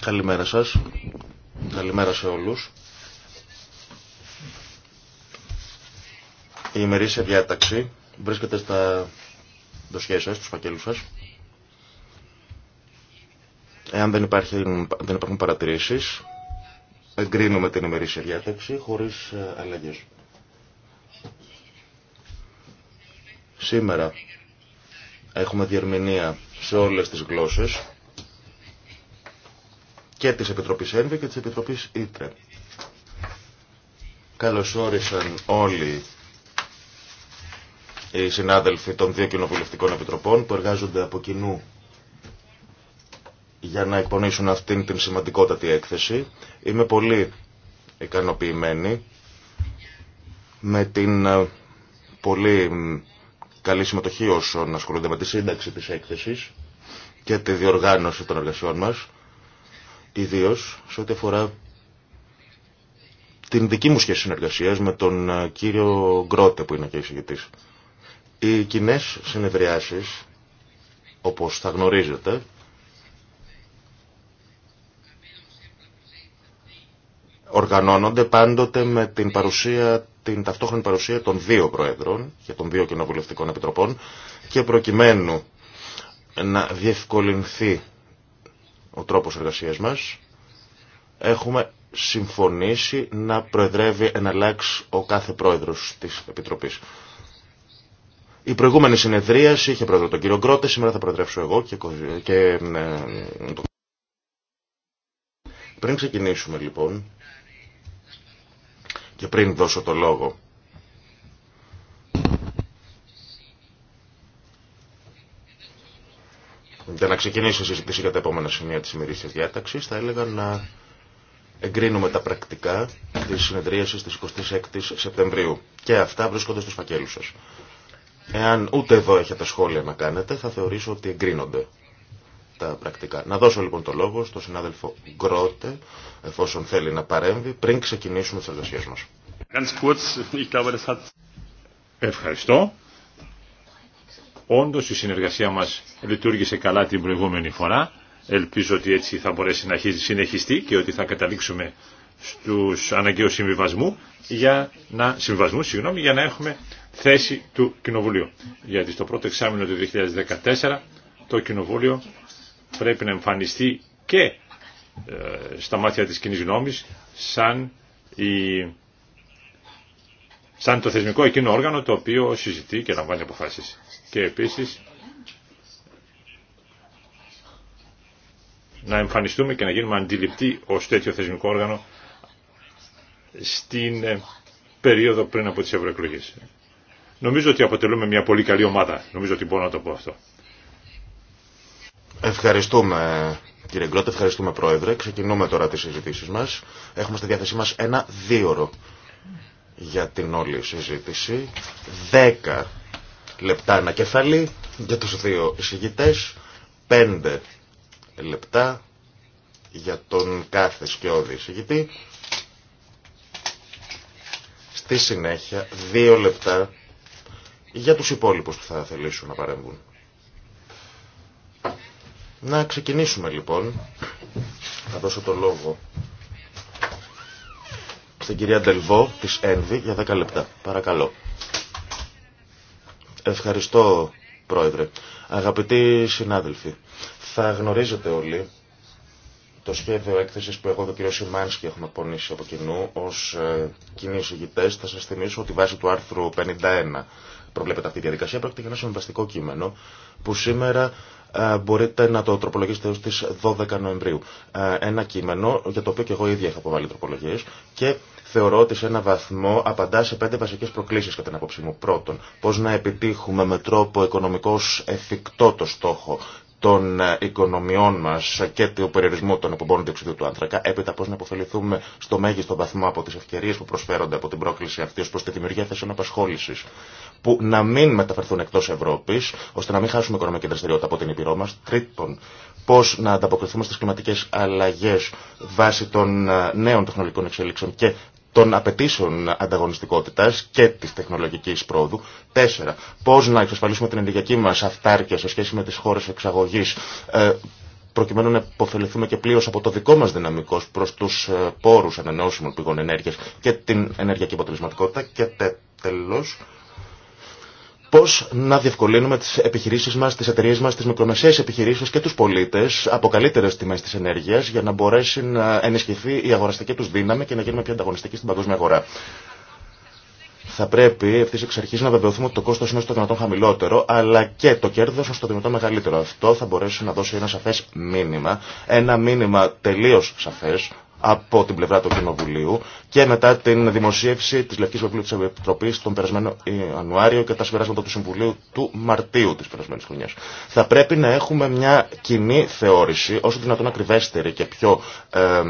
Καλημέρα σας. Καλημέρα σε όλους. Η ημερήσια διάταξη βρίσκεται στα δοσία σας, στους φακέλους σας. Εάν δεν, υπάρχει, δεν υπάρχουν παρατηρήσεις, εγκρίνουμε την ημερήσια διάταξη χωρίς ε, αλλαγές. Σήμερα έχουμε διερμηνία σε όλες τις γλώσσες και της Επιτροπής ΕΝΒΕ και της Επιτροπής ΙΤΡΕ. Καλωσόρισαν όλοι οι συνάδελφοι των δύο κοινοβουλευτικών επιτροπών που εργάζονται από κοινού για να εκπονήσουν αυτήν την σημαντικότατη έκθεση. Είμαι πολύ ικανοποιημένη με την ε, πολύ καλή συμμετοχή όσων ασχολούνται με τη σύνταξη της έκθεσης και τη διοργάνωση των εργασιών μας, ιδίως σε ό,τι αφορά την δική μου σχέση συνεργασίας με τον ε, κύριο Γκρότε που είναι και εισηγητής. Οι κοινέ συνεδριάσεις, όπως θα γνωρίζετε, οργανώνονται πάντοτε με την παρουσία την ταυτόχρονη παρουσία των δύο Προέδρων και των δύο Κοινοβουλευτικών Επιτροπών και προκειμένου να διευκολυνθεί ο τρόπος εργασίας μας, έχουμε συμφωνήσει να προεδρεύει εναλλάξ ο κάθε πρόεδρος της Επιτροπής. Η προηγούμενη συνεδρίαση είχε πρόεδρο τον κύριο Γκρότε, σήμερα θα προεδρεύσω εγώ και... και... Ε, Πριν ξεκινήσουμε λοιπόν, και πριν δώσω το λόγο. Για να ξεκινήσει η συζήτηση για τα επόμενα σημεία της ημερήσιας διάταξης, θα έλεγα να εγκρίνουμε τα πρακτικά της συνεδρίασης της 26ης Σεπτεμβρίου. Και αυτά βρίσκονται στους φακέλους σας. Εάν ούτε εδώ έχετε σχόλια να κάνετε, θα θεωρήσω ότι εγκρίνονται τα πρακτικά. Να δώσω λοιπόν το λόγο στον συνάδελφο Γκρότε, εφόσον θέλει να παρέμβει, πριν ξεκινήσουμε τις εργασίες μας. Ευχαριστώ. Όντως η συνεργασία μας λειτουργήσε καλά την προηγούμενη φορά. Ελπίζω ότι έτσι θα μπορέσει να συνεχιστεί και ότι θα καταλήξουμε στους αναγκαίους συμβιβασμού για να, συμβασμού, συγγνώμη, για να έχουμε θέση του Κοινοβουλίου. Γιατί στο πρώτο εξάμεινο του 2014 το Κοινοβούλιο πρέπει να εμφανιστεί και ε, στα μάτια της κοινή γνώμης σαν, σαν το θεσμικό εκείνο όργανο το οποίο συζητεί και λαμβάνει αποφάσεις. Και επίσης να εμφανιστούμε και να γίνουμε αντιληπτοί ως τέτοιο θεσμικό όργανο στην ε, περίοδο πριν από τις ευρωεκλογές. Νομίζω ότι αποτελούμε μια πολύ καλή ομάδα. Νομίζω ότι μπορώ να το πω αυτό. Ευχαριστούμε κύριε Γκρότε, ευχαριστούμε πρόεδρε. Ξεκινούμε τώρα τις συζητήσεις μας. Έχουμε στη διάθεσή μας ένα δίωρο για την όλη συζήτηση. Δέκα λεπτά ένα κεφαλή για τους δύο εισηγητές. Πέντε λεπτά για τον κάθε σκιώδη εισηγητή. Στη συνέχεια δύο λεπτά για τους υπόλοιπους που θα θελήσουν να παρέμβουν. Να ξεκινήσουμε λοιπόν. Θα δώσω το λόγο στην κυρία Ντελβό της ΕΝΒΗ για 10 λεπτά. Παρακαλώ. Ευχαριστώ πρόεδρε. Αγαπητοί συνάδελφοι, θα γνωρίζετε όλοι το σχέδιο έκθεση που εγώ και ο κ. Σιμάνσκι έχουμε πονήσει από κοινού ω ε, κοινοί θα σα θυμίσω ότι βάσει του άρθρου 51 προβλέπεται αυτή η διαδικασία. Πρόκειται για ένα συμβαστικό κείμενο που σήμερα ε, μπορείτε να το τροπολογήσετε έως τις 12 Νοεμβρίου. Ε, ένα κείμενο για το οποίο και εγώ ίδια έχω αποβάλει τροπολογίες και θεωρώ ότι σε ένα βαθμό απαντά σε πέντε βασικές προκλήσεις κατά την απόψη μου. Πρώτον, πώς να επιτύχουμε με τρόπο οικονομικός εφικτό το στόχο των οικονομιών μας και του περιορισμού των εκπομπών διοξιδίου του άνθρακα, έπειτα πώ να αποφεληθούμε στο μέγιστο βαθμό από τις ευκαιρίε που προσφέρονται από την πρόκληση αυτή ως προς τη δημιουργία θέσεων απασχόλησης, που να μην μεταφερθούν εκτός Ευρώπης, ώστε να μην χάσουμε οικονομική δραστηριότητα από την Υπηρώ μας. Τρίτον, πώς να ανταποκριθούμε στι κλιματικές αλλαγές βάσει των ε, νέων τεχνολογικών εξελίξεων και των απαιτήσεων ανταγωνιστικότητα και τη τεχνολογική πρόοδου. Τέσσερα, πώ να εξασφαλίσουμε την ενεργειακή μας αυτάρκεια σε σχέση με τι χώρε εξαγωγή, ε, προκειμένου να υποφεληθούμε και πλήρω από το δικό μα δυναμικό προ του ε, πόρου ανανεώσιμων πηγών ενέργεια και την ενεργειακή αποτελεσματικότητα. Και τέλο, πώς να διευκολύνουμε τις επιχειρήσεις μας, τις εταιρείες μας, τις μικρομεσαίες επιχειρήσεις και τους πολίτες από καλύτερες τιμές της ενέργειας για να μπορέσει να ενισχυθεί η αγοραστική τους δύναμη και να γίνουμε πιο ανταγωνιστικοί στην παγκόσμια αγορά. Θα πρέπει ευθύ εξ αρχή να βεβαιωθούμε ότι το κόστο είναι στο δυνατόν χαμηλότερο, αλλά και το κέρδο είναι στο δυνατόν μεγαλύτερο. Αυτό θα μπορέσει να δώσει ένα σαφέ μήνυμα, ένα μήνυμα τελείω σαφέ από την πλευρά του Κοινοβουλίου και μετά την δημοσίευση της Λευκής Βεβλίου της Επιτροπής τον περασμένο Ιανουάριο και τα συμπεράσματα του Συμβουλίου του Μαρτίου της περασμένης χρονιάς. Θα πρέπει να έχουμε μια κοινή θεώρηση, όσο δυνατόν ακριβέστερη και πιο ε,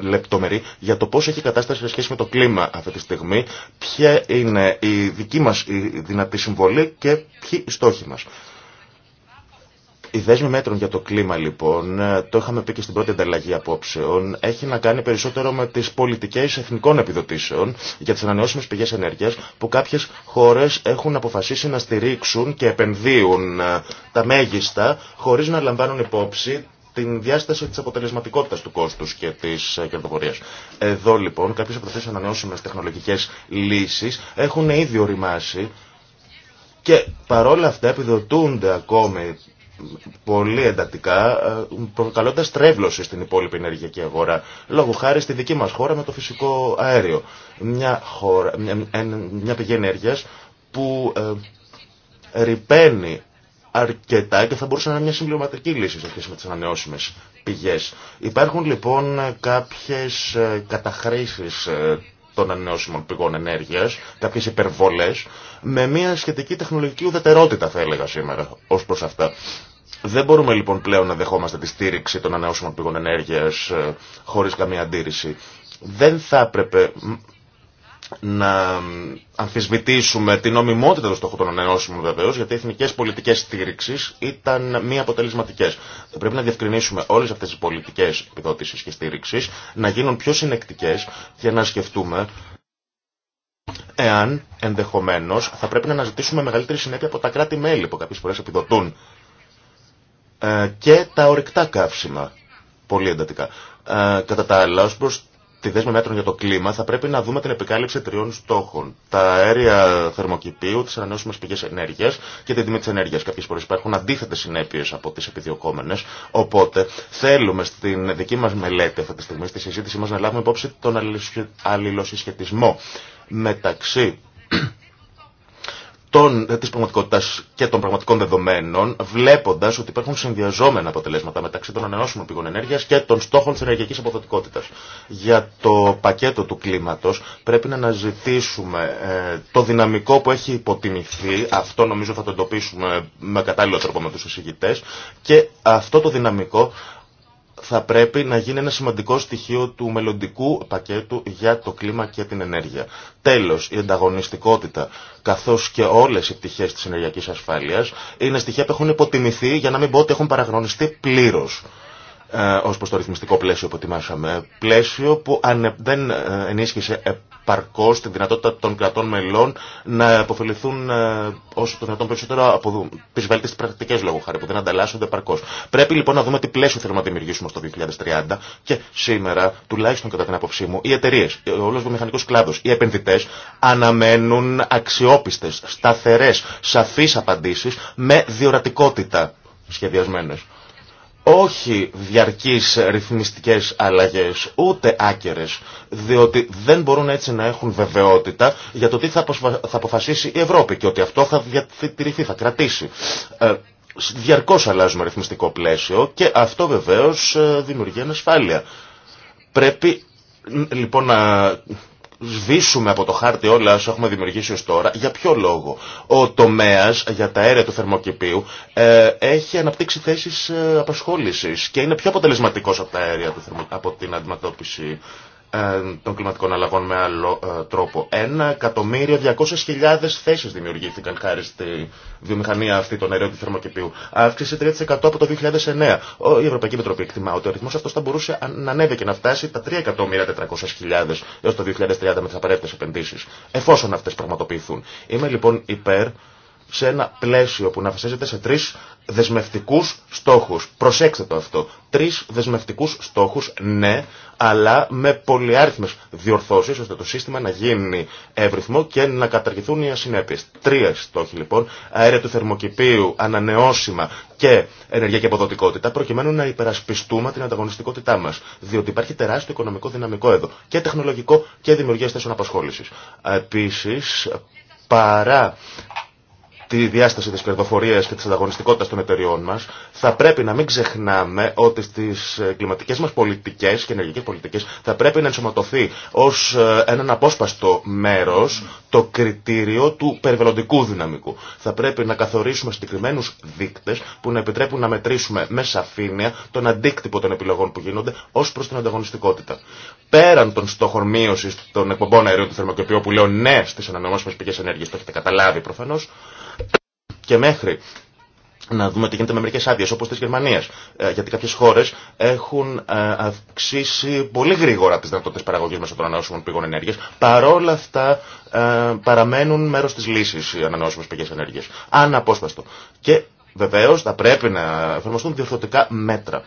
λεπτομερή για το πώς έχει κατάσταση σε σχέση με το κλίμα αυτή τη στιγμή, ποια είναι η δική μας η δυνατή συμβολή και ποιοι οι στόχοι μας. Η δέσμη μέτρων για το κλίμα λοιπόν, ε, το είχαμε πει και στην πρώτη ανταλλαγή απόψεων, έχει να κάνει περισσότερο με τις πολιτικές εθνικών επιδοτήσεων για τις ανανεώσιμες πηγές ενέργειας που κάποιες χώρες έχουν αποφασίσει να στηρίξουν και επενδύουν ε, τα μέγιστα χωρίς να λαμβάνουν υπόψη την διάσταση τη αποτελεσματικότητα του κόστου και τη ε, κερδοφορία. Εδώ λοιπόν κάποιε από αυτέ τι ανανεώσιμε τεχνολογικέ λύσει έχουν ήδη οριμάσει και παρόλα αυτά επιδοτούνται ακόμη πολύ εντατικά, ε, προκαλώντα τρέβλωση στην υπόλοιπη ενεργειακή αγορά. Λόγω χάρη στη δική μα χώρα με το φυσικό αέριο. Μια, χώρα, μια, πηγή ενέργεια που ε, ρηπαίνει αρκετά και θα μπορούσε να είναι μια συμπληρωματική λύση σε σχέση με τι ανανεώσιμε πηγέ. Υπάρχουν λοιπόν κάποιε καταχρήσει ε, των ανανεώσιμων πηγών ενέργειας, κάποιες υπερβολές, με μια σχετική τεχνολογική ουδετερότητα θα έλεγα σήμερα ως προς αυτά. Δεν μπορούμε λοιπόν πλέον να δεχόμαστε τη στήριξη των ανανεώσιμων πηγών ενέργειας ε, χωρίς καμία αντίρρηση. Δεν θα έπρεπε, να αμφισβητήσουμε την νομιμότητα των στόχων των ανανεώσιμων βεβαίω, γιατί οι εθνικέ πολιτικέ στήριξη ήταν μη αποτελεσματικέ. πρέπει να διευκρινίσουμε όλε αυτέ τι πολιτικέ επιδότηση και στήριξη, να γίνουν πιο συνεκτικέ και να σκεφτούμε εάν ενδεχομένω θα πρέπει να αναζητήσουμε μεγαλύτερη συνέπεια από τα κράτη-μέλη που κάποιε φορέ επιδοτούν ε, και τα ορυκτά καύσιμα πολύ εντατικά. Ε, κατά τα άλλα, ω προ στη δέσμη μέτρων για το κλίμα θα πρέπει να δούμε την επικάλυψη τριών στόχων. Τα αέρια θερμοκηπίου, τι ανανεώσιμε πηγέ ενέργεια και την τιμή τη ενέργεια. Κάποιε φορέ υπάρχουν αντίθετε συνέπειε από τι επιδιωκόμενε. Οπότε θέλουμε στην δική μα μελέτη αυτή τη στιγμή, στη συζήτησή μα, να λάβουμε υπόψη τον αλληλοσυσχετισμό μεταξύ των, της πραγματικότητας και των πραγματικών δεδομένων, βλέποντας ότι υπάρχουν συνδυαζόμενα αποτελέσματα μεταξύ των ανανεώσιμων πηγών ενέργειας και των στόχων της ενεργειακής αποδοτικότητας. Για το πακέτο του κλίματος πρέπει να αναζητήσουμε ε, το δυναμικό που έχει υποτιμηθεί, αυτό νομίζω θα το εντοπίσουμε με κατάλληλο τρόπο με τους εισηγητές, και αυτό το δυναμικό θα πρέπει να γίνει ένα σημαντικό στοιχείο του μελλοντικού πακέτου για το κλίμα και την ενέργεια. Τέλος, η ανταγωνιστικότητα, καθώς και όλες οι πτυχές της ενεργειακής ασφάλειας, είναι στοιχεία που έχουν υποτιμηθεί, για να μην πω ότι έχουν παραγνωριστεί πλήρως ε, ως προς το ρυθμιστικό πλαίσιο που ετοιμάσαμε. Πλαίσιο που αν δεν ε, ενίσχυσε παρκώ την δυνατότητα των κρατών μελών να αποφεληθούν ε, όσο το δυνατόν περισσότερο από τι βέλτιστε πρακτικέ λόγω χάρη που δεν ανταλλάσσονται παρκώ. Πρέπει λοιπόν να δούμε τι πλαίσιο θέλουμε να δημιουργήσουμε στο 2030 και σήμερα, τουλάχιστον κατά την άποψή μου, οι εταιρείε, όλο ο μηχανικός κλάδο, οι επενδυτέ αναμένουν αξιόπιστε, σταθερέ, σαφεί απαντήσει με διορατικότητα σχεδιασμένε όχι διαρκείς ρυθμιστικές αλλαγές, ούτε άκερες, διότι δεν μπορούν έτσι να έχουν βεβαιότητα για το τι θα αποφασίσει η Ευρώπη και ότι αυτό θα διατηρηθεί, θα κρατήσει. Ε, διαρκώς αλλάζουμε ρυθμιστικό πλαίσιο και αυτό βεβαίως ε, δημιουργεί ανασφάλεια. Πρέπει λοιπόν να σβήσουμε από το χάρτη όλα όσα έχουμε δημιουργήσει ως τώρα, για ποιο λόγο. Ο τομέας για τα αέρια του θερμοκηπίου ε, έχει αναπτύξει θέσεις ε, απασχόλησης και είναι πιο αποτελεσματικός από, τα αέρια του από την αντιμετώπιση ε, των κλιματικών αλλαγών με άλλο ε, τρόπο. Ένα εκατομμύρια 200.000 θέσεις δημιουργήθηκαν χάρη στη βιομηχανία αυτή των αερίων του θερμοκηπίου. Αύξηση 3% από το 2009. Η Ευρωπαϊκή Επιτροπή εκτιμά ότι ο αριθμό αυτός θα μπορούσε να ανέβει και να φτάσει τα 3.400.000 έως το 2030 με τις απαραίτητες επενδύσεις, εφόσον αυτές πραγματοποιηθούν. Είμαι λοιπόν υπέρ σε ένα πλαίσιο που να βασίζεται σε τρεις δεσμευτικούς στόχους. Προσέξτε το αυτό. Τρεις δεσμευτικούς στόχους, ναι, αλλά με πολυάριθμες διορθώσεις ώστε το σύστημα να γίνει εύρυθμο και να καταργηθούν οι ασυνέπειες. Τρία στόχοι λοιπόν, αέρα του θερμοκηπίου, ανανεώσιμα και ενεργειακή αποδοτικότητα, προκειμένου να υπερασπιστούμε την ανταγωνιστικότητά μας, διότι υπάρχει τεράστιο οικονομικό δυναμικό εδώ, και τεχνολογικό και δημιουργία θέσεων απασχόλησης. Επίσης, παρά τη διάσταση της κερδοφορίας και της ανταγωνιστικότητας των εταιριών μας, θα πρέπει να μην ξεχνάμε ότι στις ε, κλιματικές μας πολιτικές και ενεργικές πολιτικές θα πρέπει να ενσωματωθεί ως ε, έναν απόσπαστο μέρος το κριτήριο του περιβαλλοντικού δυναμικού. Θα πρέπει να καθορίσουμε συγκεκριμένου δείκτες που να επιτρέπουν να μετρήσουμε με σαφήνεια τον αντίκτυπο των επιλογών που γίνονται ως προς την ανταγωνιστικότητα. Πέραν των στόχων μείωση των εκπομπών αερίων του θερμοκηπίου που λέω ναι στις ανανεώσιμε πηγές ενέργειας, το έχετε καταλάβει προφανώς, και μέχρι να δούμε τι γίνεται με μερικέ άδειε, όπω τη Γερμανία. Ε, γιατί κάποιε χώρε έχουν ε, αυξήσει πολύ γρήγορα τι δυνατότητε παραγωγή μέσω των ανανεώσιμων πηγών ενέργεια. Παρόλα αυτά, ε, παραμένουν μέρο τη λύση οι ανανεώσιμε πηγέ ενέργεια. Αναπόσπαστο. Και βεβαίω θα πρέπει να εφαρμοστούν διορθωτικά μέτρα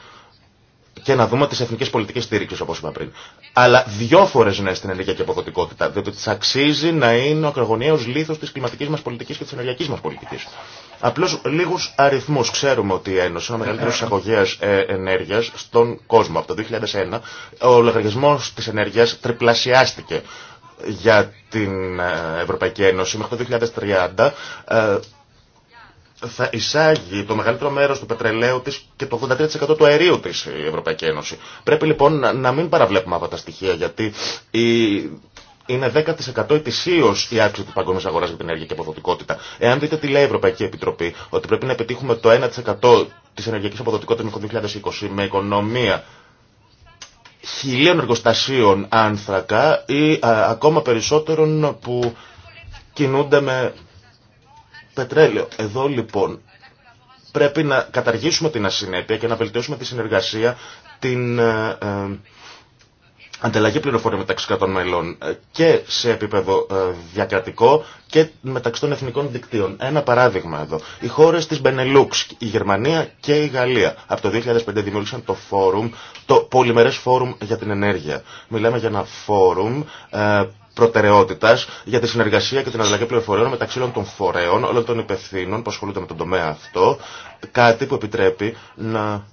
και να δούμε τι εθνικέ πολιτικέ στήριξη, όπω είπα πριν. Αλλά δυο φορέ ναι στην ενεργειακή αποδοτικότητα, διότι τη αξίζει να είναι ο ακρογωνιαίο λίθο τη κλιματική μα πολιτική και τη ενεργειακή μα πολιτική. Απλώ λίγου αριθμού. Ξέρουμε ότι η Ένωση είναι ο μεγαλύτερο εισαγωγέα ε, ενέργεια στον κόσμο. Από το 2001 ο λογαριασμό τη ενέργεια τριπλασιάστηκε για την ε, Ευρωπαϊκή Ένωση μέχρι το 2030 θα εισάγει το μεγαλύτερο μέρο του πετρελαίου τη και το 83% του αερίου τη η Ευρωπαϊκή Ένωση. Πρέπει λοιπόν να μην παραβλέπουμε αυτά τα στοιχεία γιατί η... είναι 10% ετησίω η αύξηση του παγκόσμιου αγορά για την ενέργεια και αποδοτικότητα. Εάν δείτε τι λέει η Ευρωπαϊκή Επιτροπή, ότι πρέπει να πετύχουμε το 1% τη ενεργειακή αποδοτικότητα μέχρι το 2020 με οικονομία χιλίων εργοστασίων άνθρακα ή ακόμα περισσότερων που κινούνται με πετρέλαιο. Εδώ λοιπόν πρέπει να καταργήσουμε την ασυνέπεια και να βελτιώσουμε τη συνεργασία, την ε, ε, ανταλλαγή πληροφοριών μεταξύ κρατών μελών ε, και σε επίπεδο ε, διακρατικό και μεταξύ των εθνικών δικτύων. Ένα παράδειγμα εδώ. Οι χώρες της Μπενελούξ, η Γερμανία και η Γαλλία από το 2005 δημιούργησαν το φόρουμ, το πολυμερές φόρουμ για την ενέργεια. Μιλάμε για ένα φόρουμ ε, προτεραιότητας για τη συνεργασία και την ανταλλαγή πληροφοριών μεταξύ όλων των φορέων, όλων των υπευθύνων που ασχολούνται με τον τομέα αυτό, κάτι που επιτρέπει να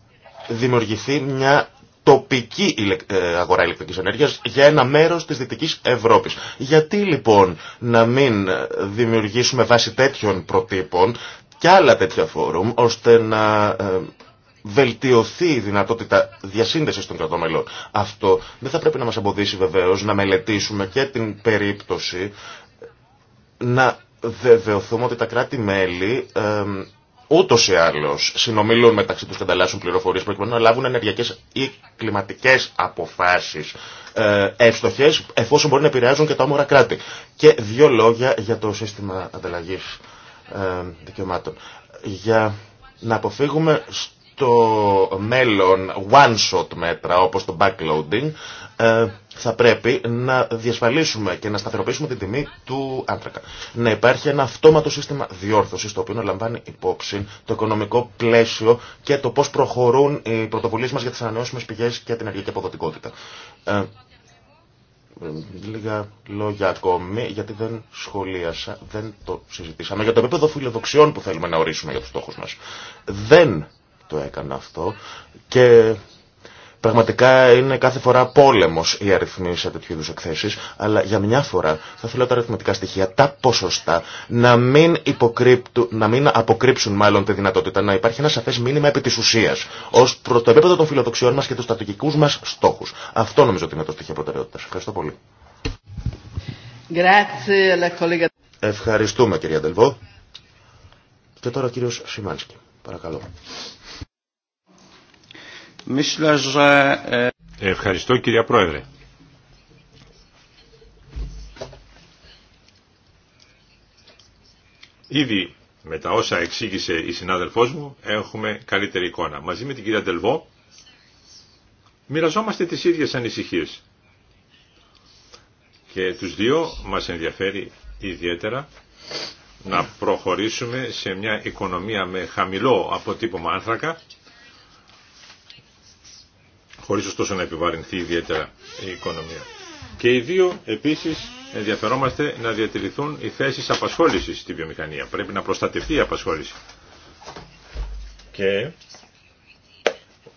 δημιουργηθεί μια τοπική ε, αγορά ηλεκτρικής ενέργειας για ένα μέρος της Δυτικής Ευρώπης. Γιατί λοιπόν να μην δημιουργήσουμε βάση τέτοιων προτύπων και άλλα τέτοια φόρουμ ώστε να ε, βελτιωθεί η δυνατότητα διασύνδεση των κρατών μελών. Αυτό δεν θα πρέπει να μα εμποδίσει βεβαίω να μελετήσουμε και την περίπτωση να βεβαιωθούμε ότι τα κράτη-μέλη ε, ούτως ή άλλως συνομιλούν μεταξύ τους και ανταλλάσσουν πληροφορίες προκειμένου να λάβουν ενεργειακές ή κλιματικές αποφάσεις ε, εφόσον μπορεί να επηρεάζουν και τα όμορα κράτη. Και δύο λόγια για το σύστημα ανταλλαγής ε, δικαιωμάτων. Για να αποφύγουμε στο μέλλον one-shot μέτρα όπως το backloading ε, θα πρέπει να διασφαλίσουμε και να σταθεροποιήσουμε την τιμή του άνθρακα. Να υπάρχει ένα αυτόματο σύστημα διόρθωσης το οποίο να λαμβάνει υπόψη το οικονομικό πλαίσιο και το πώς προχωρούν οι πρωτοβουλίες μας για τις ανανεώσιμες πηγές και την ενεργειακή αποδοτικότητα. Ε, λίγα λόγια ακόμη, γιατί δεν σχολίασα, δεν το συζητήσαμε, για το επίπεδο φιλοδοξιών που θέλουμε να ορίσουμε για τους στόχους μας. Δεν το έκανα αυτό και Πραγματικά είναι κάθε φορά πόλεμο οι αριθμοί σε τέτοιου είδου εκθέσει, αλλά για μια φορά θα θέλω τα αριθμητικά στοιχεία, τα ποσοστά, να μην, να μην αποκρύψουν μάλλον τη δυνατότητα να υπάρχει ένα σαφέ μήνυμα επί τη ουσία ω προ το επίπεδο των φιλοδοξιών μα και των στατικικού μα στόχου. Αυτό νομίζω ότι είναι το στοιχείο προτεραιότητα. Ευχαριστώ πολύ. Ευχαριστούμε κυρία Ντελβό. Και τώρα ο κύριο Σιμάνσκι. Παρακαλώ. Eh, Ευχαριστώ κυρία Πρόεδρε. Ήδη με τα όσα εξήγησε η συνάδελφός μου έχουμε καλύτερη εικόνα. Μαζί με την κυρία Ντελβό μοιραζόμαστε τις ίδιες ανησυχίες. Και τους δύο μας ενδιαφέρει ιδιαίτερα να προχωρήσουμε σε μια οικονομία με χαμηλό αποτύπωμα άνθρακα χωρίς ωστόσο να επιβαρυνθεί ιδιαίτερα η οικονομία. Και οι δύο επίσης ενδιαφερόμαστε να διατηρηθούν οι θέσεις απασχόλησης στη βιομηχανία. Πρέπει να προστατευτεί η απασχόληση. Και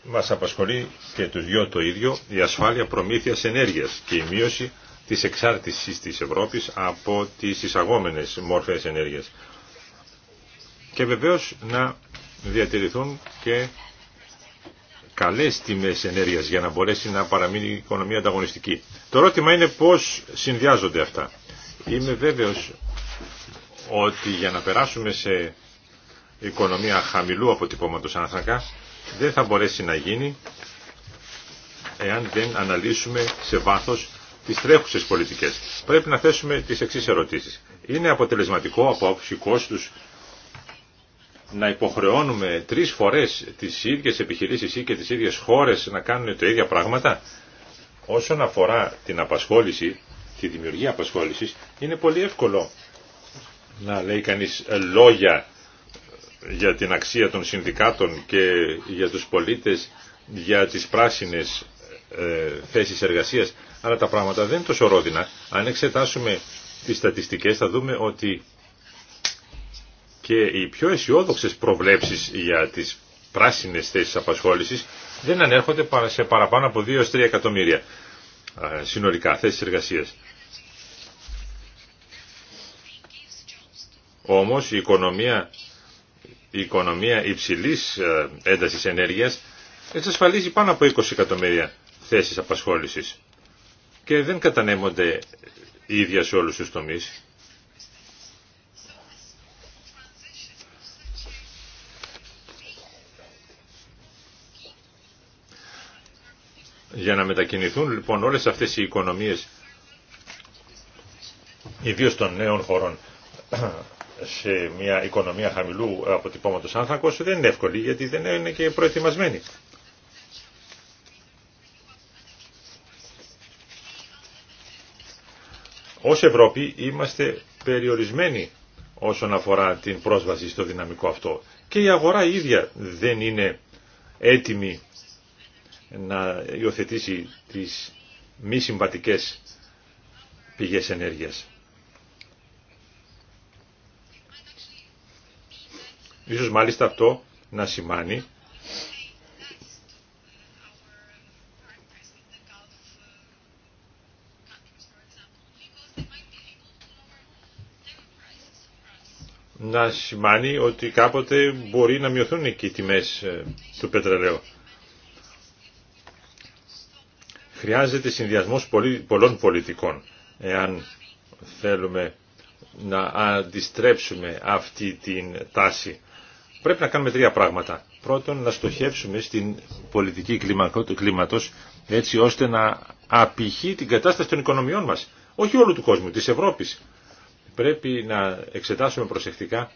μας απασχολεί και τους δυο το ίδιο η ασφάλεια προμήθειας ενέργειας και η μείωση της εξάρτησης της Ευρώπης από τις εισαγόμενες μόρφες ενέργειας. Και βεβαίως να διατηρηθούν και καλές τιμές ενέργειας για να μπορέσει να παραμείνει η οικονομία ανταγωνιστική. Το ερώτημα είναι πώς συνδυάζονται αυτά. Είμαι βέβαιος ότι για να περάσουμε σε οικονομία χαμηλού αποτυπώματος άνθρακα δεν θα μπορέσει να γίνει εάν δεν αναλύσουμε σε βάθος τις τρέχουσες πολιτικές. Πρέπει να θέσουμε τις εξής ερωτήσεις. Είναι αποτελεσματικό από άποψη κόστου να υποχρεώνουμε τρεις φορές τις ίδιες επιχειρήσεις ή και τις ίδιες χώρες να κάνουν τα ίδια πράγματα όσον αφορά την απασχόληση, τη δημιουργία απασχόλησης, είναι πολύ εύκολο να λέει κανείς λόγια για την αξία των συνδικάτων και για τους πολίτες, για τις πράσινες ε, θέσεις εργασίας, αλλά τα πράγματα δεν είναι τόσο ρόδινα. Αν εξετάσουμε τις στατιστικές θα δούμε ότι και οι πιο αισιόδοξε προβλέψεις για τις πράσινες θέσεις απασχόλησης δεν ανέρχονται σε παραπάνω από 2-3 εκατομμύρια συνολικά θέσεις εργασίας. Όμως η οικονομία, η οικονομία υψηλής έντασης ενέργειας εξασφαλίζει πάνω από 20 εκατομμύρια θέσεις απασχόλησης και δεν κατανέμονται ίδια σε όλους τους τομείς. Για να μετακινηθούν λοιπόν όλες αυτές οι οικονομίες, ιδίως των νέων χωρών, σε μια οικονομία χαμηλού αποτυπώματος άνθρακος δεν είναι εύκολη γιατί δεν είναι και προετοιμασμένη. Ως Ευρώπη είμαστε περιορισμένοι όσον αφορά την πρόσβαση στο δυναμικό αυτό. Και η αγορά ίδια δεν είναι έτοιμη να υιοθετήσει τις μη συμβατικές πηγές ενέργειας. Ίσως μάλιστα αυτό να σημάνει να σημάνει ότι κάποτε μπορεί να μειωθούν και οι τιμές ε, του πετρελαίου. Χρειάζεται συνδυασμός πολλών πολιτικών εάν θέλουμε να αντιστρέψουμε αυτή την τάση. Πρέπει να κάνουμε τρία πράγματα. Πρώτον, να στοχεύσουμε στην πολιτική του κλίματος έτσι ώστε να απηχεί την κατάσταση των οικονομιών μας. Όχι όλου του κόσμου, της Ευρώπης. Πρέπει να εξετάσουμε προσεκτικά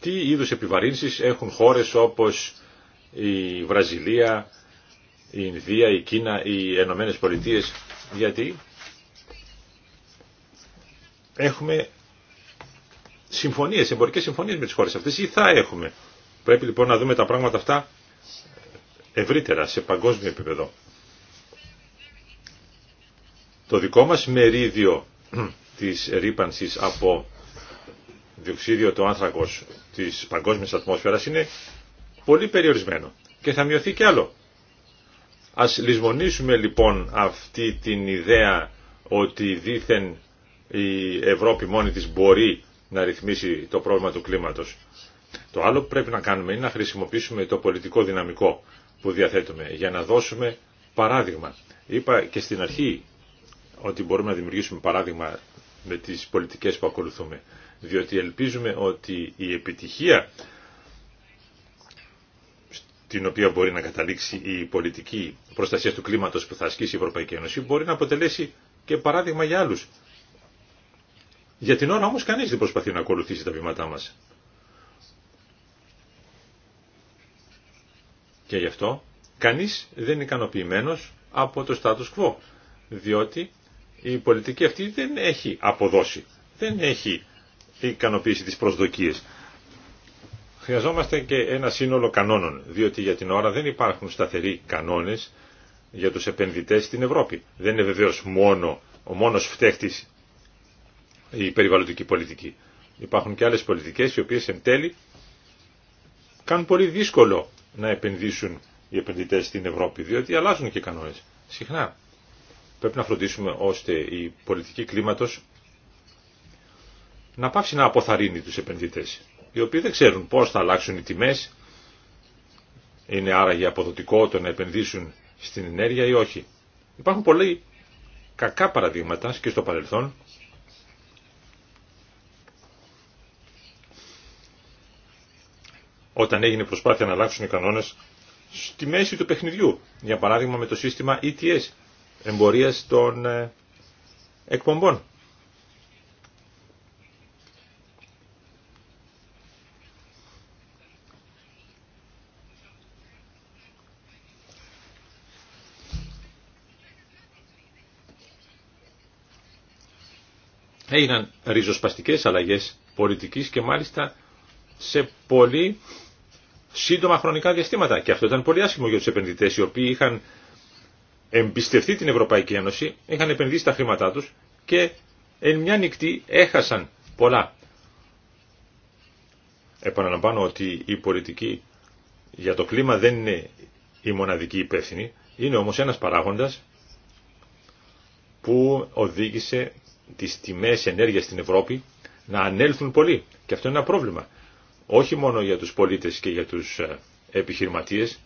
τι είδους επιβαρύνσεις έχουν χώρες όπως η Βραζιλία, η Ινδία, η Κίνα, οι Ενωμένε Πολιτείε. Γιατί έχουμε συμφωνίες, εμπορικές συμφωνίες με τις χώρες αυτές ή θα έχουμε. Πρέπει λοιπόν να δούμε τα πράγματα αυτά ευρύτερα, σε παγκόσμιο επίπεδο. Το δικό μας μερίδιο της ρήπανση από διοξίδιο του άνθρακος της παγκόσμιας ατμόσφαιρας είναι πολύ περιορισμένο και θα μειωθεί και άλλο. Ας λησμονήσουμε λοιπόν αυτή την ιδέα ότι δήθεν η Ευρώπη μόνη της μπορεί να ρυθμίσει το πρόβλημα του κλίματος. Το άλλο που πρέπει να κάνουμε είναι να χρησιμοποιήσουμε το πολιτικό δυναμικό που διαθέτουμε για να δώσουμε παράδειγμα. Είπα και στην αρχή ότι μπορούμε να δημιουργήσουμε παράδειγμα με τις πολιτικές που ακολουθούμε, διότι ελπίζουμε ότι η επιτυχία την οποία μπορεί να καταλήξει η πολιτική προστασία του κλίματος που θα ασκήσει η Ευρωπαϊκή Ένωση μπορεί να αποτελέσει και παράδειγμα για άλλους. Για την ώρα όμως κανείς δεν προσπαθεί να ακολουθήσει τα βήματά μας. Και γι' αυτό κανείς δεν είναι ικανοποιημένο από το status quo, διότι η πολιτική αυτή δεν έχει αποδώσει, δεν έχει ικανοποίησει τις προσδοκίες. Χρειαζόμαστε και ένα σύνολο κανόνων, διότι για την ώρα δεν υπάρχουν σταθεροί κανόνες για τους επενδυτές στην Ευρώπη. Δεν είναι βεβαίως μόνο ο μόνος φταίχτης η περιβαλλοντική πολιτική. Υπάρχουν και άλλες πολιτικές οι οποίες εν τέλει κάνουν πολύ δύσκολο να επενδύσουν οι επενδυτές στην Ευρώπη, διότι αλλάζουν και οι κανόνες. Συχνά πρέπει να φροντίσουμε ώστε η πολιτική κλίματος να πάψει να αποθαρρύνει τους επενδυτές οι οποίοι δεν ξέρουν πώς θα αλλάξουν οι τιμές, είναι άραγε αποδοτικό το να επενδύσουν στην ενέργεια ή όχι. Υπάρχουν πολλοί κακά παραδείγματα και στο παρελθόν όταν έγινε προσπάθεια να αλλάξουν οι κανόνες στη μέση του παιχνιδιού. Για παράδειγμα με το σύστημα ETS, εμπορίας των ε, εκπομπών. έγιναν ριζοσπαστικές αλλαγές πολιτικής και μάλιστα σε πολύ σύντομα χρονικά διαστήματα. Και αυτό ήταν πολύ άσχημο για τους επενδυτές οι οποίοι είχαν εμπιστευτεί την Ευρωπαϊκή Ένωση, είχαν επενδύσει τα χρήματά τους και εν μια νυχτή έχασαν πολλά. Επαναλαμβάνω ότι η πολιτική για το κλίμα δεν είναι η μοναδική υπεύθυνη, είναι όμως ένας παράγοντας που οδήγησε τι τιμέ ενέργειας στην Ευρώπη να ανέλθουν πολύ. Και αυτό είναι ένα πρόβλημα. Όχι μόνο για τους πολίτες και για τους ε, επιχειρηματίες.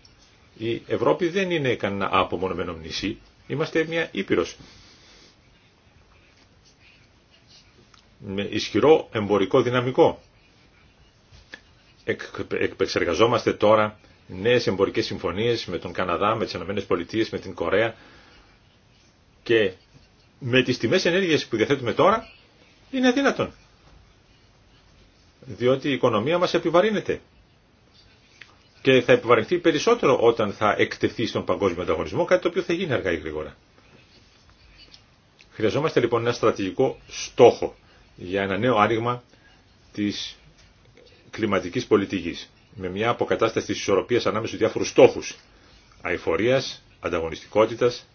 Η Ευρώπη δεν είναι κανένα απομονωμένο νησί. Είμαστε μια ήπειρο. Με ισχυρό εμπορικό δυναμικό. Εκπεξεργαζόμαστε τώρα νέες εμπορικές συμφωνίες με τον Καναδά, με τις ΗΠΑ, με την Κορέα και με τις τιμές ενέργειας που διαθέτουμε τώρα είναι αδύνατον. Διότι η οικονομία μας επιβαρύνεται. Και θα επιβαρυνθεί περισσότερο όταν θα εκτεθεί στον παγκόσμιο ανταγωνισμό, κάτι το οποίο θα γίνει αργά ή γρήγορα. Χρειαζόμαστε λοιπόν ένα στρατηγικό στόχο για ένα νέο άνοιγμα της κλιματικής πολιτικής με μια αποκατάσταση της ισορροπίας ανάμεσα στους διάφορους στόχους αηφορίας, ανταγωνιστικότητας,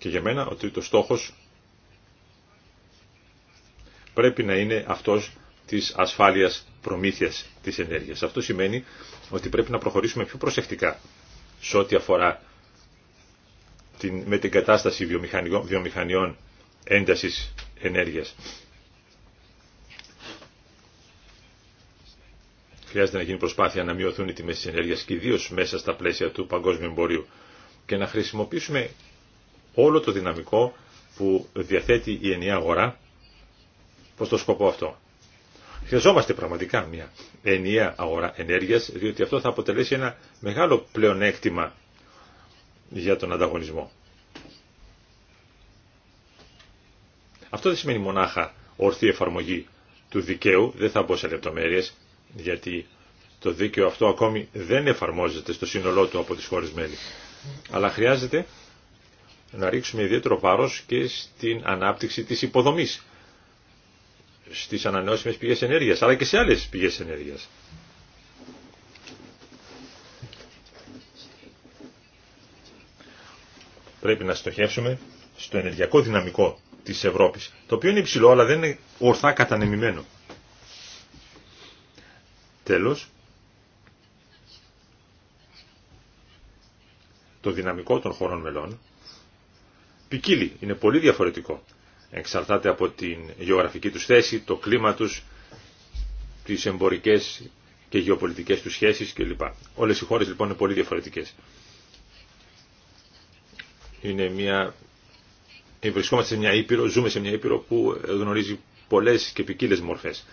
και για μένα ο τρίτος στόχος πρέπει να είναι αυτός της ασφάλειας προμήθειας της ενέργειας. Αυτό σημαίνει ότι πρέπει να προχωρήσουμε πιο προσεκτικά σε ό,τι αφορά την, με την κατάσταση βιομηχανιών, βιομηχανιών έντασης ενέργειας. Χρειάζεται να γίνει προσπάθεια να μειωθούν οι τιμές της ενέργειας και ιδίω μέσα στα πλαίσια του παγκόσμιου εμπορίου και να χρησιμοποιήσουμε όλο το δυναμικό που διαθέτει η ενιαία αγορά προς το σκοπό αυτό. Χρειαζόμαστε πραγματικά μια ενιαία αγορά ενέργειας, διότι αυτό θα αποτελέσει ένα μεγάλο πλεονέκτημα για τον ανταγωνισμό. Αυτό δεν σημαίνει μονάχα ορθή εφαρμογή του δικαίου, δεν θα μπω σε λεπτομέρειες, γιατί το δίκαιο αυτό ακόμη δεν εφαρμόζεται στο σύνολό του από τις χώρες μέλη. Αλλά χρειάζεται να ρίξουμε ιδιαίτερο βάρος και στην ανάπτυξη της υποδομής στις ανανεώσιμες πηγές ενέργειας, αλλά και σε άλλες πηγές ενέργειας. Πρέπει να στοχεύσουμε στο ενεργειακό δυναμικό της Ευρώπης, το οποίο είναι υψηλό αλλά δεν είναι ορθά κατανεμημένο. Τέλος, το δυναμικό των χωρών μελών ποικίλει, είναι πολύ διαφορετικό. Εξαρτάται από την γεωγραφική τους θέση, το κλίμα τους, τις εμπορικές και γεωπολιτικές τους σχέσεις κλπ. Όλες οι χώρες λοιπόν είναι πολύ διαφορετικές. Είναι μια... Βρισκόμαστε σε μια ήπειρο, ζούμε σε μια ήπειρο που γνωρίζει πολλές και ποικίλε μορφές.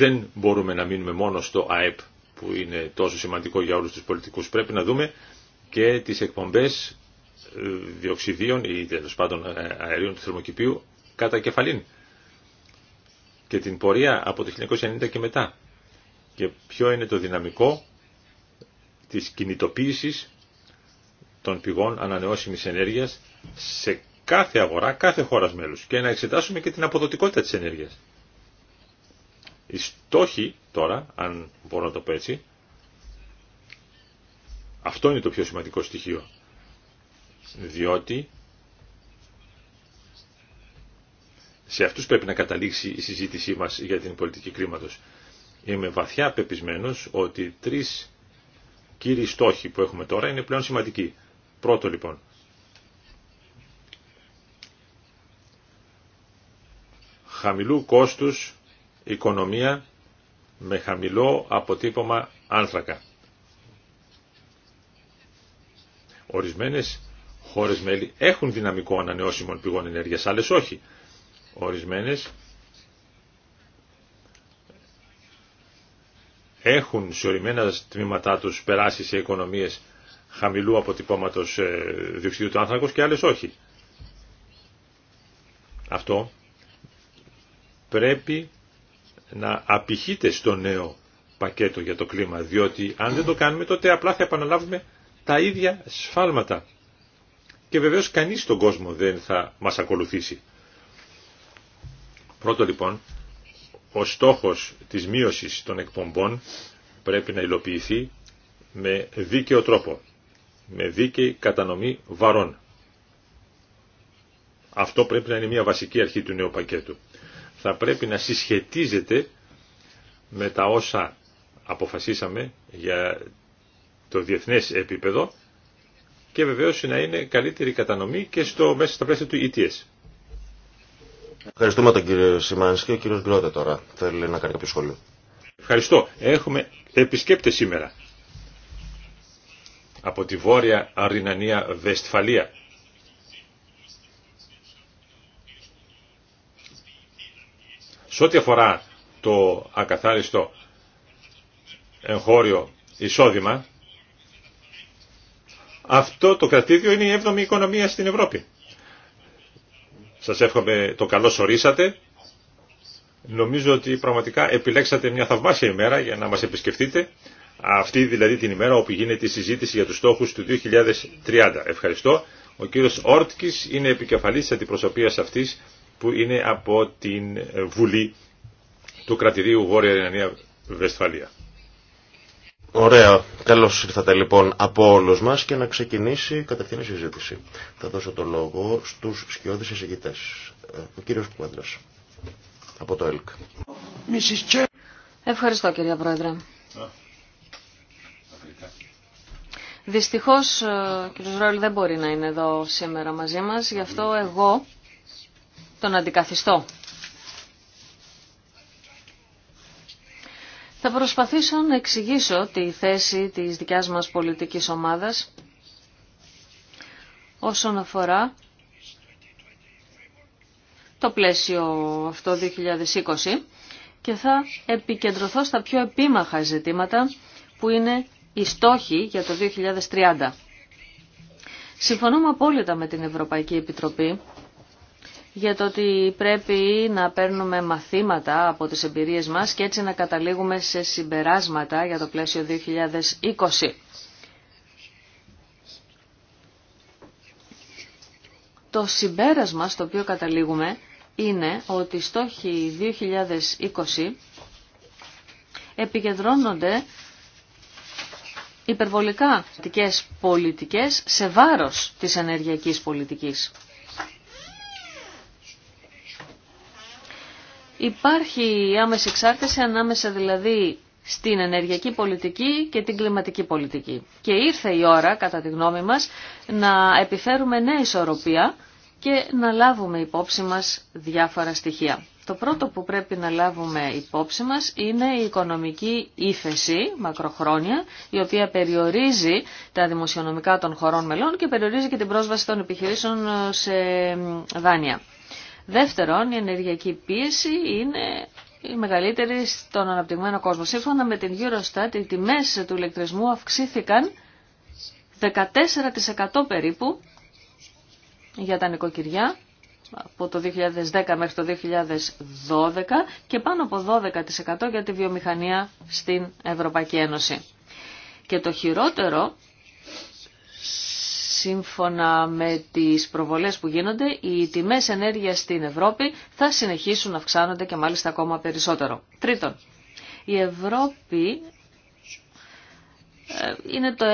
δεν μπορούμε να μείνουμε μόνο στο ΑΕΠ που είναι τόσο σημαντικό για όλους τους πολιτικούς. Πρέπει να δούμε και τις εκπομπές ε, διοξιδίων ή τέλο πάντων ε, αερίων του θερμοκηπίου κατά κεφαλήν και την πορεία από το 1990 και μετά και ποιο είναι το δυναμικό της κινητοποίησης των πηγών ανανεώσιμης ενέργειας σε κάθε αγορά, κάθε χώρας μέλους και να εξετάσουμε και την αποδοτικότητα της ενέργειας. Οι στόχοι τώρα, αν μπορώ να το πω έτσι, αυτό είναι το πιο σημαντικό στοιχείο. Διότι σε αυτούς πρέπει να καταλήξει η συζήτησή μας για την πολιτική κρίματος. Είμαι βαθιά πεπισμένος ότι τρεις κύριοι στόχοι που έχουμε τώρα είναι πλέον σημαντικοί. Πρώτο λοιπόν, χαμηλού κόστους οικονομία με χαμηλό αποτύπωμα άνθρακα. Ορισμένες χώρες μέλη έχουν δυναμικό ανανεώσιμων πηγών ενέργειας, άλλες όχι. Ορισμένες έχουν σε ορισμένα τμήματά τους περάσει σε οικονομίες χαμηλού αποτυπώματος ε, διοξιδίου του άνθρακος και άλλες όχι. Αυτό πρέπει να απηχείτε στο νέο πακέτο για το κλίμα, διότι αν δεν το κάνουμε τότε απλά θα επαναλάβουμε τα ίδια σφάλματα. Και βεβαίως κανείς στον κόσμο δεν θα μας ακολουθήσει. Πρώτο λοιπόν, ο στόχος της μείωσης των εκπομπών πρέπει να υλοποιηθεί με δίκαιο τρόπο, με δίκαιη κατανομή βαρών. Αυτό πρέπει να είναι μια βασική αρχή του νέου πακέτου θα πρέπει να συσχετίζεται με τα όσα αποφασίσαμε για το διεθνές επίπεδο και βεβαίως να είναι καλύτερη κατανομή και στο, μέσα στα πλαίσια του ETS. Ευχαριστούμε τον κύριο Σιμάνσκι. Ο κύριος Γκρότε τώρα θέλει να κάνει κάποιο σχόλιο. Ευχαριστώ. Έχουμε επισκέπτες σήμερα από τη Βόρεια Αρινανία Βεσφαλία Σε ό,τι αφορά το ακαθάριστο εγχώριο εισόδημα, αυτό το κρατήδιο είναι η έβδομη οικονομία στην Ευρώπη. Σας εύχομαι το καλό σωρίσατε. Νομίζω ότι πραγματικά επιλέξατε μια θαυμάσια ημέρα για να μας επισκεφτείτε. Αυτή δηλαδή την ημέρα όπου γίνεται η συζήτηση για τους στόχους του 2030. Ευχαριστώ. Ο κύριος Όρτκης είναι επικεφαλής της αντιπροσωπείας αυτής που είναι από την Βουλή του κρατηρίου Βόρεια Ρινανία Βεσφαλία. Ωραία. Καλώ ήρθατε λοιπόν από όλου μα και να ξεκινήσει κατευθείαν η συζήτηση. Θα δώσω το λόγο στου σκιώδει εισηγητέ. Ε, ο κύριο Κουέντρα από το ΕΛΚ. Ευχαριστώ κυρία Πρόεδρε. Δυστυχώς ε, κύριος ρόλ δεν μπορεί να είναι εδώ σήμερα μαζί μας, γι' αυτό εγώ τον αντικαθιστώ. Θα προσπαθήσω να εξηγήσω τη θέση της δικιάς μας πολιτικής ομάδας όσον αφορά το πλαίσιο αυτό 2020 και θα επικεντρωθώ στα πιο επίμαχα ζητήματα που είναι οι στόχοι για το 2030. Συμφωνούμε απόλυτα με την Ευρωπαϊκή Επιτροπή για το ότι πρέπει να παίρνουμε μαθήματα από τις εμπειρίες μας και έτσι να καταλήγουμε σε συμπεράσματα για το πλαίσιο 2020. Το συμπέρασμα στο οποίο καταλήγουμε είναι ότι οι στόχοι 2020 επικεντρώνονται υπερβολικά πολιτικές σε βάρος της ενεργειακής πολιτικής. Υπάρχει άμεση εξάρτηση ανάμεσα δηλαδή στην ενεργειακή πολιτική και την κλιματική πολιτική. Και ήρθε η ώρα, κατά τη γνώμη μας, να επιφέρουμε νέα ισορροπία και να λάβουμε υπόψη μας διάφορα στοιχεία. Το πρώτο που πρέπει να λάβουμε υπόψη μας είναι η οικονομική ύφεση μακροχρόνια, η οποία περιορίζει τα δημοσιονομικά των χωρών μελών και περιορίζει και την πρόσβαση των επιχειρήσεων σε δάνεια. Δεύτερον, η ενεργειακή πίεση είναι η μεγαλύτερη στον αναπτυγμένο κόσμο. Σύμφωνα με την Eurostat, οι τιμές του ηλεκτρισμού αυξήθηκαν 14% περίπου για τα νοικοκυριά από το 2010 μέχρι το 2012 και πάνω από 12% για τη βιομηχανία στην Ευρωπαϊκή Ένωση. Και το χειρότερο σύμφωνα με τις προβολές που γίνονται, οι τιμές ενέργειας στην Ευρώπη θα συνεχίσουν να αυξάνονται και μάλιστα ακόμα περισσότερο. Τρίτον, η Ευρώπη ε, είναι το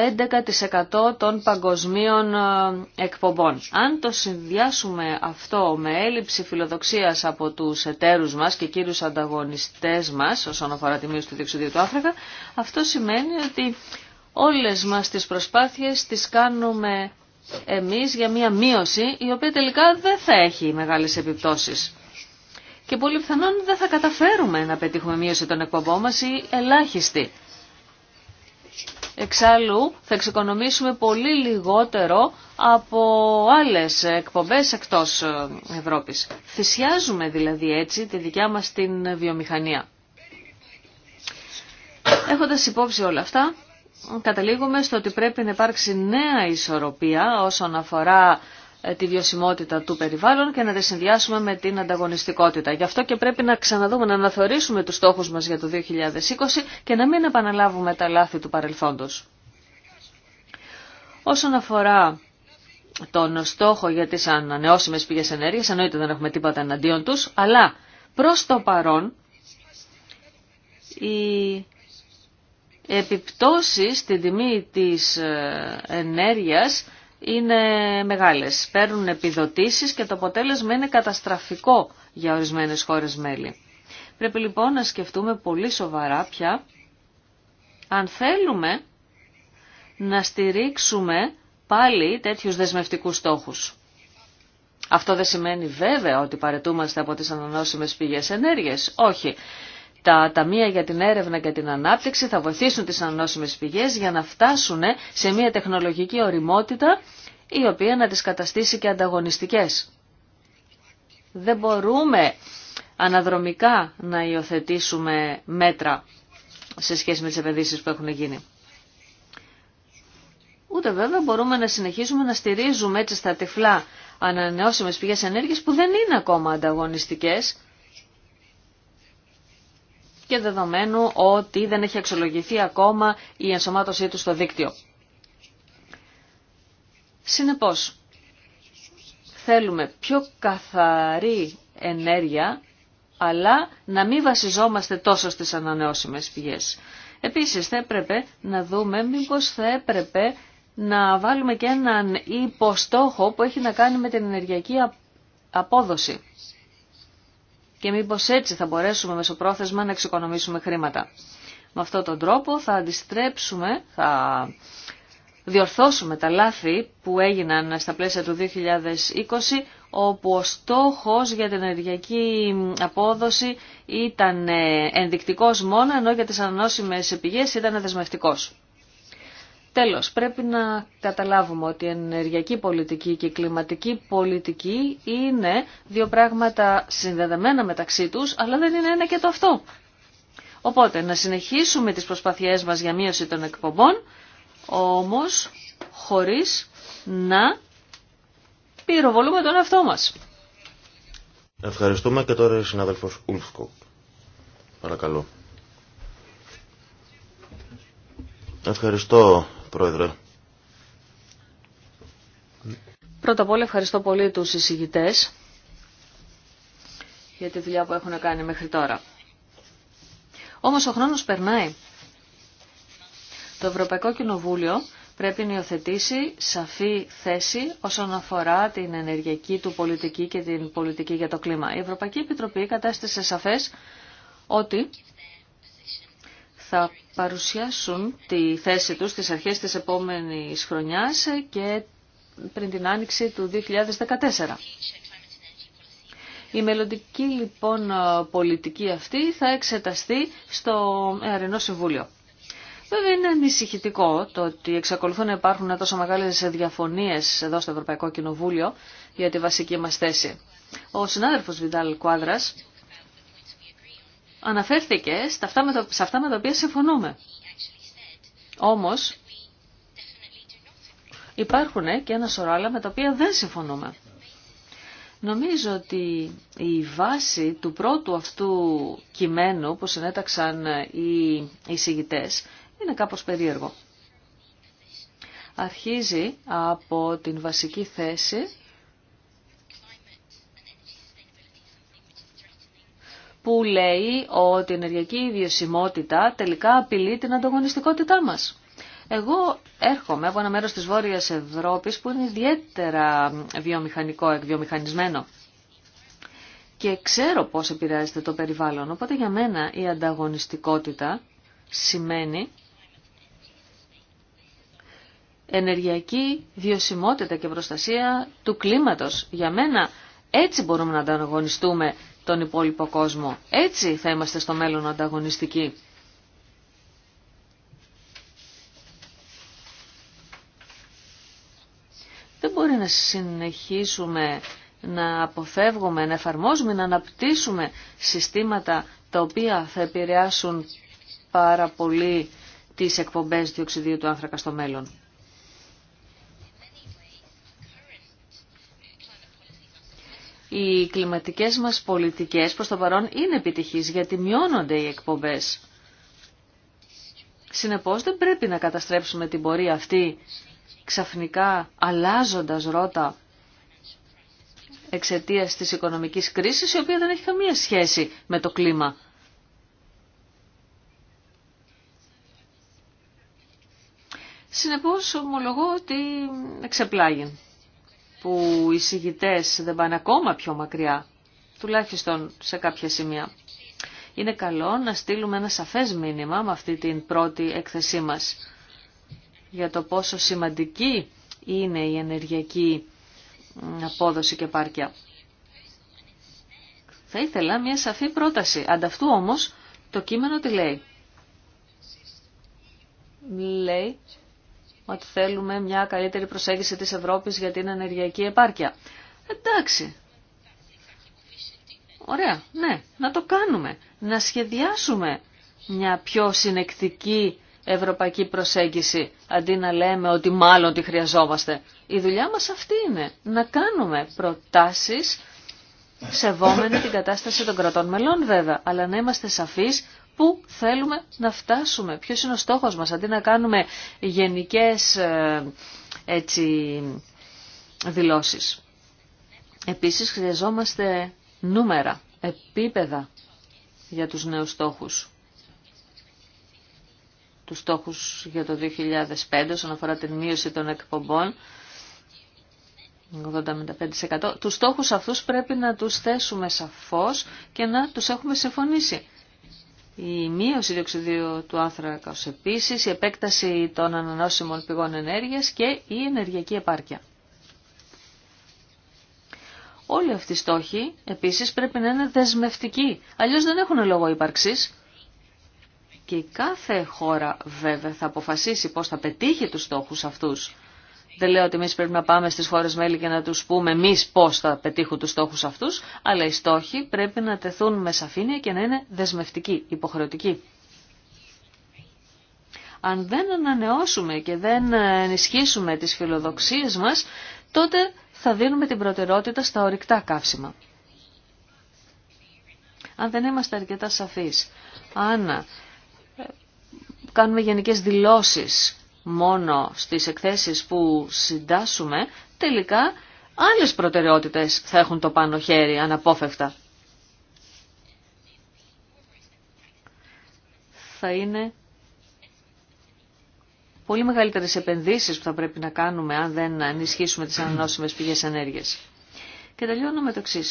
11% των παγκοσμίων ε, εκπομπών. Αν το συνδυάσουμε αυτό με έλλειψη φιλοδοξίας από τους εταίρους μας και κύριους ανταγωνιστές μας όσον αφορά τη μείωση του διεξουδίου του Αφρικα, αυτό σημαίνει ότι Όλες μας τις προσπάθειες τις κάνουμε εμείς για μια μείωση η οποία τελικά δεν θα έχει μεγάλες επιπτώσεις. Και πολύ πιθανόν δεν θα καταφέρουμε να πετύχουμε μείωση των εκπομπών μας ή ελάχιστη. Εξάλλου θα εξοικονομήσουμε πολύ λιγότερο από άλλες εκπομπές εκτός ε, Ευρώπης. Θυσιάζουμε δηλαδή έτσι τη δικιά μας την βιομηχανία. Έχοντας υπόψη όλα αυτά, καταλήγουμε στο ότι πρέπει να υπάρξει νέα ισορροπία όσον αφορά ε, τη βιωσιμότητα του περιβάλλον και να τη συνδυάσουμε με την ανταγωνιστικότητα. Γι' αυτό και πρέπει να ξαναδούμε, να αναθεωρήσουμε τους στόχους μας για το 2020 και να μην επαναλάβουμε τα λάθη του παρελθόντος. Όσον αφορά τον στόχο για τις ανανεώσιμες πηγές ενέργειας, εννοείται δεν έχουμε τίποτα εναντίον τους, αλλά προς το παρόν η επιπτώσεις στην τιμή της ε, ενέργειας είναι μεγάλες. Παίρνουν επιδοτήσεις και το αποτέλεσμα είναι καταστραφικό για ορισμένες χώρες μέλη. Πρέπει λοιπόν να σκεφτούμε πολύ σοβαρά πια αν θέλουμε να στηρίξουμε πάλι τέτοιους δεσμευτικούς στόχους. Αυτό δεν σημαίνει βέβαια ότι παρετούμαστε από τις ανανόσιμες πηγές ενέργειας. Όχι τα ταμεία για την έρευνα και την ανάπτυξη θα βοηθήσουν τις ανανόσιμες πηγές για να φτάσουν σε μια τεχνολογική οριμότητα η οποία να τις καταστήσει και ανταγωνιστικές. Δεν μπορούμε αναδρομικά να υιοθετήσουμε μέτρα σε σχέση με τις επενδύσεις που έχουν γίνει. Ούτε βέβαια μπορούμε να συνεχίσουμε να στηρίζουμε έτσι στα τυφλά ανανεώσιμες πηγές ενέργειας που δεν είναι ακόμα ανταγωνιστικές και δεδομένου ότι δεν έχει αξιολογηθεί ακόμα η ενσωμάτωσή του στο δίκτυο. Συνεπώς, θέλουμε πιο καθαρή ενέργεια, αλλά να μην βασιζόμαστε τόσο στις ανανεώσιμες πηγές. Επίσης, θα έπρεπε να δούμε μήπως θα έπρεπε να βάλουμε και έναν υποστόχο που έχει να κάνει με την ενεργειακή απόδοση και μήπως έτσι θα μπορέσουμε μεσοπρόθεσμα να εξοικονομήσουμε χρήματα. Με αυτόν τον τρόπο θα αντιστρέψουμε, θα διορθώσουμε τα λάθη που έγιναν στα πλαίσια του 2020, όπου ο στόχος για την ενεργειακή απόδοση ήταν ενδεικτικός μόνο, ενώ για τις ανανόσιμες πηγές ήταν δεσμευτικός. Τέλος, πρέπει να καταλάβουμε ότι η ενεργειακή πολιτική και η κλιματική πολιτική είναι δύο πράγματα συνδεδεμένα μεταξύ τους, αλλά δεν είναι ένα και το αυτό. Οπότε, να συνεχίσουμε τις προσπαθειές μας για μείωση των εκπομπών, όμως χωρίς να πυροβολούμε τον εαυτό μας. Ευχαριστούμε και τώρα η συνάδελφος Ουλφκο. Παρακαλώ. Ευχαριστώ Πρόεδρε. Πρώτα απ' όλα ευχαριστώ πολύ τους εισηγητές για τη δουλειά που έχουν κάνει μέχρι τώρα. Όμως ο χρόνος περνάει. Το Ευρωπαϊκό Κοινοβούλιο πρέπει να υιοθετήσει σαφή θέση όσον αφορά την ενεργειακή του πολιτική και την πολιτική για το κλίμα. Η Ευρωπαϊκή Επιτροπή κατέστησε σαφές ότι θα παρουσιάσουν τη θέση τους στις αρχές της επόμενης χρονιάς και πριν την άνοιξη του 2014. Η μελλοντική λοιπόν πολιτική αυτή θα εξεταστεί στο Αρενό Συμβούλιο. Βέβαια είναι ανησυχητικό το ότι εξακολουθούν να υπάρχουν τόσο μεγάλες διαφωνίες εδώ στο Ευρωπαϊκό Κοινοβούλιο για τη βασική μας θέση. Ο συνάδελφος Βιντάλ Κουάδρας αναφέρθηκε σε αυτά, με τα, αυτά με τα οποία συμφωνούμε. Όμως υπάρχουν και ένα σωρό με τα οποία δεν συμφωνούμε. Νομίζω ότι η βάση του πρώτου αυτού κειμένου που συνέταξαν οι εισηγητές είναι κάπως περίεργο. Αρχίζει από την βασική θέση που λέει ότι η ενεργειακή ιδιωσιμότητα τελικά απειλεί την ανταγωνιστικότητά μας. Εγώ έρχομαι από ένα μέρος της Βόρειας Ευρώπης που είναι ιδιαίτερα βιομηχανικό, εκβιομηχανισμένο. Και ξέρω πώς επηρεάζεται το περιβάλλον. Οπότε για μένα η ανταγωνιστικότητα σημαίνει ενεργειακή βιωσιμότητα και προστασία του κλίματος. Για μένα έτσι μπορούμε να ανταγωνιστούμε τον υπόλοιπο κόσμο. Έτσι θα είμαστε στο μέλλον ανταγωνιστικοί. Δεν μπορεί να συνεχίσουμε να αποφεύγουμε, να εφαρμόζουμε, να αναπτύσσουμε συστήματα τα οποία θα επηρεάσουν πάρα πολύ τις εκπομπές διοξιδίου του άνθρακα στο μέλλον. οι κλιματικές μας πολιτικές προς το παρόν είναι επιτυχείς γιατί μειώνονται οι εκπομπές. Συνεπώς δεν πρέπει να καταστρέψουμε την πορεία αυτή ξαφνικά αλλάζοντας ρότα εξαιτίας της οικονομικής κρίσης η οποία δεν έχει καμία σχέση με το κλίμα. Συνεπώς ομολογώ ότι εξεπλάγει που οι συγητές δεν πάνε ακόμα πιο μακριά, τουλάχιστον σε κάποια σημεία. Είναι καλό να στείλουμε ένα σαφές μήνυμα με αυτή την πρώτη έκθεσή μας για το πόσο σημαντική είναι η ενεργειακή απόδοση και πάρκια. Θα ήθελα μια σαφή πρόταση. Ανταυτού όμως το κείμενο τι λέει. Λέει ότι θέλουμε μια καλύτερη προσέγγιση της Ευρώπης για την ενεργειακή επάρκεια. Εντάξει. Ωραία, ναι, να το κάνουμε. Να σχεδιάσουμε μια πιο συνεκτική ευρωπαϊκή προσέγγιση, αντί να λέμε ότι μάλλον τη χρειαζόμαστε. Η δουλειά μας αυτή είναι, να κάνουμε προτάσεις σεβόμενοι την κατάσταση των κρατών μελών βέβαια, αλλά να είμαστε σαφείς πού θέλουμε να φτάσουμε, ποιος είναι ο στόχος μας, αντί να κάνουμε γενικές ε, έτσι, δηλώσεις. Επίσης χρειαζόμαστε νούμερα, επίπεδα για τους νέους στόχους. Τους στόχους για το 2005 όσον αφορά την μείωση των εκπομπών, 85%. Τους στόχους αυτούς πρέπει να τους θέσουμε σαφώς και να τους έχουμε συμφωνήσει η μείωση διοξιδίου του άνθρακα επίσης, η επέκταση των ανανόσιμων πηγών ενέργειας και η ενεργειακή επάρκεια. Όλοι αυτοί οι στόχοι επίσης πρέπει να είναι δεσμευτικοί, αλλιώς δεν έχουν λόγο ύπαρξης. Και κάθε χώρα βέβαια θα αποφασίσει πώς θα πετύχει τους στόχους αυτούς. Δεν λέω ότι εμεί πρέπει να πάμε στι χώρε μέλη και να του πούμε εμεί πώ θα πετύχουν του στόχου αυτού, αλλά οι στόχοι πρέπει να τεθούν με σαφήνεια και να είναι δεσμευτικοί, υποχρεωτικοί. Αν δεν ανανεώσουμε και δεν ενισχύσουμε τις φιλοδοξίες μας, τότε θα δίνουμε την προτεραιότητα στα ορυκτά καύσιμα. Αν δεν είμαστε αρκετά σαφείς, αν ε, κάνουμε γενικές δηλώσεις μόνο στις εκθέσεις που συντάσσουμε, τελικά άλλες προτεραιότητες θα έχουν το πάνω χέρι αναπόφευκτα. Θα είναι πολύ μεγαλύτερες επενδύσεις που θα πρέπει να κάνουμε αν δεν ενισχύσουμε τις ανανόσιμες πηγές ενέργειας. Και τελειώνω με το εξή.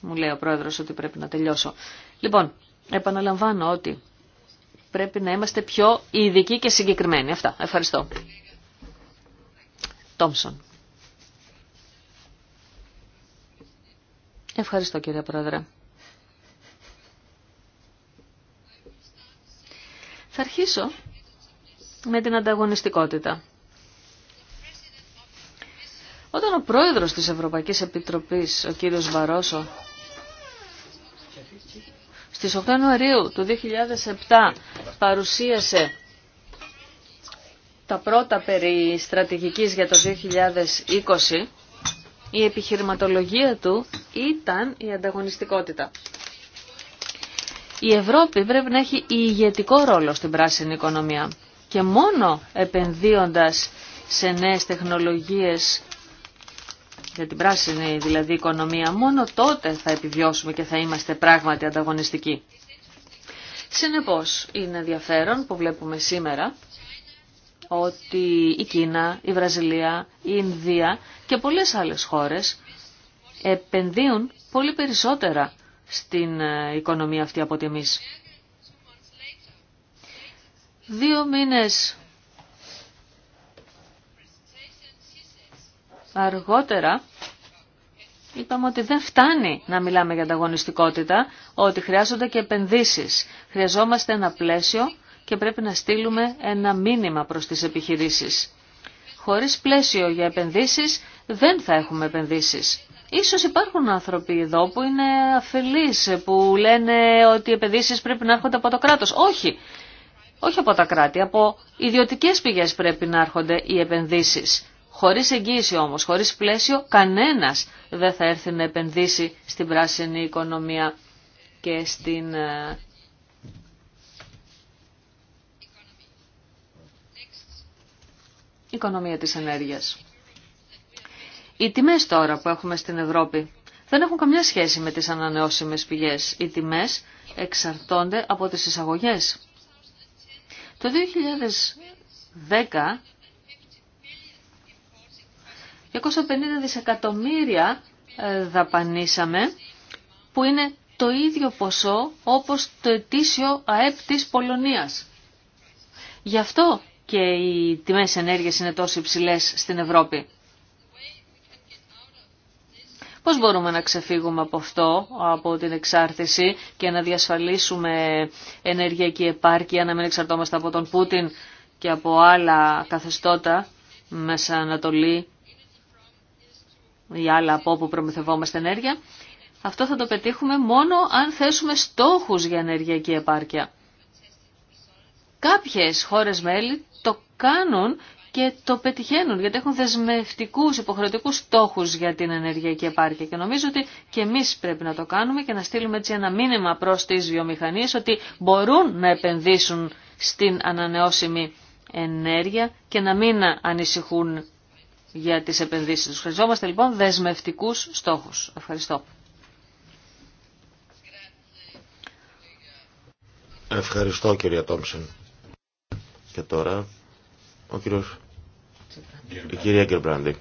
Μου λέει ο πρόεδρος ότι πρέπει να τελειώσω. Λοιπόν, επαναλαμβάνω ότι πρέπει να είμαστε πιο ειδικοί και συγκεκριμένοι. Αυτά. Ευχαριστώ. Τόμσον. Ευχαριστώ κύριε Πρόεδρε. Θα αρχίσω με την ανταγωνιστικότητα. Όταν ο πρόεδρος της Ευρωπαϊκής Επιτροπής, ο κύριος Βαρόσο, στις 8 Ιανουαρίου του 2007 παρουσίασε τα πρώτα περί στρατηγικής για το 2020. Η επιχειρηματολογία του ήταν η ανταγωνιστικότητα. Η Ευρώπη πρέπει να έχει ηγετικό ρόλο στην πράσινη οικονομία και μόνο επενδύοντας σε νέες τεχνολογίες για την πράσινη δηλαδή οικονομία, μόνο τότε θα επιβιώσουμε και θα είμαστε πράγματι ανταγωνιστικοί. Συνεπώς, είναι ενδιαφέρον που βλέπουμε σήμερα ότι η Κίνα, η Βραζιλία, η Ινδία και πολλές άλλες χώρες επενδύουν πολύ περισσότερα στην ε, οικονομία αυτή από ότι εμείς. Δύο μήνες αργότερα είπαμε ότι δεν φτάνει να μιλάμε για ανταγωνιστικότητα, ότι χρειάζονται και επενδύσεις. Χρειαζόμαστε ένα πλαίσιο και πρέπει να στείλουμε ένα μήνυμα προς τις επιχειρήσεις. Χωρίς πλαίσιο για επενδύσεις δεν θα έχουμε επενδύσεις. Ίσως υπάρχουν άνθρωποι εδώ που είναι αφελείς, που λένε ότι οι επενδύσεις πρέπει να έρχονται από το κράτος. Όχι, όχι από τα κράτη, από ιδιωτικές πηγές πρέπει να έρχονται οι επενδύσεις. Χωρίς εγγύηση όμως, χωρίς πλαίσιο, κανένας δεν θα έρθει να επενδύσει στην πράσινη οικονομία και στην ε, οικονομία της ενέργειας. Οι τιμές τώρα που έχουμε στην Ευρώπη δεν έχουν καμιά σχέση με τις ανανεώσιμες πηγές. Οι τιμές εξαρτώνται από τις εισαγωγές. Το 2010 250 δισεκατομμύρια ε, δαπανίσαμε που είναι το ίδιο ποσό όπως το ετήσιο ΑΕΠ της Πολωνίας. Γι' αυτό και οι τιμές ενέργειας είναι τόσο υψηλές στην Ευρώπη. Πώς μπορούμε να ξεφύγουμε από αυτό, από την εξάρτηση και να διασφαλίσουμε ενεργειακή επάρκεια, να μην εξαρτώμαστε από τον Πούτιν και από άλλα καθεστώτα, Μέσα Ανατολή ή άλλα από όπου προμηθευόμαστε ενέργεια. Αυτό θα το πετύχουμε μόνο αν θέσουμε στόχους για ενεργειακή επάρκεια. Κάποιες χώρες μέλη το κάνουν και το πετυχαίνουν γιατί έχουν δεσμευτικούς υποχρεωτικούς στόχους για την ενεργειακή επάρκεια και νομίζω ότι και εμείς πρέπει να το κάνουμε και να στείλουμε έτσι ένα μήνυμα προς τις βιομηχανίες ότι μπορούν να επενδύσουν στην ανανεώσιμη ενέργεια και να μην ανησυχούν για τις επενδύσεις τους. Χρειαζόμαστε λοιπόν δεσμευτικούς στόχους. Ευχαριστώ. Ευχαριστώ κυρία Τόμψεν. Και τώρα ο κύριος... Η κυρία Γκερμπράντη.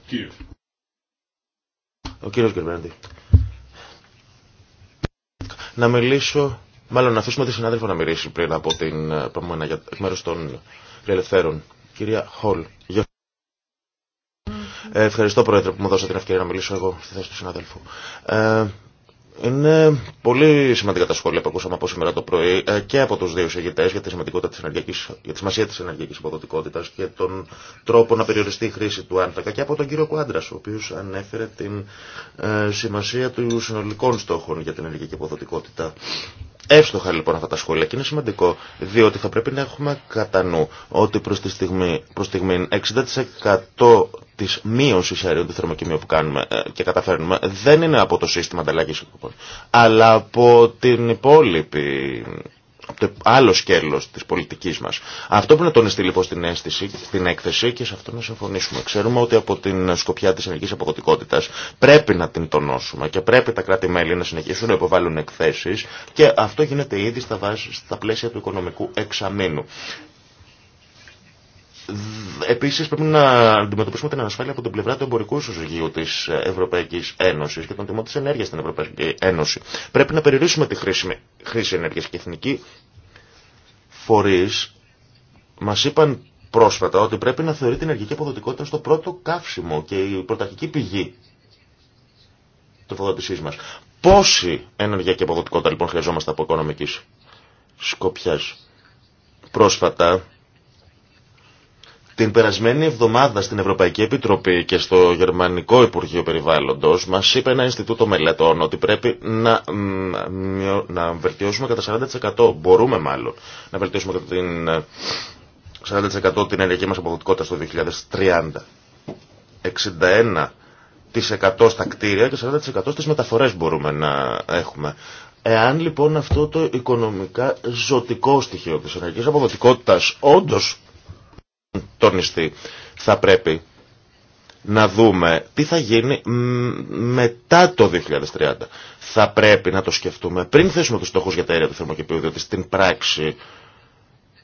Ο κύριος Γκερμπράντη. Να μιλήσω, μάλλον να αφήσουμε τη συνάδελφο να μιλήσει πριν από την προηγούμενα για μέρος των ελευθέρων. Κυρία Χολ, Ευχαριστώ, Πρόεδρε, που μου δώσατε την ευκαιρία να μιλήσω εγώ στη θέση του συναδέλφου. Ε, είναι πολύ σημαντικά τα σχόλια που ακούσαμε από σήμερα το πρωί ε, και από του δύο συγγητέ για, τη σημαντικότητα της ενεργειακής, για τη σημασία τη ενεργειακή αποδοτικότητα και τον τρόπο να περιοριστεί η χρήση του άνθρακα και από τον κύριο Κουάντρα, ο οποίο ανέφερε την ε, σημασία του συνολικών στόχων για την ενεργειακή υποδοτικότητα. Εύστοχα λοιπόν αυτά τα σχόλια και είναι σημαντικό διότι θα πρέπει να έχουμε κατά νου ότι προς τη στιγμή, προς στιγμή 60% της μείωσης αερίων του θερμοκοιμίου που κάνουμε ε, και καταφέρνουμε δεν είναι από το σύστημα ανταλλαγής αλλά από την υπόλοιπη το άλλο σκέλος της πολιτικής μας. Αυτό που να τονιστεί λοιπόν στην, αίσθηση, στην έκθεση και σε αυτό να συμφωνήσουμε. Ξέρουμε ότι από την σκοπιά της ενεργής αποκοτικότητας πρέπει να την τονώσουμε και πρέπει τα κράτη-μέλη να συνεχίσουν να υποβάλουν εκθέσεις και αυτό γίνεται ήδη στα, βάση, στα πλαίσια του οικονομικού εξαμήνου. Επίσης πρέπει να αντιμετωπίσουμε την ανασφάλεια από την πλευρά του εμπορικού ισοζυγίου της Ευρωπαϊκής Ένωσης και των τιμών της ενέργειας στην Ευρωπαϊκή Ένωση. Πρέπει να περιορίσουμε τη χρήση, χρήση ενέργειας και εθνικοί φορείς μας είπαν πρόσφατα ότι πρέπει να θεωρεί την ενεργειακή αποδοτικότητα στο πρώτο καύσιμο και η πρωταρχική πηγή του τροφοδότησής μας. Πόση ενεργειακή αποδοτικότητα λοιπόν χρειαζόμαστε από οικονομικής σκοπιάς. Πρόσφατα την περασμένη εβδομάδα στην Ευρωπαϊκή Επιτροπή και στο Γερμανικό Υπουργείο Περιβάλλοντος μας είπε ένα Ινστιτούτο Μελετών ότι πρέπει να, να βελτιώσουμε κατά 40%. Μπορούμε μάλλον να βελτιώσουμε κατά την 40% την ενεργειακή μας αποδοτικότητα στο 2030. 61% στα κτίρια και 40% στις μεταφορές μπορούμε να έχουμε. Εάν λοιπόν αυτό το οικονομικά ζωτικό στοιχείο της ενεργικής αποδοτικότητας όντως τονιστεί. Θα πρέπει να δούμε τι θα γίνει μετά το 2030. Θα πρέπει να το σκεφτούμε πριν θέσουμε τους στόχους για τα αέρια του θερμοκηπίου, διότι στην πράξη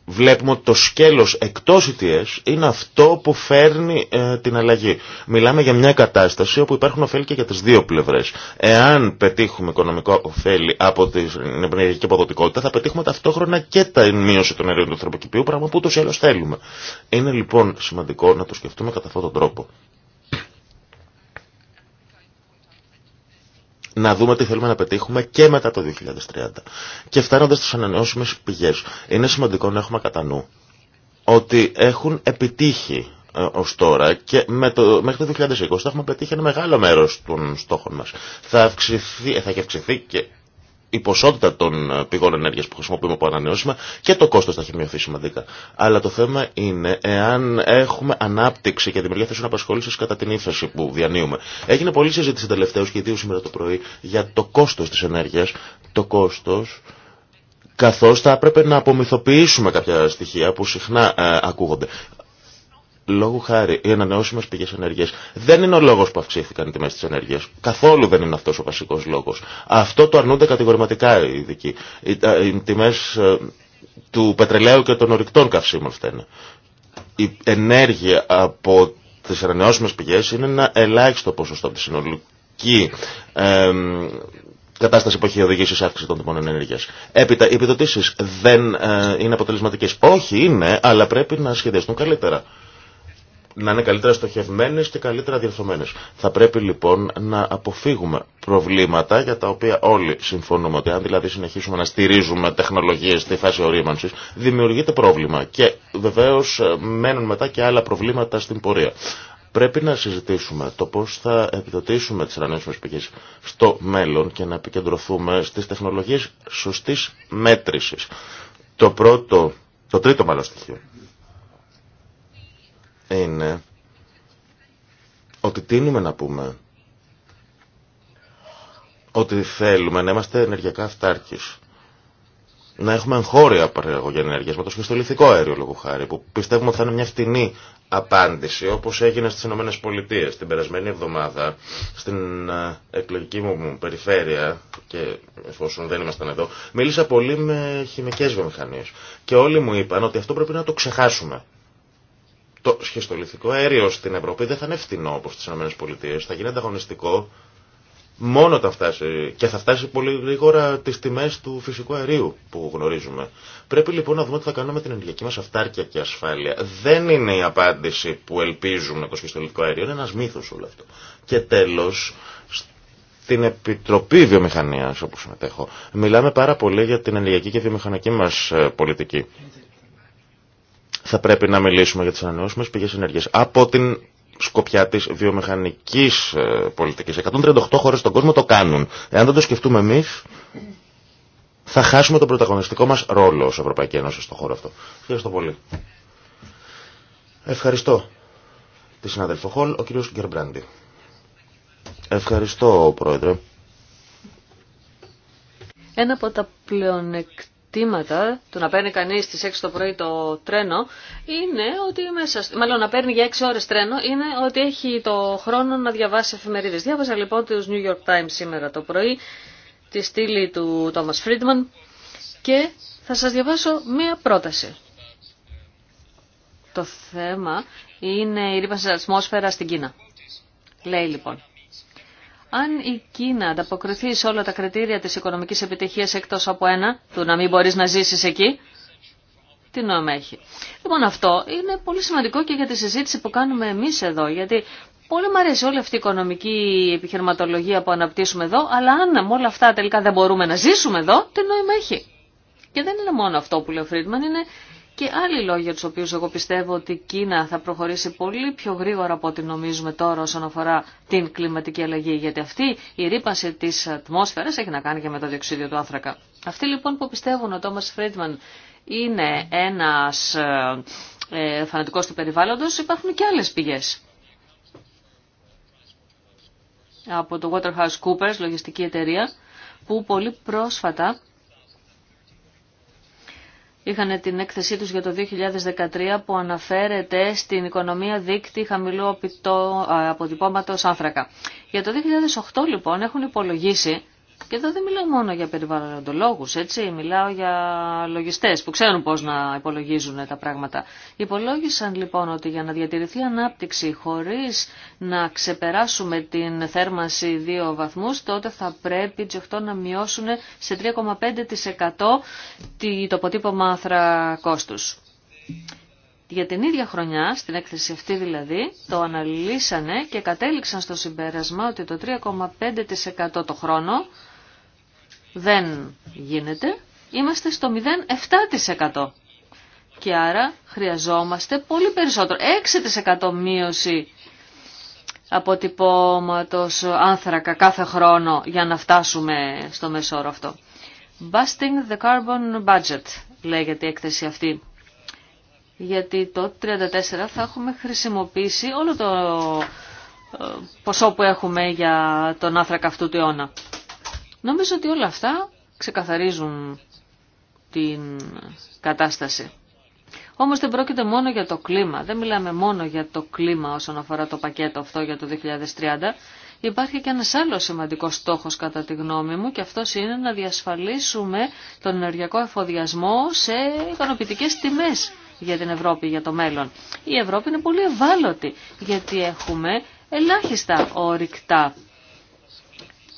βλέπουμε ότι το σκέλος εκτός ETS είναι αυτό που φέρνει ε, την αλλαγή. Μιλάμε για μια κατάσταση όπου υπάρχουν ωφέλη και για τις δύο πλευρές. Εάν πετύχουμε οικονομικό ωφέλη από την ενεργειακή αποδοτικότητα θα πετύχουμε ταυτόχρονα και τα μείωση των αερίων του ανθρωποκηπίου, πράγμα που ούτως ή άλλως θέλουμε. Είναι λοιπόν σημαντικό να το σκεφτούμε κατά αυτόν τον τρόπο. να δούμε τι θέλουμε να πετύχουμε και μετά το 2030. Και φτάνοντας στους ανανεώσιμες πηγές, είναι σημαντικό να έχουμε κατά νου ότι έχουν επιτύχει ε, ω τώρα και με το, μέχρι το 2020 θα έχουμε πετύχει ένα μεγάλο μέρο των στόχων μα. Θα, ε, θα έχει αυξηθεί και η ποσότητα των ε, πηγών ενέργειας που χρησιμοποιούμε από ανανεώσιμα και το κόστος θα έχει μειωθεί σημαντικά. Αλλά το θέμα είναι εάν έχουμε ανάπτυξη και δημιουργία θέσεων απασχόληση κατά την ύφεση που διανύουμε. Έγινε πολλή συζήτηση τελευταίω και ιδίω σήμερα το πρωί για το κόστος τη ενέργεια. Το κόστος καθώς θα έπρεπε να απομυθοποιήσουμε κάποια στοιχεία που συχνά ε, ακούγονται. Λόγου χάρη, οι ανανεώσιμε πηγέ ενέργεια δεν είναι ο λόγο που αυξήθηκαν οι τιμέ τη ενέργεια. Καθόλου δεν είναι αυτό ο βασικό λόγο. Αυτό το αρνούνται κατηγορηματικά οι ειδικοί. Οι τιμέ ε, του πετρελαίου και των ορυκτών καυσίμων φταίνε. Η ενέργεια από τι ανανεώσιμε πηγέ είναι ένα ελάχιστο ποσοστό από τη συνολική κατάσταση που έχει οδηγήσει σε αύξηση των τιμών ενέργεια. Έπειτα, οι επιδοτήσει δεν ε, είναι αποτελεσματικέ. Όχι, είναι, αλλά πρέπει να σχεδιαστούν καλύτερα να είναι καλύτερα στοχευμένε και καλύτερα διορθωμένε. Θα πρέπει λοιπόν να αποφύγουμε προβλήματα για τα οποία όλοι συμφωνούμε ότι αν δηλαδή συνεχίσουμε να στηρίζουμε τεχνολογίε στη φάση ορίμανση, δημιουργείται πρόβλημα και βεβαίω μένουν μετά και άλλα προβλήματα στην πορεία. Πρέπει να συζητήσουμε το πώ θα επιδοτήσουμε τι ανανέωσιμε πηγές στο μέλλον και να επικεντρωθούμε στι τεχνολογίε σωστή μέτρηση. Το πρώτο, το τρίτο μάλλον στοιχείο είναι ότι τίνουμε να πούμε ότι θέλουμε να είμαστε ενεργειακά αυτάρκης. Να έχουμε εγχώρια παραγωγή ενέργεια με το σχιστολιθικό αέριο λόγω χάρη, που πιστεύουμε ότι θα είναι μια φτηνή απάντηση, όπω έγινε στι ΗΠΑ την περασμένη εβδομάδα, στην ε, εκλογική μου περιφέρεια, και εφόσον δεν ήμασταν εδώ, μίλησα πολύ με χημικέ βιομηχανίε. Και όλοι μου είπαν ότι αυτό πρέπει να το ξεχάσουμε το σχεστολιθικό αέριο στην Ευρώπη δεν θα είναι φθηνό όπω στι ΗΠΑ, θα γίνει ανταγωνιστικό μόνο όταν φτάσει και θα φτάσει πολύ γρήγορα τι τιμέ του φυσικού αερίου που γνωρίζουμε. Πρέπει λοιπόν να δούμε τι θα κάνουμε με την ενεργειακή μα αυτάρκεια και ασφάλεια. Δεν είναι η απάντηση που ελπίζουμε το σχεστολιθικό αέριο, είναι ένα μύθο όλο αυτό. Και τέλο την Επιτροπή Βιομηχανίας όπου συμμετέχω. Μιλάμε πάρα πολύ για την ενεργειακή και βιομηχανική μας ε, πολιτική θα πρέπει να μιλήσουμε για τι ανανεώσιμε πηγέ ενέργεια Από την σκοπιά της βιομηχανικής πολιτική. 138 χώρε στον κόσμο το κάνουν. Εάν δεν το σκεφτούμε εμεί θα χάσουμε τον πρωταγωνιστικό μας ρόλο ω Ευρωπαϊκή Ένωση στον χώρο αυτό. Ευχαριστώ πολύ. Ευχαριστώ τη συνάδελφο ο κύριος Γκερμπράντι. Ευχαριστώ, Πρόεδρε. Ένα από τα πλεονεκτήματα ζητήματα του να παίρνει κανεί στι 6 το πρωί το τρένο είναι ότι μέσα. Μάλλον να παίρνει για 6 ώρε τρένο είναι ότι έχει το χρόνο να διαβάσει εφημερίδε. Διάβαζα λοιπόν του New York Times σήμερα το πρωί, τη στήλη του Thomas Friedman και θα σας διαβάσω μία πρόταση. Το θέμα είναι η ρήπανση ατμόσφαιρα στην Κίνα. Λέει λοιπόν, αν η Κίνα ανταποκριθεί σε όλα τα κριτήρια της οικονομικής επιτυχίας εκτός από ένα, του να μην μπορείς να ζήσεις εκεί, τι νόημα έχει. Λοιπόν αυτό είναι πολύ σημαντικό και για τη συζήτηση που κάνουμε εμείς εδώ, γιατί πολύ μου αρέσει όλη αυτή η οικονομική επιχειρηματολογία που αναπτύσσουμε εδώ, αλλά αν με όλα αυτά τελικά δεν μπορούμε να ζήσουμε εδώ, τι νόημα έχει. Και δεν είναι μόνο αυτό που λέει ο Φρίντμαν, είναι και άλλοι λόγοι για τους οποίους εγώ πιστεύω ότι η Κίνα θα προχωρήσει πολύ πιο γρήγορα από ό,τι νομίζουμε τώρα όσον αφορά την κλιματική αλλαγή. Γιατί αυτή η ρήπαση της ατμόσφαιρας έχει να κάνει και με το διοξίδιο του άνθρακα. Αυτοί λοιπόν που πιστεύουν ο Τόμας Φρίντμαν είναι ένας ε, ε, φανατικός του περιβάλλοντος, υπάρχουν και άλλες πηγές. Από το Waterhouse Coopers, λογιστική εταιρεία, που πολύ πρόσφατα είχαν την έκθεσή τους για το 2013 που αναφέρεται στην οικονομία δίκτυ χαμηλού ε, αποτυπώματος άνθρακα. Για το 2008 λοιπόν έχουν υπολογίσει και εδώ δεν μιλάω μόνο για περιβαλλοντολόγους, έτσι, μιλάω για λογιστές που ξέρουν πώς να υπολογίζουν τα πράγματα. Υπολόγισαν λοιπόν ότι για να διατηρηθεί ανάπτυξη χωρίς να ξεπεράσουμε την θέρμανση 2 βαθμούς, τότε θα πρέπει τζοχτό να μειώσουν σε 3,5% το αποτύπωμα άθρα κόστους. Για την ίδια χρονιά, στην έκθεση αυτή δηλαδή, το αναλύσανε και κατέληξαν στο συμπέρασμα ότι το 3,5% το χρόνο δεν γίνεται, είμαστε στο 0,7%. Και άρα χρειαζόμαστε πολύ περισσότερο. 6% μείωση αποτυπώματος άνθρακα κάθε χρόνο για να φτάσουμε στο μέσο όρο αυτό. Busting the Carbon Budget λέγεται η έκθεση αυτή. Γιατί το 34 θα έχουμε χρησιμοποιήσει όλο το ε, ποσό που έχουμε για τον άνθρακα αυτού του αιώνα. Νομίζω ότι όλα αυτά ξεκαθαρίζουν την κατάσταση. Όμως δεν πρόκειται μόνο για το κλίμα. Δεν μιλάμε μόνο για το κλίμα όσον αφορά το πακέτο αυτό για το 2030. Υπάρχει και ένας άλλος σημαντικός στόχος κατά τη γνώμη μου και αυτός είναι να διασφαλίσουμε τον ενεργειακό εφοδιασμό σε ικανοποιητικές τιμές για την Ευρώπη, για το μέλλον. Η Ευρώπη είναι πολύ ευάλωτη γιατί έχουμε ελάχιστα ορυκτά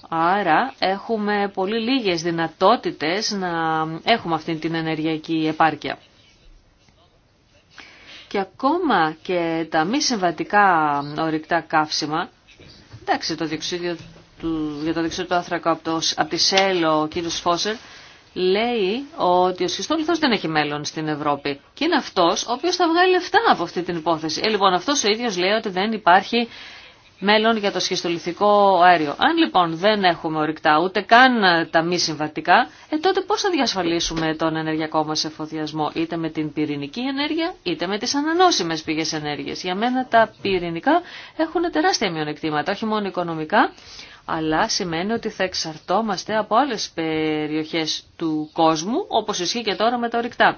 Άρα έχουμε πολύ λίγες δυνατότητες να έχουμε αυτή την ενεργειακή επάρκεια. Και ακόμα και τα μη συμβατικά ορυκτά καύσιμα, εντάξει το του, για το διεξίδιο του άνθρακα από, τη ΣΕΛΟ ο κύριος Φώσερ, λέει ότι ο σχιστόλιθος δεν έχει μέλλον στην Ευρώπη. Και είναι αυτός ο οποίος θα βγάλει λεφτά από αυτή την υπόθεση. Ε, λοιπόν, αυτός ο ίδιος λέει ότι δεν υπάρχει μέλλον για το σχιστολιθικό αέριο. Αν λοιπόν δεν έχουμε ορυκτά ούτε καν ε, τα μη συμβατικά, ε, τότε πώς θα διασφαλίσουμε τον ενεργειακό μας εφοδιασμό είτε με την πυρηνική ενέργεια είτε με τις ανανόσιμες πηγές ενέργειας. Για μένα τα πυρηνικά έχουν τεράστια μειονεκτήματα, όχι μόνο οικονομικά, αλλά σημαίνει ότι θα εξαρτώμαστε από άλλες περιοχές του κόσμου, όπως ισχύει και τώρα με τα ορυκτά.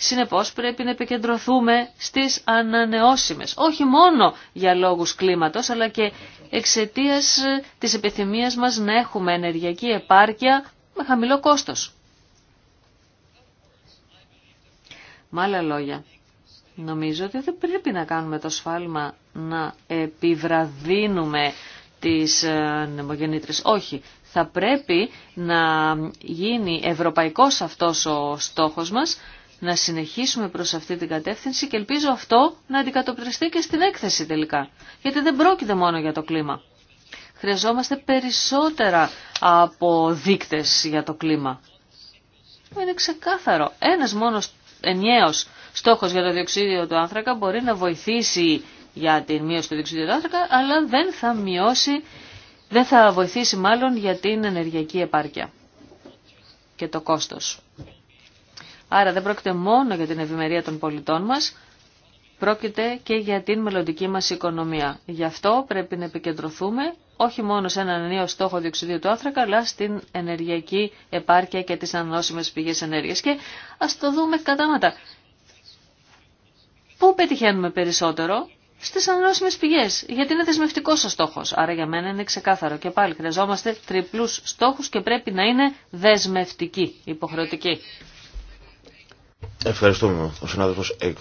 Συνεπώς πρέπει να επικεντρωθούμε στις ανανεώσιμες, όχι μόνο για λόγους κλίματος, αλλά και εξαιτίας ε, της επιθυμίας μας να έχουμε ενεργειακή επάρκεια με χαμηλό κόστος. Με άλλα λόγια, νομίζω ότι δεν πρέπει να κάνουμε το σφάλμα να επιβραδύνουμε τις ε, νεμογεννήτρες. Όχι, θα πρέπει να γίνει ευρωπαϊκός αυτός ο στόχος μας να συνεχίσουμε προς αυτή την κατεύθυνση και ελπίζω αυτό να αντικατοπτριστεί και στην έκθεση τελικά. Γιατί δεν πρόκειται μόνο για το κλίμα. Χρειαζόμαστε περισσότερα από δείκτες για το κλίμα. Είναι ξεκάθαρο. Ένας μόνος ενιαίος στόχος για το διοξίδιο του άνθρακα μπορεί να βοηθήσει για την μείωση του διοξιδίου του άνθρακα, αλλά δεν θα μειώσει, δεν θα βοηθήσει μάλλον για την ενεργειακή επάρκεια και το κόστος. Άρα δεν πρόκειται μόνο για την ευημερία των πολιτών μας, πρόκειται και για την μελλοντική μας οικονομία. Γι' αυτό πρέπει να επικεντρωθούμε όχι μόνο σε έναν νέο στόχο διοξιδίου του άνθρακα, αλλά στην ενεργειακή επάρκεια και τις ανανόσιμες πηγές ενέργειας. Και ας το δούμε κατάματα. Πού πετυχαίνουμε περισσότερο, στις ανανεώσιμες πηγές, γιατί είναι δεσμευτικός ο στόχος. Άρα για μένα είναι ξεκάθαρο και πάλι χρειαζόμαστε τριπλούς στόχους και πρέπει να είναι δεσμευτικοί, υποχρεωτικοί. Ευχαριστούμε, ο συνάδελφος Έγκου.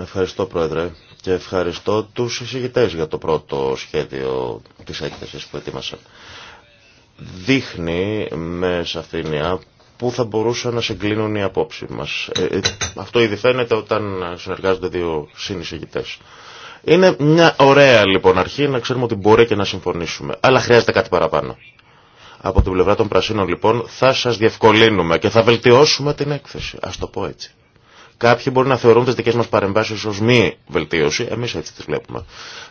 Ευχαριστώ, Πρόεδρε, και ευχαριστώ τους εισηγητές για το πρώτο σχέδιο της έκθεσης που ετοίμασαν. Δείχνει με σαφήνεια που θα μπορούσαν να συγκλίνουν οι απόψει μας. Ε, ε, αυτό ήδη φαίνεται όταν συνεργάζονται δύο συνεισηγητές. Είναι μια ωραία λοιπόν αρχή να ξέρουμε ότι μπορεί και να συμφωνήσουμε. Αλλά χρειάζεται κάτι παραπάνω. Από την πλευρά των πρασίνων λοιπόν θα σας διευκολύνουμε και θα βελτιώσουμε την έκθεση. Ας το πω έτσι. Κάποιοι μπορεί να θεωρούν τις δικές μας παρεμβάσεις ως μη βελτίωση, εμείς έτσι τις βλέπουμε.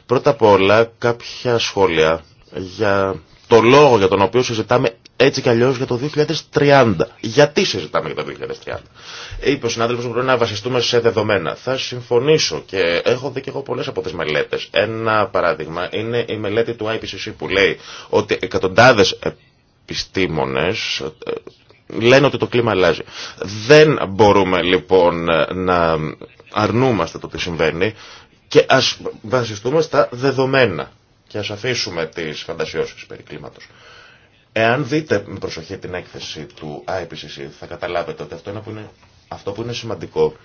Πρώτα απ' όλα κάποια σχόλια για το λόγο για τον οποίο συζητάμε έτσι κι αλλιώ για το 2030. Γιατί συζητάμε για το 2030. Είπε ο συνάδελφος μου πρέπει να βασιστούμε σε δεδομένα. Θα συμφωνήσω και έχω δει και εγώ πολλέ από τι μελέτε. Ένα παράδειγμα είναι η μελέτη του IPCC που λέει ότι εκατοντάδε επιστήμονες ε, λένε ότι το κλίμα αλλάζει. Δεν μπορούμε λοιπόν να αρνούμαστε το τι συμβαίνει και ας βασιστούμε στα δεδομένα και ας αφήσουμε τις φαντασιώσεις περί κλίματος. Εάν δείτε με προσοχή την έκθεση του IPCC θα καταλάβετε ότι αυτό, που είναι, αυτό που είναι σημαντικό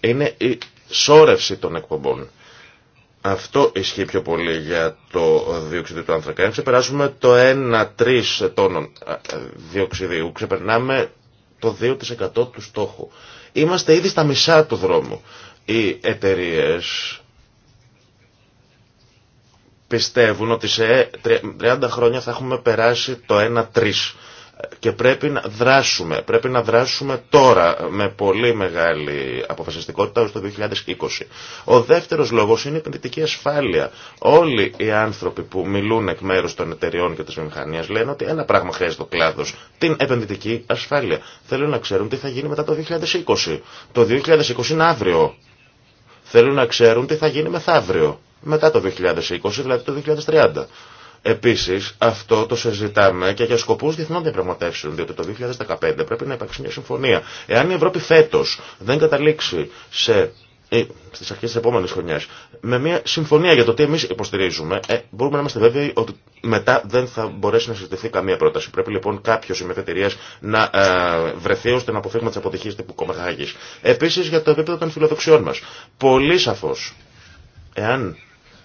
είναι η σόρευση των εκπομπών. Αυτό ισχύει πιο πολύ για το διοξείδιο του άνθρακα. Αν ξεπεράσουμε το 1-3 τόνων ε, διοξιδίου, ξεπερνάμε το 2% του στόχου. Είμαστε ήδη στα μισά του δρόμου. Οι εταιρείε πιστεύουν ότι σε 30 χρόνια θα έχουμε περάσει το 1-3 και πρέπει να δράσουμε, πρέπει να δράσουμε τώρα με πολύ μεγάλη αποφασιστικότητα ως το 2020. Ο δεύτερος λόγος είναι η επενδυτική ασφάλεια. Όλοι οι άνθρωποι που μιλούν εκ μέρους των εταιριών και της βιομηχανίας λένε ότι ένα πράγμα χρειάζεται ο κλάδος, την επενδυτική ασφάλεια. Θέλουν να ξέρουν τι θα γίνει μετά το 2020. Το 2020 είναι αύριο. Θέλουν να ξέρουν τι θα γίνει μεθαύριο. Μετά το 2020, δηλαδή το 2030. Επίσης, αυτό το συζητάμε και για σκοπούς διεθνών διαπραγματεύσεων, διότι το 2015 πρέπει να υπάρξει μια συμφωνία. Εάν η Ευρώπη φέτος δεν καταλήξει σε ε, στις αρχές της επόμενης χρονιάς, με μια συμφωνία για το τι εμείς υποστηρίζουμε, ε, μπορούμε να είμαστε βέβαιοι ότι μετά δεν θα μπορέσει να συζητηθεί καμία πρόταση. Πρέπει λοιπόν κάποιος ημεθετηρίας να ε, βρεθεί ώστε να αποφύγουμε τις αποτυχίες τύπου Κομμαχάγης. Επίσης για το επίπεδο των φιλοδοξιών μας. Πολύ σαφώς, εάν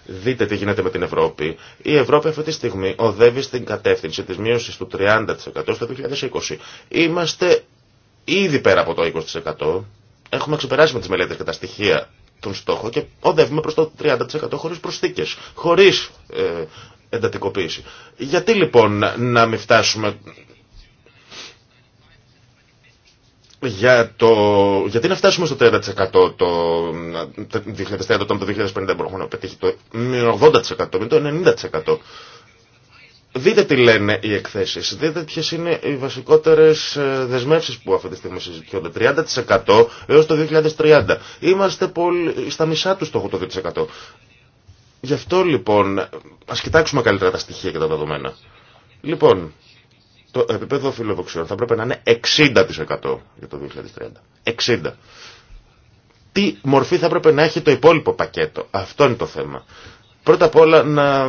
δείτε τι γίνεται με την Ευρώπη. Η Ευρώπη αυτή τη στιγμή οδεύει στην κατεύθυνση της μείωσης του 30% στο 2020. Είμαστε ήδη πέρα από το 20%. Έχουμε ξεπεράσει με τις μελέτες και τα στοιχεία τον στόχο και οδεύουμε προς το 30% χωρίς προσθήκες, χωρίς ε, εντατικοποίηση. Γιατί λοιπόν να μην φτάσουμε για, το, γιατί να φτάσουμε στο 30% το, το το 2050 μπορούμε να πετύχει το 80% με το 90%. Δείτε τι λένε οι εκθέσεις, δείτε ποιες είναι οι βασικότερες ε, δεσμεύσεις που αυτή τη στιγμή συζητιόνται. 30% έως το 2030. Είμαστε πολύ, στα μισά του στόχου το 2%. Γι' αυτό λοιπόν ας κοιτάξουμε καλύτερα τα στοιχεία και τα δεδομένα. Λοιπόν, το επίπεδο φιλοδοξιών θα πρέπει να είναι 60% για το 2030. 60%. Τι μορφή θα πρέπει να έχει το υπόλοιπο πακέτο. Αυτό είναι το θέμα. Πρώτα απ' όλα να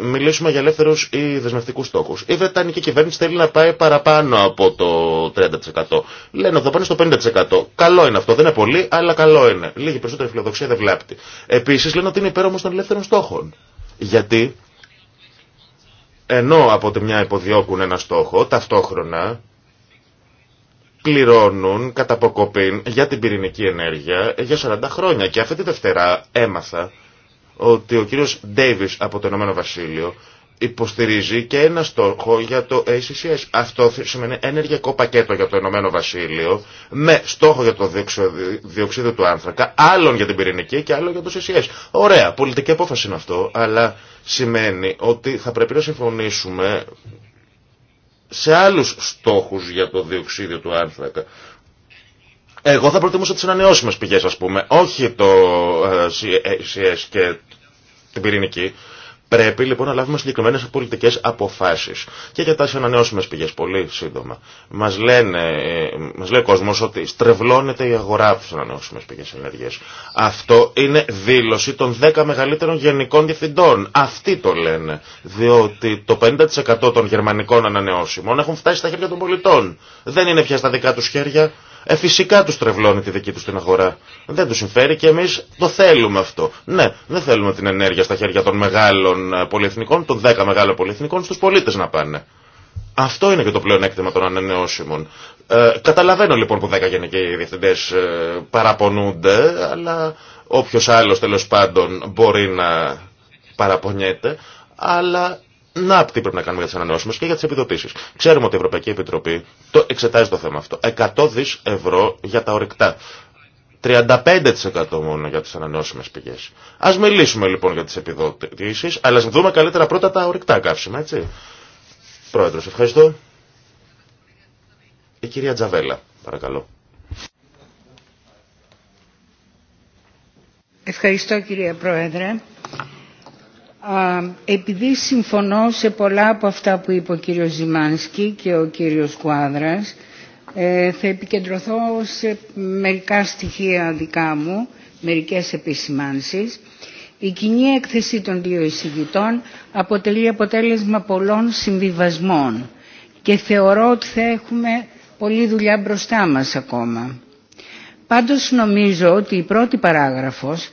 μιλήσουμε για ελεύθερου ή δεσμευτικού στόχου. Η Βρετανική κυβέρνηση θέλει να πάει παραπάνω από το 30%. Λένε ότι θα πάνε στο 50%. Καλό είναι αυτό, δεν είναι πολύ, αλλά καλό είναι. Λίγη περισσότερη φιλοδοξία δεν βλάπτει. Επίση λένε ότι είναι υπέρ όμω των ελεύθερων στόχων. Γιατί ενώ από τη μια υποδιώκουν ένα στόχο, ταυτόχρονα πληρώνουν κατά για την πυρηνική ενέργεια για 40 χρόνια. Και αυτή τη Δευτέρα έμαθα ότι ο κύριος Ντέιβις από το Ηνωμένο Βασίλειο υποστηρίζει και ένα στόχο για το ACCS. Αυτό σημαίνει ενεργειακό πακέτο για το Ηνωμένο Βασίλειο με στόχο για το διοξείδιο του άνθρακα, άλλον για την πυρηνική και άλλο για το CCS. Ωραία, πολιτική απόφαση είναι αυτό, αλλά σημαίνει ότι θα πρέπει να συμφωνήσουμε σε άλλους στόχους για το διοξείδιο του άνθρακα. Εγώ θα προτιμούσα τις ανανεώσιμες πηγές, ας πούμε, όχι το ε, CCS και την πυρηνική. Πρέπει λοιπόν να λάβουμε συγκεκριμένε πολιτικέ αποφάσει. Και για τι ανανεώσιμε πηγέ, πολύ σύντομα. Μα ε, μας λέει ο κόσμο ότι στρεβλώνεται η αγορά από τι ανανεώσιμε πηγέ ενέργεια. Αυτό είναι δήλωση των 10 μεγαλύτερων γενικών διευθυντών. Αυτοί το λένε. Διότι το 50% των γερμανικών ανανεώσιμων έχουν φτάσει στα χέρια των πολιτών. Δεν είναι πια στα δικά του χέρια ε, φυσικά τους τρευλώνει τη δική του την αγορά. Δεν τους συμφέρει και εμείς το θέλουμε αυτό. Ναι, δεν θέλουμε την ενέργεια στα χέρια των μεγάλων ε, πολυεθνικών, των 10 μεγάλων πολυεθνικών, στους πολίτες να πάνε. Αυτό είναι και το πλεονέκτημα των ανανεώσιμων. Ε, καταλαβαίνω λοιπόν που 10 γενικοί διευθυντές ε, παραπονούνται, αλλά όποιος άλλος τέλος πάντων μπορεί να παραπονιέται, αλλά να, τι πρέπει να κάνουμε για τι ανανεώσιμε και για τι επιδοτήσει. Ξέρουμε ότι η Ευρωπαϊκή Επιτροπή το εξετάζει το θέμα αυτό. 100 δι ευρώ για τα ορυκτά. 35% μόνο για τι ανανεώσιμε πηγές. Α μιλήσουμε λοιπόν για τις επιδοτήσεις, αλλά ας δούμε καλύτερα πρώτα τα ορυκτά καύσιμα, έτσι. Πρόεδρο, ευχαριστώ. Η κυρία Τζαβέλα, παρακαλώ. Ευχαριστώ κυρία Πρόεδρε επειδή συμφωνώ σε πολλά από αυτά που είπε ο κύριος Ζημάνσκι και ο κύριος Κουάδρας, ε, θα επικεντρωθώ σε μερικά στοιχεία δικά μου, μερικές επισημάνσεις. Η κοινή έκθεση των δύο εισηγητών αποτελεί αποτέλεσμα πολλών συμβιβασμών και θεωρώ ότι θα έχουμε πολλή δουλειά μπροστά μας ακόμα. Πάντως νομίζω ότι η πρώτη παράγραφος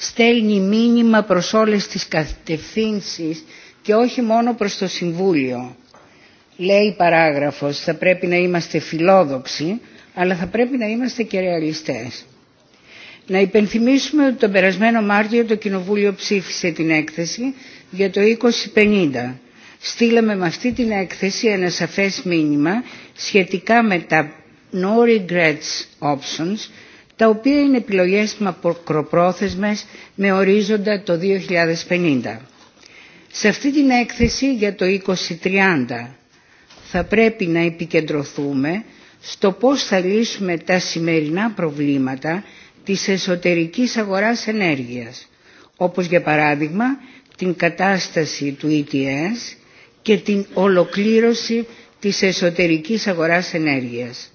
στέλνει μήνυμα προς όλες τις κατευθύνσεις και όχι μόνο προς το Συμβούλιο. Λέει παράγραφος, θα πρέπει να είμαστε φιλόδοξοι, αλλά θα πρέπει να είμαστε και ρεαλιστές. Να υπενθυμίσουμε ότι τον περασμένο Μάρτιο το Κοινοβούλιο ψήφισε την έκθεση για το 2050. Στείλαμε με αυτή την έκθεση ένα σαφές μήνυμα σχετικά με τα no regrets options τα οποία είναι επιλογές μακροπρόθεσμες με ορίζοντα το 2050. Σε αυτή την έκθεση για το 2030 θα πρέπει να επικεντρωθούμε στο πώς θα λύσουμε τα σημερινά προβλήματα της εσωτερικής αγοράς ενέργειας, όπως για παράδειγμα την κατάσταση του ETS και την ολοκλήρωση της εσωτερικής αγοράς ενέργειας.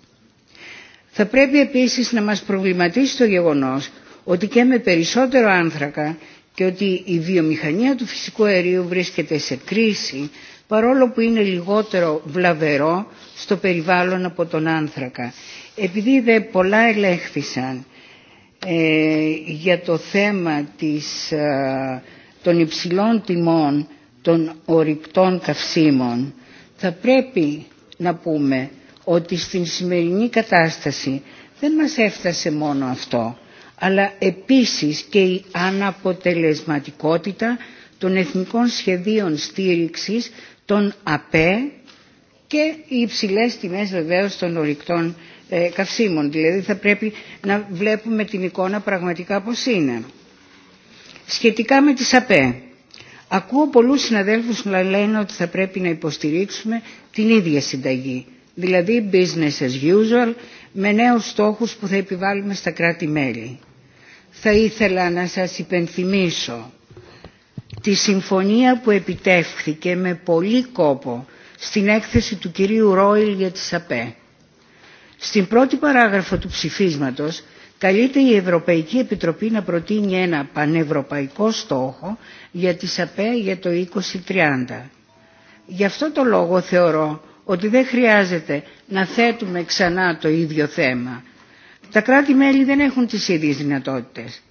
Θα πρέπει επίσης να μας προβληματίσει το γεγονός ότι και με περισσότερο άνθρακα και ότι η βιομηχανία του φυσικού αερίου βρίσκεται σε κρίση παρόλο που είναι λιγότερο βλαβερό στο περιβάλλον από τον άνθρακα. Επειδή δε πολλά ελέγχθησαν ε, για το θέμα της, ε, των υψηλών τιμών των ορυκτών καυσίμων θα πρέπει να πούμε ότι στην σημερινή κατάσταση δεν μας έφτασε μόνο αυτό, αλλά επίσης και η αναποτελεσματικότητα των εθνικών σχεδίων στήριξης των ΑΠΕ και οι υψηλές τιμές βεβαίω των ορυκτών ε, καυσίμων. Δηλαδή θα πρέπει να βλέπουμε την εικόνα πραγματικά πώς είναι. Σχετικά με τις ΑΠΕ. Ακούω πολλούς συναδέλφους να λένε ότι θα πρέπει να υποστηρίξουμε την ίδια συνταγή δηλαδή business as usual, με νέους στόχους που θα επιβάλλουμε στα κράτη-μέλη. Θα ήθελα να σας υπενθυμίσω τη συμφωνία που επιτεύχθηκε με πολύ κόπο στην έκθεση του κυρίου Ρόιλ για τη ΣΑΠΕ. Στην πρώτη παράγραφο του ψηφίσματος καλείται η Ευρωπαϊκή Επιτροπή να προτείνει ένα πανευρωπαϊκό στόχο για τη ΣΑΠΕ για το 2030. Γι' αυτό το λόγο θεωρώ ότι δεν χρειάζεται να θέτουμε ξανά το ίδιο θέμα. Τα κράτη-μέλη δεν έχουν τις ίδιες δυνατότητες.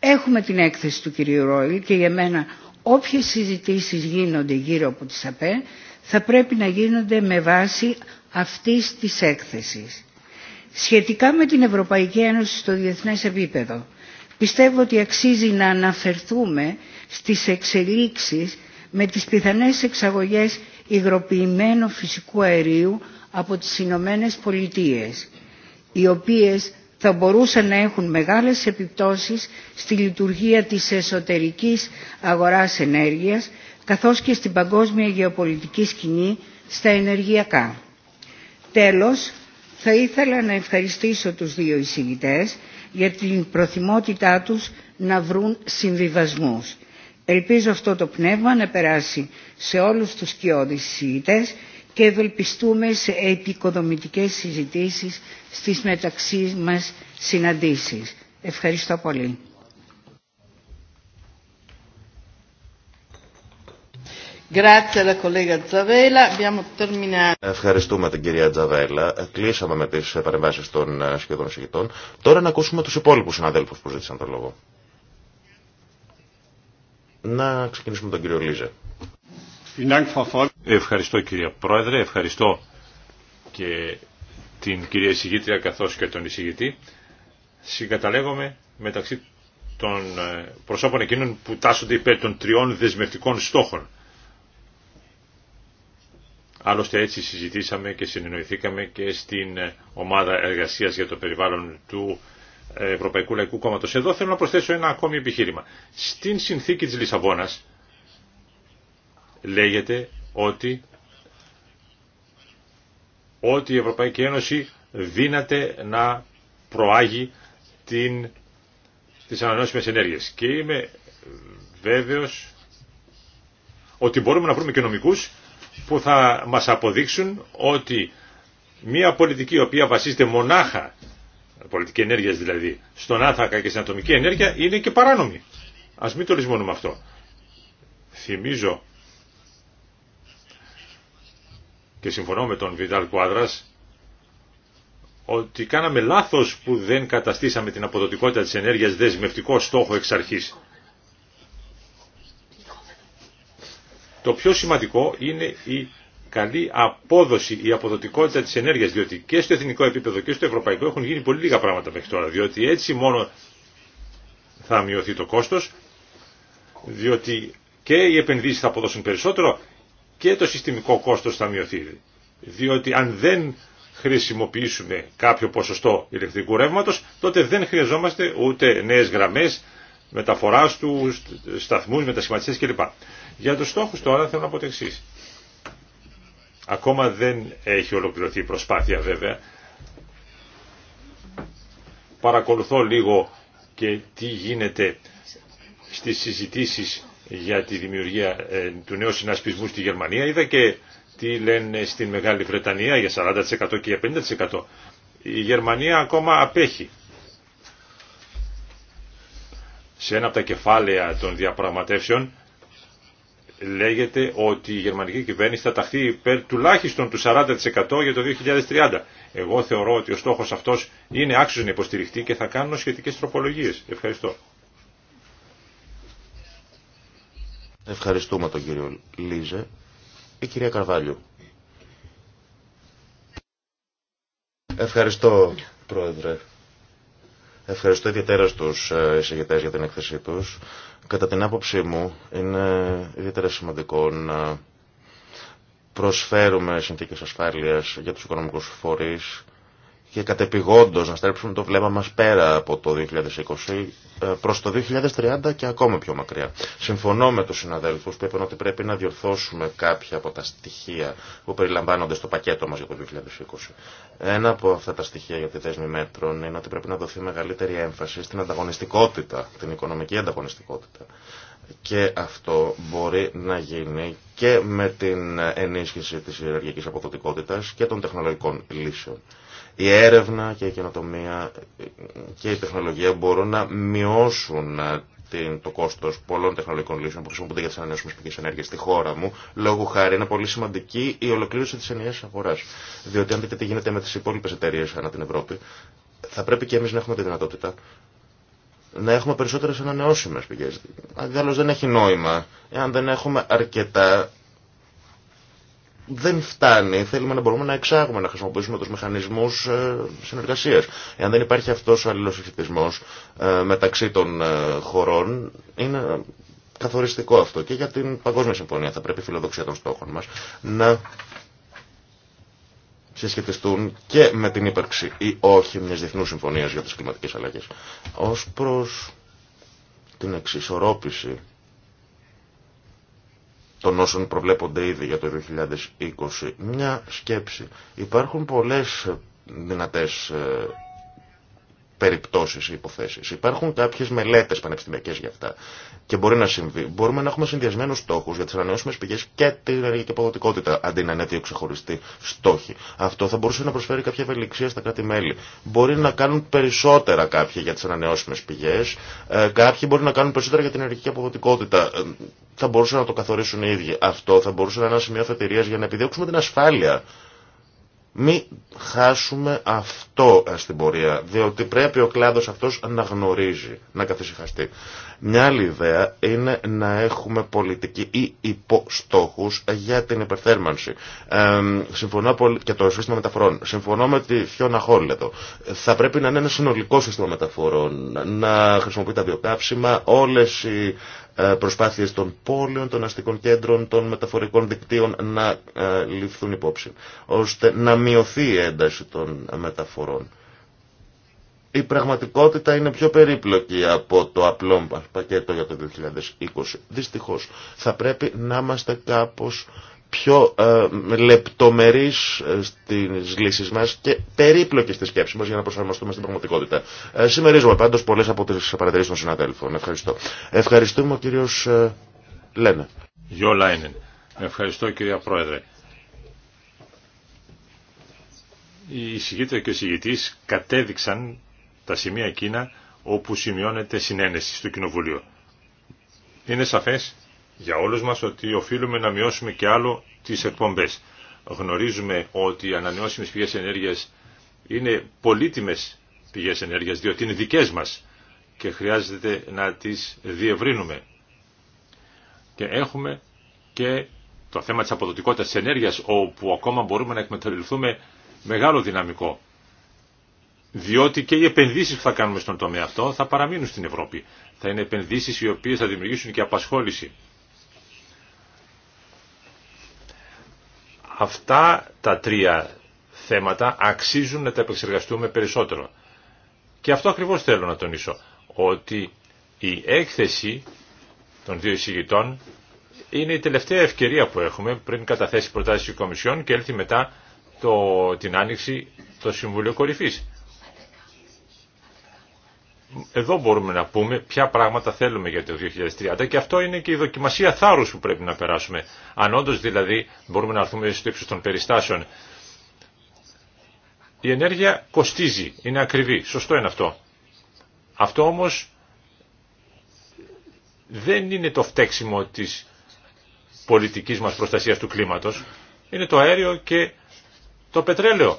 Έχουμε την έκθεση του κυρίου Ρόιλ και για μένα όποιες συζητήσεις γίνονται γύρω από τις ΑΠΕ θα πρέπει να γίνονται με βάση αυτής της έκθεσης. Σχετικά με την Ευρωπαϊκή Ένωση στο διεθνές επίπεδο, πιστεύω ότι αξίζει να αναφερθούμε στις εξελίξεις με τις πιθανές εξαγωγές υγροποιημένου φυσικού αερίου από τις Ηνωμένε Πολιτείες, οι οποίες θα μπορούσαν να έχουν μεγάλες επιπτώσεις στη λειτουργία της εσωτερικής αγοράς ενέργειας καθώς και στην παγκόσμια γεωπολιτική σκηνή στα ενεργειακά. Τέλος, θα ήθελα να ευχαριστήσω τους δύο εισηγητές για την προθυμότητά τους να βρουν συμβιβασμούς. Ελπίζω αυτό το πνεύμα να περάσει σε όλους τους κοιόδης και ευελπιστούμε σε επικοδομητικές συζητήσεις στις μεταξύ μας συναντήσεις. Ευχαριστώ πολύ. Ευχαριστούμε την κυρία Τζαβέλα. Κλείσαμε με τις παρεμβάσεις των ε, σχεδόν συγητών. Τώρα να ακούσουμε τους υπόλοιπους συναδέλφους που ζήτησαν το λόγο. Να ξεκινήσουμε τον κύριο Λίζε. Ευχαριστώ κύριε Πρόεδρε, ευχαριστώ και την κυρία εισηγήτρια καθώς και τον εισηγητή. Συγκαταλέγομαι μεταξύ των ε, προσώπων εκείνων που τάσσονται υπέρ των τριών δεσμευτικών στόχων. Άλλωστε έτσι συζητήσαμε και συνεννοηθήκαμε και στην ε, ομάδα εργασίας για το περιβάλλον του Ευρωπαϊκού Λαϊκού Κόμματος. Εδώ θέλω να προσθέσω ένα ακόμη επιχείρημα. Στην συνθήκη τη Λισαβόνας λέγεται ότι ότι η Ευρωπαϊκή Ένωση δύναται να προάγει την, τις ανανεώσιμες ενέργειες. Και είμαι βέβαιος ότι μπορούμε να βρούμε και νομικούς που θα μας αποδείξουν ότι μια πολιτική η οποία βασίζεται μονάχα πολιτική ενέργεια, δηλαδή, στον άνθρακα και στην ατομική ενέργεια είναι και παράνομη. Ας μην το λησμονούμε αυτό. Θυμίζω και συμφωνώ με τον Βιντάλ Κουάδρα ότι κάναμε λάθος που δεν καταστήσαμε την αποδοτικότητα της ενέργειας δεσμευτικό στόχο εξ αρχή. Το πιο σημαντικό είναι η καλή απόδοση, η αποδοτικότητα της ενέργειας, διότι και στο εθνικό επίπεδο και στο ευρωπαϊκό έχουν γίνει πολύ λίγα πράγματα μέχρι τώρα, διότι έτσι μόνο θα μειωθεί το κόστος, διότι και οι επενδύσεις θα αποδώσουν περισσότερο και το συστημικό κόστος θα μειωθεί. Διότι αν δεν χρησιμοποιήσουμε κάποιο ποσοστό ηλεκτρικού ρεύματος, τότε δεν χρειαζόμαστε ούτε νέες γραμμές μεταφοράς του, σταθμούς, μετασχηματιστές κλπ. Για τους στόχους τώρα θέλω να πω Ακόμα δεν έχει ολοκληρωθεί η προσπάθεια βέβαια. Παρακολουθώ λίγο και τι γίνεται στις συζητήσεις για τη δημιουργία ε, του νέου συνασπισμού στη Γερμανία. Είδα και τι λένε στην Μεγάλη Βρετανία για 40% και για 50%. Η Γερμανία ακόμα απέχει. Σε ένα από τα κεφάλαια των διαπραγματεύσεων λέγεται ότι η γερμανική κυβέρνηση θα ταχθεί υπέρ τουλάχιστον του 40% για το 2030. Εγώ θεωρώ ότι ο στόχος αυτός είναι άξιο να υποστηριχτεί και θα κάνω σχετικέ τροπολογίε. Ευχαριστώ. Ευχαριστούμε τον κύριο Λίζε. Η κυρία Καρβάλιο. Ευχαριστώ, Πρόεδρε. Ευχαριστώ ιδιαίτερα στους ε, εισηγητές για την έκθεσή τους. Κατά την άποψή μου είναι ιδιαίτερα σημαντικό να προσφέρουμε συνθήκες ασφάλειας για τους οικονομικούς φορείς και κατεπηγόντως να στρέψουμε το βλέμμα μας πέρα από το 2020 ε, προς το 2030 και ακόμα πιο μακριά. Συμφωνώ με τους συναδέλφους που είπαν ότι πρέπει να διορθώσουμε κάποια από τα στοιχεία που περιλαμβάνονται στο πακέτο μας για το 2020. Ένα από αυτά τα στοιχεία για τη δέσμη μέτρων είναι ότι πρέπει να δοθεί μεγαλύτερη έμφαση στην ανταγωνιστικότητα, την οικονομική ανταγωνιστικότητα. Και αυτό μπορεί να γίνει και με την ενίσχυση της ιεραρχικής αποδοτικότητας και των τεχνολογικών λύσεων η έρευνα και η καινοτομία και η τεχνολογία μπορούν να μειώσουν ε, το κόστο πολλών τεχνολογικών λύσεων που χρησιμοποιούνται για τι ανανεώσιμε πηγέ ενέργεια στη χώρα μου, λόγω χάρη είναι πολύ σημαντική η ολοκλήρωση τη ενιαία αγορά. Διότι αν δείτε τι γίνεται με τι υπόλοιπε εταιρείε ανά την Ευρώπη, θα πρέπει και εμεί να έχουμε τη δυνατότητα να έχουμε περισσότερε ανανεώσιμε πηγέ. Αντιδάλω δεν έχει νόημα εάν δεν έχουμε αρκετά δεν φτάνει. Θέλουμε να μπορούμε να εξάγουμε, να χρησιμοποιήσουμε τους μηχανισμούς ε, συνεργασίας. Εάν δεν υπάρχει αυτός ο αλληλοσυχητισμός ε, μεταξύ των ε, χωρών, είναι καθοριστικό αυτό. Και για την Παγκόσμια Συμφωνία θα πρέπει η φιλοδοξία των στόχων μας να συσχετιστούν και με την ύπαρξη ή όχι μιας διεθνούς συμφωνίας για τις κλιματικές αλλαγές. Ως προς την εξισορρόπηση των όσων προβλέπονται ήδη για το 2020. Μια σκέψη. Υπάρχουν πολλές δυνατές ε, περιπτώσεις ή υποθέσεις. Υπάρχουν κάποιες μελέτες πανεπιστημιακές για αυτά και μπορεί να συμβεί. Μπορούμε να έχουμε συνδυασμένου στόχους για τις ανανεώσιμες πηγές και την ενεργειακή αποδοτικότητα αντί να είναι δύο ξεχωριστοί στόχοι. Αυτό θα μπορούσε να προσφέρει κάποια ευελιξία στα κράτη-μέλη. Μπορεί να κάνουν περισσότερα κάποιοι για τις ανανεώσιμες πηγές, ε, κάποιοι μπορεί να κάνουν περισσότερα για την ενεργειακή αποδοτικότητα. Ε, θα μπορούσαν να το καθορίσουν οι ίδιοι. Αυτό θα μπορούσε να είναι ένα σημείο αφετηρίας για να επιδιώξουμε την ασφάλεια μην χάσουμε αυτό ε, στην πορεία, διότι πρέπει ο κλάδος αυτός να γνωρίζει, να καθησυχαστεί. Μια άλλη ιδέα είναι να έχουμε πολιτική ή υποστόχους για την υπερθέρμανση. συμφωνώ και το σύστημα μεταφορών. Συμφωνώ με τη Φιώνα Χόλ Θα πρέπει να είναι ένα συνολικό σύστημα μεταφορών, να χρησιμοποιεί τα βιοκάψιμα, όλες οι ε, προσπάθειες των πόλεων, των αστικών κέντρων, των μεταφορικών δικτύων να ε, ληφθούν υπόψη, ώστε να μειωθεί η ένταση των μεταφορών η πραγματικότητα είναι πιο περίπλοκη από το απλό πακέτο για το 2020. Δυστυχώς θα πρέπει να είμαστε κάπως πιο ε, λεπτομερείς ε, στις λύσεις μας και περίπλοκες στη σκέψη μας για να προσαρμοστούμε στην πραγματικότητα. Ε, Σημερίζουμε πάντως πολλές από τις παρατηρήσεις των συναδέλφων. Ευχαριστώ. Ευχαριστούμε ο κύριος ε, Λένε. Γιώ Ευχαριστώ κυρία Πρόεδρε. Οι εισηγήτρια και οι εισηγητής κατέδειξαν τα σημεία εκείνα όπου σημειώνεται συνένεση στο Κοινοβουλίο. Είναι σαφές για όλους μας ότι οφείλουμε να μειώσουμε και άλλο τις εκπομπές. Γνωρίζουμε ότι οι ανανεώσιμες πηγές ενέργειας είναι πολύτιμες πηγές ενέργειας, διότι είναι δικές μας και χρειάζεται να τις διευρύνουμε. Και έχουμε και το θέμα της αποδοτικότητας της ενέργειας, όπου ακόμα μπορούμε να εκμεταλλευτούμε μεγάλο δυναμικό διότι και οι επενδύσεις που θα κάνουμε στον τομέα αυτό θα παραμείνουν στην Ευρώπη. Θα είναι επενδύσεις οι οποίες θα δημιουργήσουν και απασχόληση. Αυτά τα τρία θέματα αξίζουν να τα επεξεργαστούμε περισσότερο. Και αυτό ακριβώς θέλω να τονίσω, ότι η έκθεση των δύο εισηγητών είναι η τελευταία ευκαιρία που έχουμε πριν καταθέσει προτάσεις η Κομισιόν και έλθει μετά το, την άνοιξη το Συμβούλιο Κορυφής εδώ μπορούμε να πούμε ποια πράγματα θέλουμε για το 2030 και αυτό είναι και η δοκιμασία θάρρους που πρέπει να περάσουμε. Αν όντως δηλαδή μπορούμε να έρθουμε στο ύψος των περιστάσεων. Η ενέργεια κοστίζει, είναι ακριβή, σωστό είναι αυτό. Αυτό όμως δεν είναι το φταίξιμο της πολιτικής μας προστασίας του κλίματος. Είναι το αέριο και το πετρέλαιο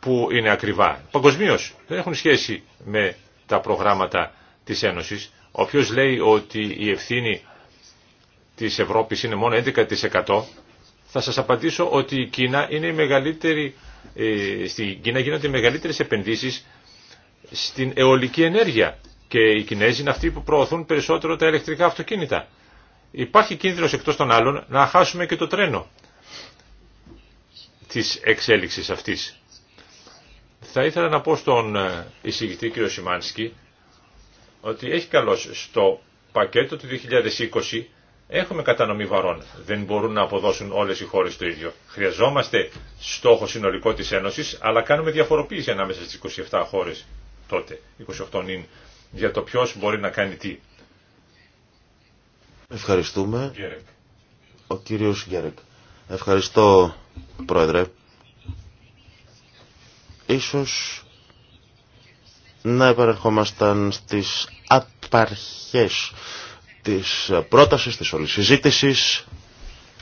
που είναι ακριβά. Παγκοσμίω δεν έχουν σχέση με τα προγράμματα της Ένωσης. Όποιος λέει ότι η ευθύνη της Ευρώπης είναι μόνο 11% θα σας απαντήσω ότι η Κίνα είναι μεγαλύτερη, ε, στην Κίνα γίνονται οι μεγαλύτερες επενδύσεις στην αιωλική ενέργεια και οι Κινέζοι είναι αυτοί που προωθούν περισσότερο τα ηλεκτρικά αυτοκίνητα. Υπάρχει κίνδυνος εκτός των άλλων να χάσουμε και το τρένο της εξέλιξης αυτής. Θα ήθελα να πω στον ε, εισηγητή κ. Σιμάνσκι ότι έχει καλώ στο πακέτο του 2020 έχουμε κατανομή βαρών. Δεν μπορούν να αποδώσουν όλες οι χώρες το ίδιο. Χρειαζόμαστε στόχο συνολικό τη Ένωση, αλλά κάνουμε διαφοροποίηση ανάμεσα στις 27 χώρες τότε, 28 νυν, για το ποιο μπορεί να κάνει τι. Ευχαριστούμε. Ο κύριος Γκέρεκ. Ευχαριστώ, Πρόεδρε. Ίσως να επαρεχόμασταν στις απαρχές της πρότασης, της όλης συζήτησης,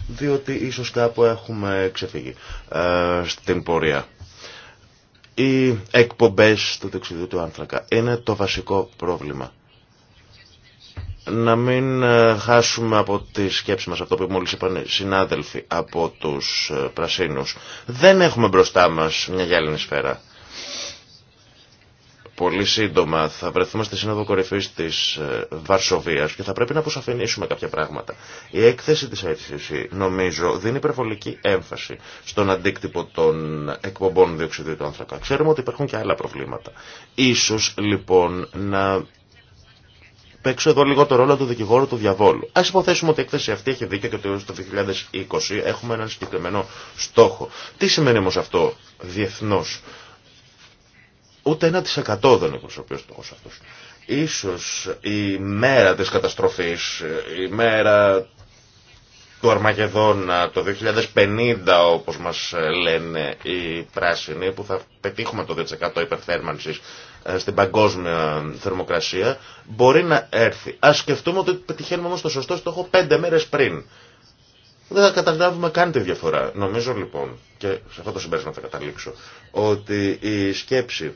διότι ίσως κάπου έχουμε ξεφύγει ε, στην πορεία. Οι εκπομπές του δεξιδιού του άνθρακα είναι το βασικό πρόβλημα να μην ε, χάσουμε από τη σκέψη μας αυτό που μόλις είπαν οι συνάδελφοι από τους ε, πρασίνους. Δεν έχουμε μπροστά μας μια γυάλινη σφαίρα. Πολύ σύντομα θα βρεθούμε στη Σύνοδο Κορυφής της ε, Βαρσοβίας και θα πρέπει να αποσαφηνίσουμε κάποια πράγματα. Η έκθεση της αίτησης νομίζω δίνει υπερβολική έμφαση στον αντίκτυπο των εκπομπών διοξιδίου του άνθρακα. Ξέρουμε ότι υπάρχουν και άλλα προβλήματα. Ίσως λοιπόν να παίξω εδώ λίγο το ρόλο του δικηγόρου του διαβόλου. Α υποθέσουμε ότι η έκθεση αυτή έχει δίκιο και ότι το 2020 έχουμε έναν συγκεκριμένο στόχο. Τι σημαίνει όμω αυτό διεθνώ. Ούτε 1% δεν εκπροσωπεί ο στόχο αυτό. σω η μέρα τη καταστροφή, η μέρα του Αρμαγεδόνα το 2050 όπως μας λένε οι πράσινοι που θα πετύχουμε το 2% υπερθέρμανσης στην παγκόσμια θερμοκρασία, μπορεί να έρθει. Α σκεφτούμε ότι πετυχαίνουμε όμω το σωστό στόχο πέντε μέρε πριν. Δεν θα καταλάβουμε καν τη διαφορά. Νομίζω λοιπόν, και σε αυτό το συμπέρασμα θα καταλήξω, ότι η σκέψη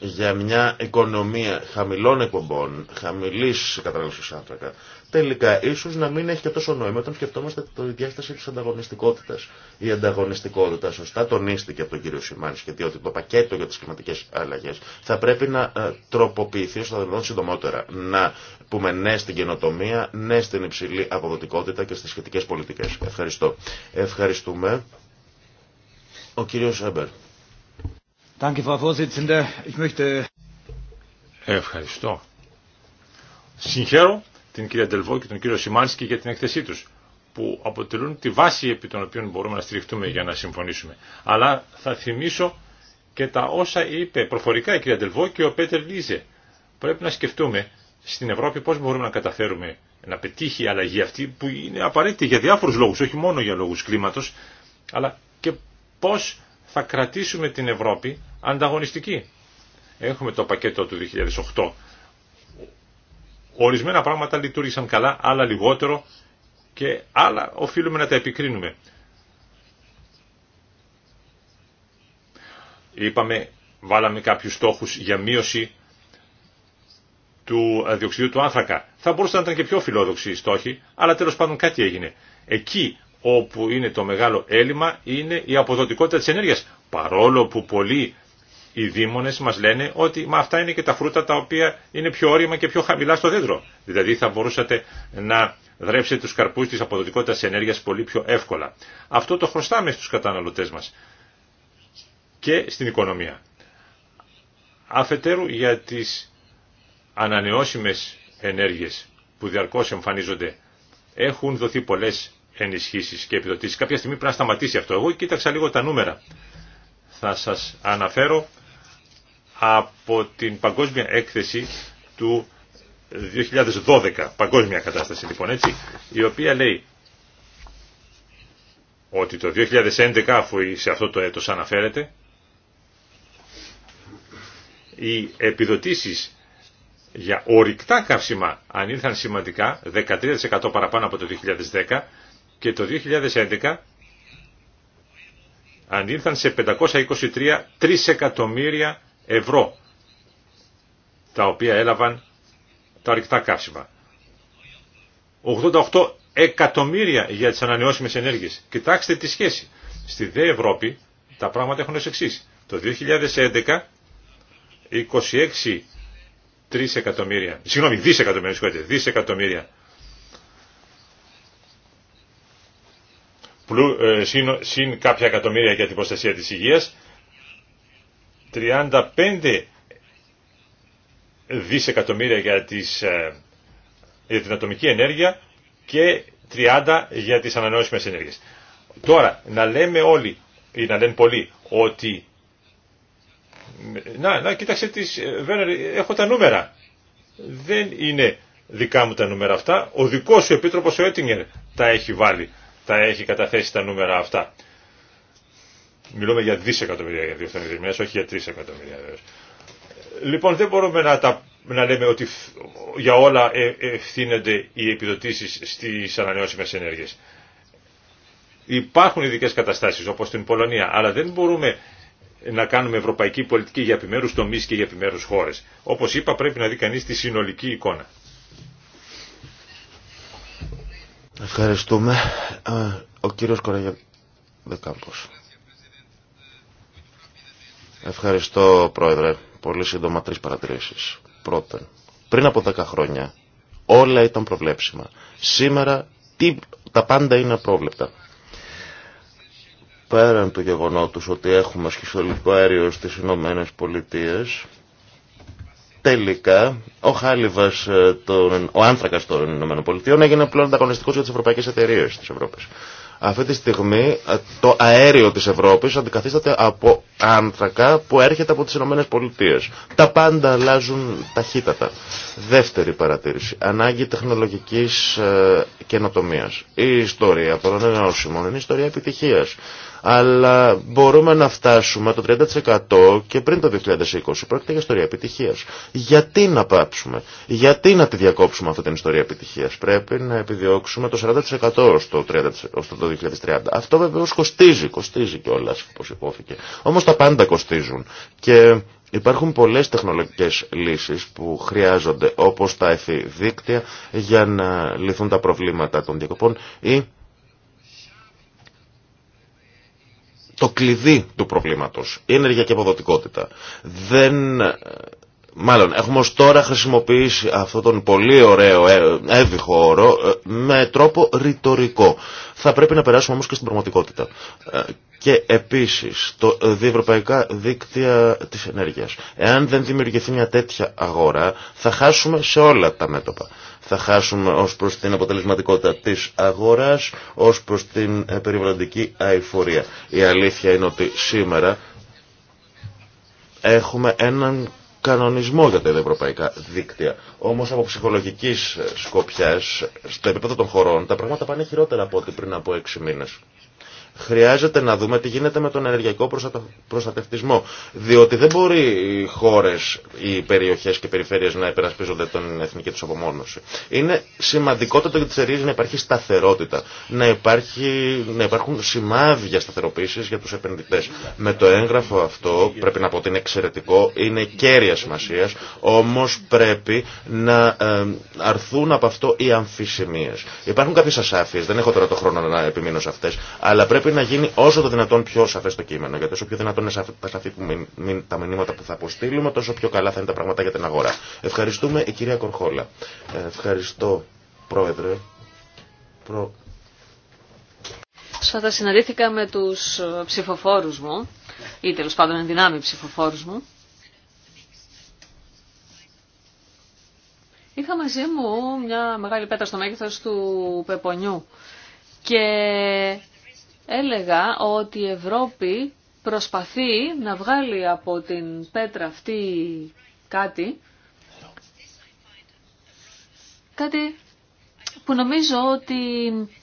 για μια οικονομία χαμηλών εκπομπών, χαμηλής κατανάλωσης άνθρακα, τελικά ίσως να μην έχει και τόσο νόημα όταν σκεφτόμαστε τη διάσταση της ανταγωνιστικότητας. Η ανταγωνιστικότητα σωστά τονίστηκε από τον κύριο και διότι το πακέτο για τις κλιματικές αλλαγές θα πρέπει να ε, τροποποιηθεί στο να συντομότερα. Να πούμε ναι στην καινοτομία, ναι στην υψηλή αποδοτικότητα και στις σχετικές πολιτικές. Ευχαριστώ. Ευχαριστούμε. Ο κύριος Έμπερ. Ευχαριστώ. Συγχαίρω την κυρία Ντελβό και τον κύριο Σιμάνσκι για την εκθεσή του, που αποτελούν τη βάση επί των οποίων μπορούμε να στηριχτούμε για να συμφωνήσουμε. Αλλά θα θυμίσω και τα όσα είπε προφορικά η κυρία Ντελβό και ο Πέτερ Λίζε. Πρέπει να σκεφτούμε στην Ευρώπη πώ μπορούμε να καταφέρουμε να πετύχει η αλλαγή αυτή που είναι απαραίτητη για διάφορου λόγου, όχι μόνο για λόγου κλίματο, αλλά και πώ θα κρατήσουμε την Ευρώπη ανταγωνιστική. Έχουμε το πακέτο του 2008 Ορισμένα πράγματα λειτουργήσαν καλά, άλλα λιγότερο και άλλα οφείλουμε να τα επικρίνουμε. Είπαμε, βάλαμε κάποιους στόχους για μείωση του διοξιδίου του άνθρακα. Θα μπορούσαν να ήταν και πιο φιλόδοξοι οι στόχοι, αλλά τέλος πάντων κάτι έγινε. Εκεί όπου είναι το μεγάλο έλλειμμα είναι η αποδοτικότητα της ενέργειας. Παρόλο που πολλοί οι δήμονες μας λένε ότι μα αυτά είναι και τα φρούτα τα οποία είναι πιο όριμα και πιο χαμηλά στο δέντρο. Δηλαδή θα μπορούσατε να δρέψετε τους καρπούς της αποδοτικότητας ενέργειας πολύ πιο εύκολα. Αυτό το χρωστάμε στους καταναλωτές μας και στην οικονομία. Αφετέρου για τις ανανεώσιμες ενέργειες που διαρκώς εμφανίζονται έχουν δοθεί πολλές ενισχύσεις και επιδοτήσεις. Κάποια στιγμή πρέπει να σταματήσει αυτό. Εγώ κοίταξα λίγο τα νούμερα. Θα σας αναφέρω από την παγκόσμια έκθεση του 2012, παγκόσμια κατάσταση λοιπόν έτσι, η οποία λέει ότι το 2011 αφού σε αυτό το έτος αναφέρεται οι επιδοτήσεις για ορυκτά καύσιμα ανήλθαν σημαντικά 13% παραπάνω από το 2010 και το 2011 ανήλθαν σε 523 τρισεκατομμύρια ευρώ τα οποία έλαβαν τα αρκετά καύσιμα. 88 εκατομμύρια για τις ανανεώσιμες ενέργειες. Κοιτάξτε τη σχέση. Στη ΔΕ Ευρώπη τα πράγματα έχουν ως εξή. Το 2011 26 εκατομμύρια, συγγνώμη, δισεκατομμύρια, συγγνώμη, δισεκατομμύρια ε, συν, κάποια εκατομμύρια για την προστασία της υγείας 35 δισεκατομμύρια για, τις, ε, για την ατομική ενέργεια και 30 για τις ανανεώσιμες ενέργειες. Τώρα, να λέμε όλοι, ή να λένε πολλοί, ότι... Να, να, κοίταξε τις... Ε, Βένερ, έχω τα νούμερα. Δεν είναι δικά μου τα νούμερα αυτά. Ο δικός σου επίτροπος ο Έτιγκερ τα έχει βάλει, τα έχει καταθέσει τα νούμερα αυτά. Μιλούμε για δισεκατομμύρια για όχι για τρει εκατομμύρια. Λοιπόν, δεν μπορούμε να, τα, να λέμε ότι για όλα ευθύνονται ε, οι επιδοτήσει στι ανανεώσιμε ενέργειες. Υπάρχουν ειδικέ καταστάσει, όπω στην Πολωνία, αλλά δεν μπορούμε να κάνουμε ευρωπαϊκή πολιτική για επιμέρου τομεί και για επιμέρου χώρε. Όπω είπα πρέπει να δει κανεί τη συνολική εικόνα. Ευχαριστούμε. Ε, ο κύριος Κοραγιάδης Ευχαριστώ, Πρόεδρε. Πολύ σύντομα τρει παρατηρήσει. Πρώτον, πριν από 10 χρόνια όλα ήταν προβλέψιμα. Σήμερα τι, τα πάντα είναι απρόβλεπτα. Πέραν του γεγονότος ότι έχουμε σχιστολικό αέριο στις Ηνωμένε Πολιτείες, τελικά ο χάλιβας, ε, ο άνθρακας των Ηνωμένων Πολιτείων έγινε πλέον ανταγωνιστικός για τις ευρωπαϊκές εταιρείες της Ευρώπης. Αυτή τη στιγμή ε, το αέριο της Ευρώπης αντικαθίσταται από άνθρακα που έρχεται από τις Ηνωμένες Πολιτείες. Τα πάντα αλλάζουν ταχύτατα. Δεύτερη παρατήρηση. Ανάγκη τεχνολογικής ε, καινοτομίας. Η ιστορία των ανανεώσιμων είναι ιστορία επιτυχίας αλλά μπορούμε να φτάσουμε το 30% και πριν το 2020. Πρόκειται για ιστορία επιτυχία. Γιατί να πάψουμε, γιατί να τη διακόψουμε αυτή την ιστορία επιτυχία. Πρέπει να επιδιώξουμε το 40% στο, το 2030. Αυτό βεβαίω κοστίζει, κοστίζει κιόλα όπω υπόθηκε. Όμω τα πάντα κοστίζουν. Και Υπάρχουν πολλές τεχνολογικές λύσεις που χρειάζονται όπως τα εφηδίκτυα για να λυθούν τα προβλήματα των διακοπών ή το κλειδί του προβλήματος. Η και αποδοτικότητα. Δεν... Μάλλον, έχουμε ως τώρα χρησιμοποιήσει αυτόν τον πολύ ωραίο ε, έβυχο όρο ε, με τρόπο ρητορικό. Θα πρέπει να περάσουμε όμως και στην πραγματικότητα. Ε, και επίσης, το διευρωπαϊκά δίκτυα της ενέργειας. Εάν δεν δημιουργηθεί μια τέτοια αγορά, θα χάσουμε σε όλα τα μέτωπα θα χάσουμε ως προς την αποτελεσματικότητα της αγοράς, ως προς την ε, περιβαλλοντική αηφορία. Η αλήθεια είναι ότι σήμερα έχουμε έναν κανονισμό για τα ευρωπαϊκά δίκτυα. Όμως από ψυχολογικής ε, σκοπιάς, ε, στο επίπεδο των χωρών, τα πράγματα πάνε χειρότερα από ό,τι πριν από έξι μήνες χρειάζεται να δούμε τι γίνεται με τον ενεργειακό προστατευτισμό. Διότι δεν μπορεί οι χώρε, οι περιοχέ και οι περιφέρειε να υπερασπίζονται τον εθνική του απομόνωση. Είναι σημαντικότατο για τι εταιρείε να υπάρχει σταθερότητα, να, υπάρχει, να υπάρχουν σημάδια σταθεροποίηση για του επενδυτέ. Με το έγγραφο αυτό, πρέπει να πω ότι είναι εξαιρετικό, είναι κέρια σημασία, όμω πρέπει να ε, αρθούν από αυτό οι αμφισημίε. Υπάρχουν κάποιε ασάφειε, δεν έχω τώρα το χρόνο να επιμείνω σε αυτέ, αλλά πρέπει πρέπει να γίνει όσο το δυνατόν πιο σαφέ το κείμενο. Γιατί όσο πιο δυνατόν είναι τα σαφή τα μηνύματα που θα αποστείλουμε, τόσο πιο καλά θα είναι τα πράγματα για την αγορά. Ευχαριστούμε η κυρία Κορχόλα. Ε, ευχαριστώ, Πρόεδρε. Προ... τα συναντήθηκα με τους ε, ψηφοφόρου μου, ή τέλο πάντων ενδυνάμει ψηφοφόρου μου. Είχα μαζί μου μια μεγάλη πέτρα στο μέγεθος του πεπονιού και έλεγα ότι η Ευρώπη προσπαθεί να βγάλει από την πέτρα αυτή κάτι, κάτι που νομίζω ότι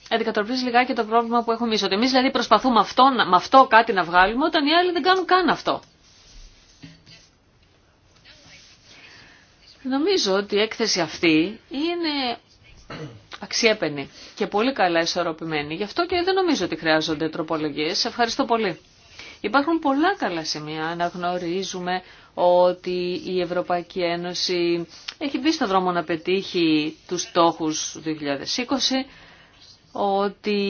αντικατοπτρίζει λιγάκι το πρόβλημα που έχουμε εμεί. Ότι εμεί δηλαδή προσπαθούμε αυτό, με αυτό κάτι να βγάλουμε, όταν οι άλλοι δεν κάνουν καν αυτό. Νομίζω ότι η έκθεση αυτή είναι αξιέπαινη και πολύ καλά ισορροπημένη. Γι' αυτό και δεν νομίζω ότι χρειάζονται τροπολογίες. Ευχαριστώ πολύ. Υπάρχουν πολλά καλά σημεία. Αναγνωρίζουμε ότι η Ευρωπαϊκή Ένωση έχει μπει στο δρόμο να πετύχει τους στόχους 2020, ότι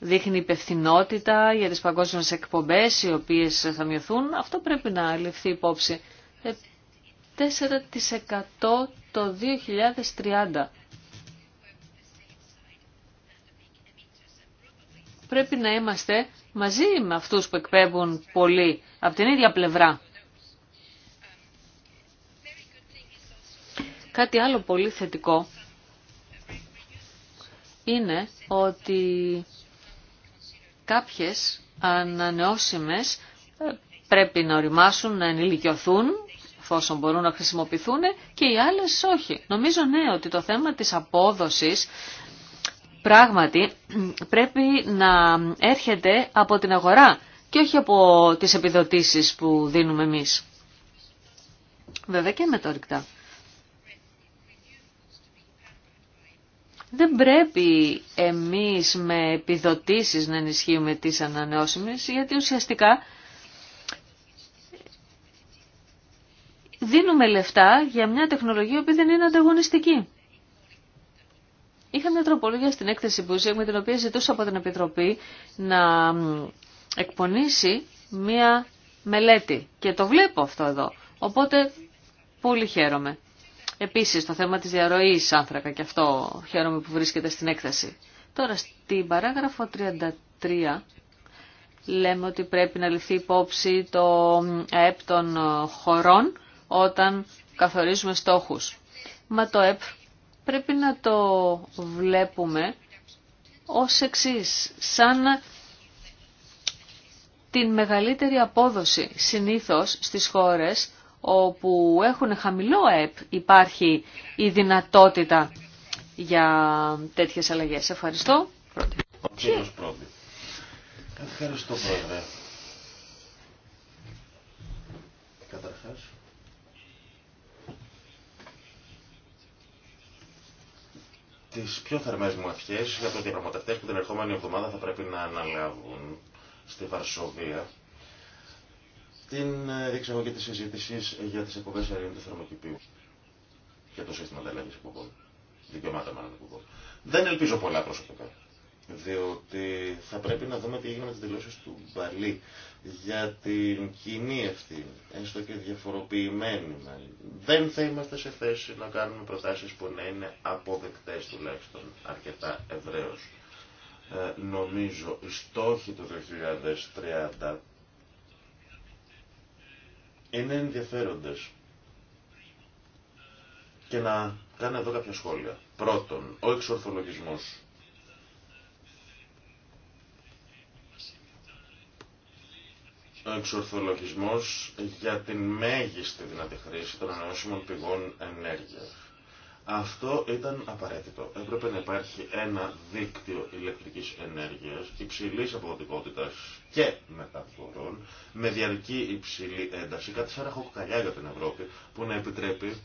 δείχνει υπευθυνότητα για τις παγκόσμιες εκπομπές οι οποίες θα μειωθούν. Αυτό πρέπει να ληφθεί υπόψη. 4% ε, το 2030. πρέπει να είμαστε μαζί με αυτούς που εκπέμπουν πολύ από την ίδια πλευρά. Κάτι άλλο πολύ θετικό είναι ότι κάποιες ανανεώσιμες ε, πρέπει να οριμάσουν, να ενηλικιωθούν, εφόσον μπορούν να χρησιμοποιηθούν και οι άλλες όχι. Νομίζω ναι ότι το θέμα της απόδοσης πράγματι πρέπει να έρχεται από την αγορά και όχι από τις επιδοτήσεις που δίνουμε εμείς. Βέβαια και με το ρηκτά. Δεν πρέπει εμείς με επιδοτήσεις να ενισχύουμε τις ανανεώσιμες, γιατί ουσιαστικά δίνουμε λεφτά για μια τεχνολογία που δεν είναι ανταγωνιστική. Είχα μια τροπολογία στην έκθεση που με την οποία ζητούσα από την Επιτροπή να εκπονήσει μια μελέτη. Και το βλέπω αυτό εδώ. Οπότε πολύ χαίρομαι. Επίσης το θέμα της διαρροής άνθρακα και αυτό χαίρομαι που βρίσκεται στην έκθεση. Τώρα στην παράγραφο 33 λέμε ότι πρέπει να ληφθεί υπόψη το επ των ε, χωρών όταν καθορίζουμε στόχους. Μα το ΕΠ πρέπει να το βλέπουμε ως εξής, σαν την μεγαλύτερη απόδοση συνήθως στις χώρες όπου έχουν χαμηλό ΕΠ υπάρχει η δυνατότητα για τέτοιες αλλαγές. Ευχαριστώ. Ευχαριστώ πρόεδρε. Καταρχάς. Τι πιο θερμές μου ευχέ για τους διαπραγματευτέ που την ερχόμενη εβδομάδα θα πρέπει να αναλάβουν στη Βαρσοβία την ε, διεξαγωγή τη συζήτηση για τι εκπομπέ αερίων του θερμοκηπίου και το σύστημα ανταλλαγή εκπομπών. Δικαιωμάτων μάλλον εκπομπών. Δεν ελπίζω πολλά προσωπικά διότι θα πρέπει να δούμε τι έγινε με τις δηλώσεις του Μπαλί για την κοινή αυτή έστω και διαφοροποιημένη. Δεν θα είμαστε σε θέση να κάνουμε προτάσεις που να είναι αποδεκτές τουλάχιστον αρκετά ευρέως. Ε, νομίζω οι στόχοι του 2030 είναι ενδιαφέροντες και να κάνω εδώ κάποια σχόλια. Πρώτον, ο εξορθολογισμός εξορθολογισμός για την μέγιστη δυνατή χρήση των ανανεώσιμων πηγών ενέργειας. Αυτό ήταν απαραίτητο. Έπρεπε να υπάρχει ένα δίκτυο ηλεκτρικής ενέργειας υψηλής αποδοτικότητας και μεταφορών με διαρκή υψηλή ένταση, κάτι σαν ραχοκοκαλιά για την Ευρώπη, που να επιτρέπει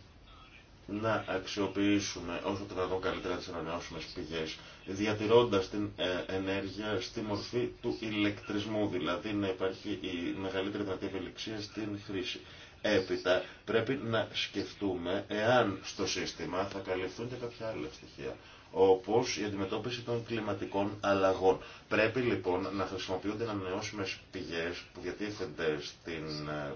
να αξιοποιήσουμε όσο το δυνατόν καλύτερα τις ανανεώσιμε πηγές, διατηρώντας την ε, ενέργεια στη μορφή του ηλεκτρισμού, δηλαδή να υπάρχει η μεγαλύτερη δυνατή ευελιξία στην χρήση. Έπειτα πρέπει να σκεφτούμε εάν στο σύστημα θα καλυφθούν και κάποια άλλα στοιχεία όπως η αντιμετώπιση των κλιματικών αλλαγών. Πρέπει λοιπόν να χρησιμοποιούνται ανανεώσιμες πηγές που διατίθενται στην ε,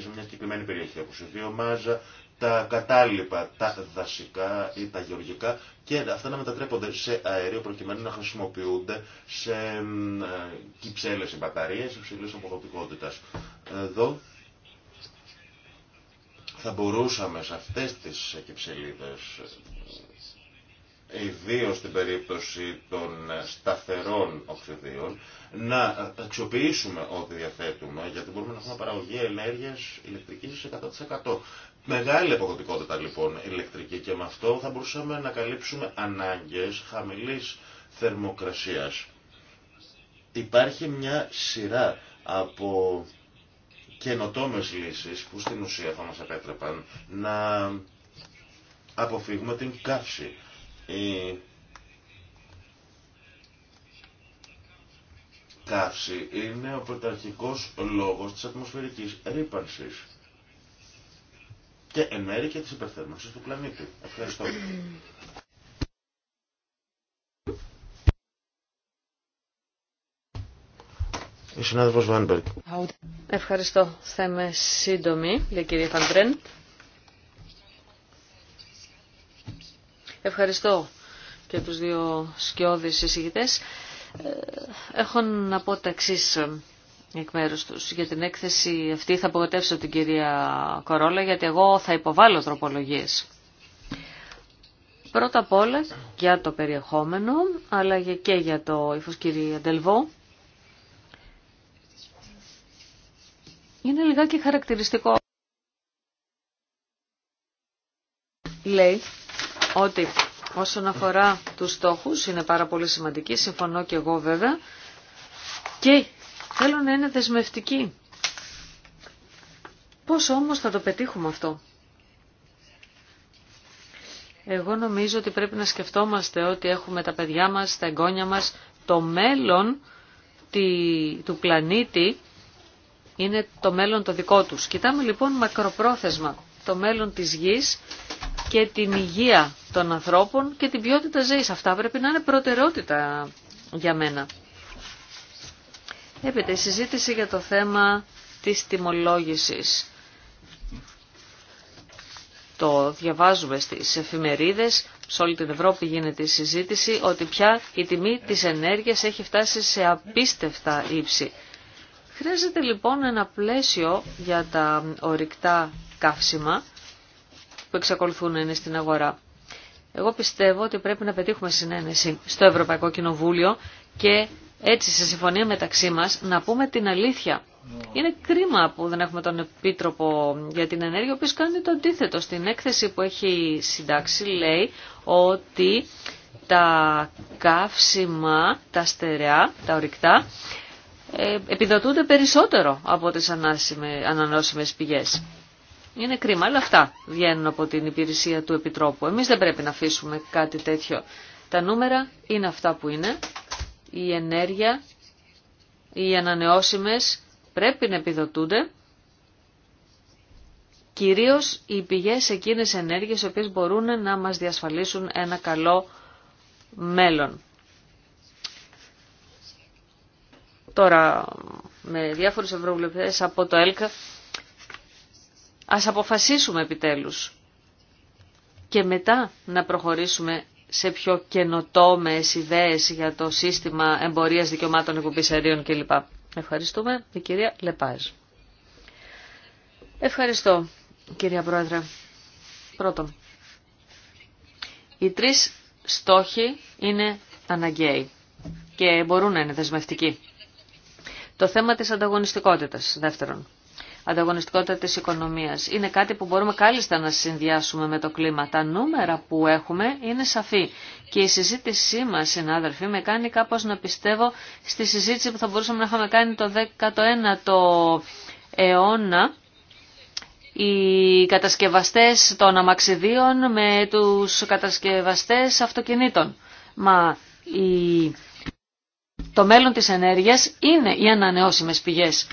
σε μια συγκεκριμένη περιοχή, η βιομάζα, τα κατάλοιπα, τα δασικά ή τα γεωργικά και αυτά να μετατρέπονται σε αέριο προκειμένου να χρησιμοποιούνται σε ε, κυψέλες ή μπαταρίες υψηλής αποδοτικότητας. Εδώ θα μπορούσαμε σε αυτές τις κυψελίδες ιδίω στην περίπτωση των σταθερών οξυδίων, να αξιοποιήσουμε ό,τι διαθέτουμε, γιατί μπορούμε να έχουμε παραγωγή ενέργεια ηλεκτρική 100%. Μεγάλη αποδοτικότητα λοιπόν ηλεκτρική και με αυτό θα μπορούσαμε να καλύψουμε ανάγκε χαμηλή θερμοκρασία. Υπάρχει μια σειρά από καινοτόμε λύσει που στην ουσία θα μα επέτρεπαν να αποφύγουμε την καύση η καύση είναι ο πρωταρχικός λόγος της ατμοσφαιρικής ρήπανσης και εν μέρει και της υπερθέρμανσης του πλανήτη. Ευχαριστώ. συνάδελφος Βάνμπεργκ. Ευχαριστώ. Θα είμαι σύντομη, για κύριε Φαντρέν. Ευχαριστώ και τους δύο σκιώδεις εισηγητές. Ε, έχω να πω τα ε, εκ μέρους τους. Για την έκθεση αυτή θα απογοτεύσω την κυρία Κορόλα γιατί εγώ θα υποβάλω τροπολογίες. Πρώτα απ' όλα για το περιεχόμενο αλλά και για το ύφος κυρία Ντελβό. Είναι λιγάκι χαρακτηριστικό. Λέει ότι όσον αφορά τους στόχους είναι πάρα πολύ σημαντική, συμφωνώ και εγώ βέβαια, και θέλω να είναι δεσμευτική. Πώς όμως θα το πετύχουμε αυτό. Εγώ νομίζω ότι πρέπει να σκεφτόμαστε ότι έχουμε τα παιδιά μας, τα εγγόνια μας, το μέλλον του πλανήτη είναι το μέλλον το δικό τους. Κοιτάμε λοιπόν μακροπρόθεσμα το μέλλον της γης και την υγεία των ανθρώπων και την ποιότητα ζωής. Αυτά πρέπει να είναι προτεραιότητα για μένα. Έπειτα η συζήτηση για το θέμα της τιμολόγησης. Το διαβάζουμε στις εφημερίδες, σε όλη την Ευρώπη γίνεται η συζήτηση, ότι πια η τιμή της ενέργειας έχει φτάσει σε απίστευτα ύψη. Χρειάζεται λοιπόν ένα πλαίσιο για τα ορυκτά καύσιμα, που εξακολουθούν να είναι στην αγορά. Εγώ πιστεύω ότι πρέπει να πετύχουμε συνένεση στο Ευρωπαϊκό Κοινοβούλιο και έτσι σε συμφωνία μεταξύ μας να πούμε την αλήθεια. Είναι κρίμα που δεν έχουμε τον Επίτροπο για την Ενέργεια, ο οποίο κάνει το αντίθετο. Στην έκθεση που έχει συντάξει λέει ότι τα καύσιμα, τα στερεά, τα ορυκτά, ε, επιδοτούνται περισσότερο από τις ανανεώσιμες πηγές. Είναι κρίμα, αλλά αυτά βγαίνουν από την υπηρεσία του Επιτρόπου. Εμείς δεν πρέπει να αφήσουμε κάτι τέτοιο. Τα νούμερα είναι αυτά που είναι. Η ενέργεια, οι ανανεώσιμες πρέπει να επιδοτούνται. Κυρίως οι πηγές εκείνες ενέργειες οι οποίες μπορούν να μας διασφαλίσουν ένα καλό μέλλον. Τώρα με διάφορους ευρωβουλευτές από το ΕΛΚΑ Ας αποφασίσουμε επιτέλους και μετά να προχωρήσουμε σε πιο καινοτόμες ιδέες για το σύστημα εμπορίας δικαιωμάτων εκπομπής κλπ. Ευχαριστούμε η κυρία Λεπάζ. Ευχαριστώ κυρία Πρόεδρε. Πρώτον, οι τρεις στόχοι είναι αναγκαίοι και μπορούν να είναι δεσμευτικοί. Το θέμα της ανταγωνιστικότητας, δεύτερον ανταγωνιστικότητα της οικονομίας. Είναι κάτι που μπορούμε κάλλιστα να συνδυάσουμε με το κλίμα. Τα νούμερα που έχουμε είναι σαφή. Και η συζήτησή μας, συνάδελφοι, με κάνει κάπως να πιστεύω στη συζήτηση που θα μπορούσαμε να είχαμε κάνει το 19ο αιώνα, οι κατασκευαστές των αμαξιδίων με τους κατασκευαστές αυτοκινήτων. Μα η... το μέλλον της ενέργειας είναι οι ανανεώσιμες πηγές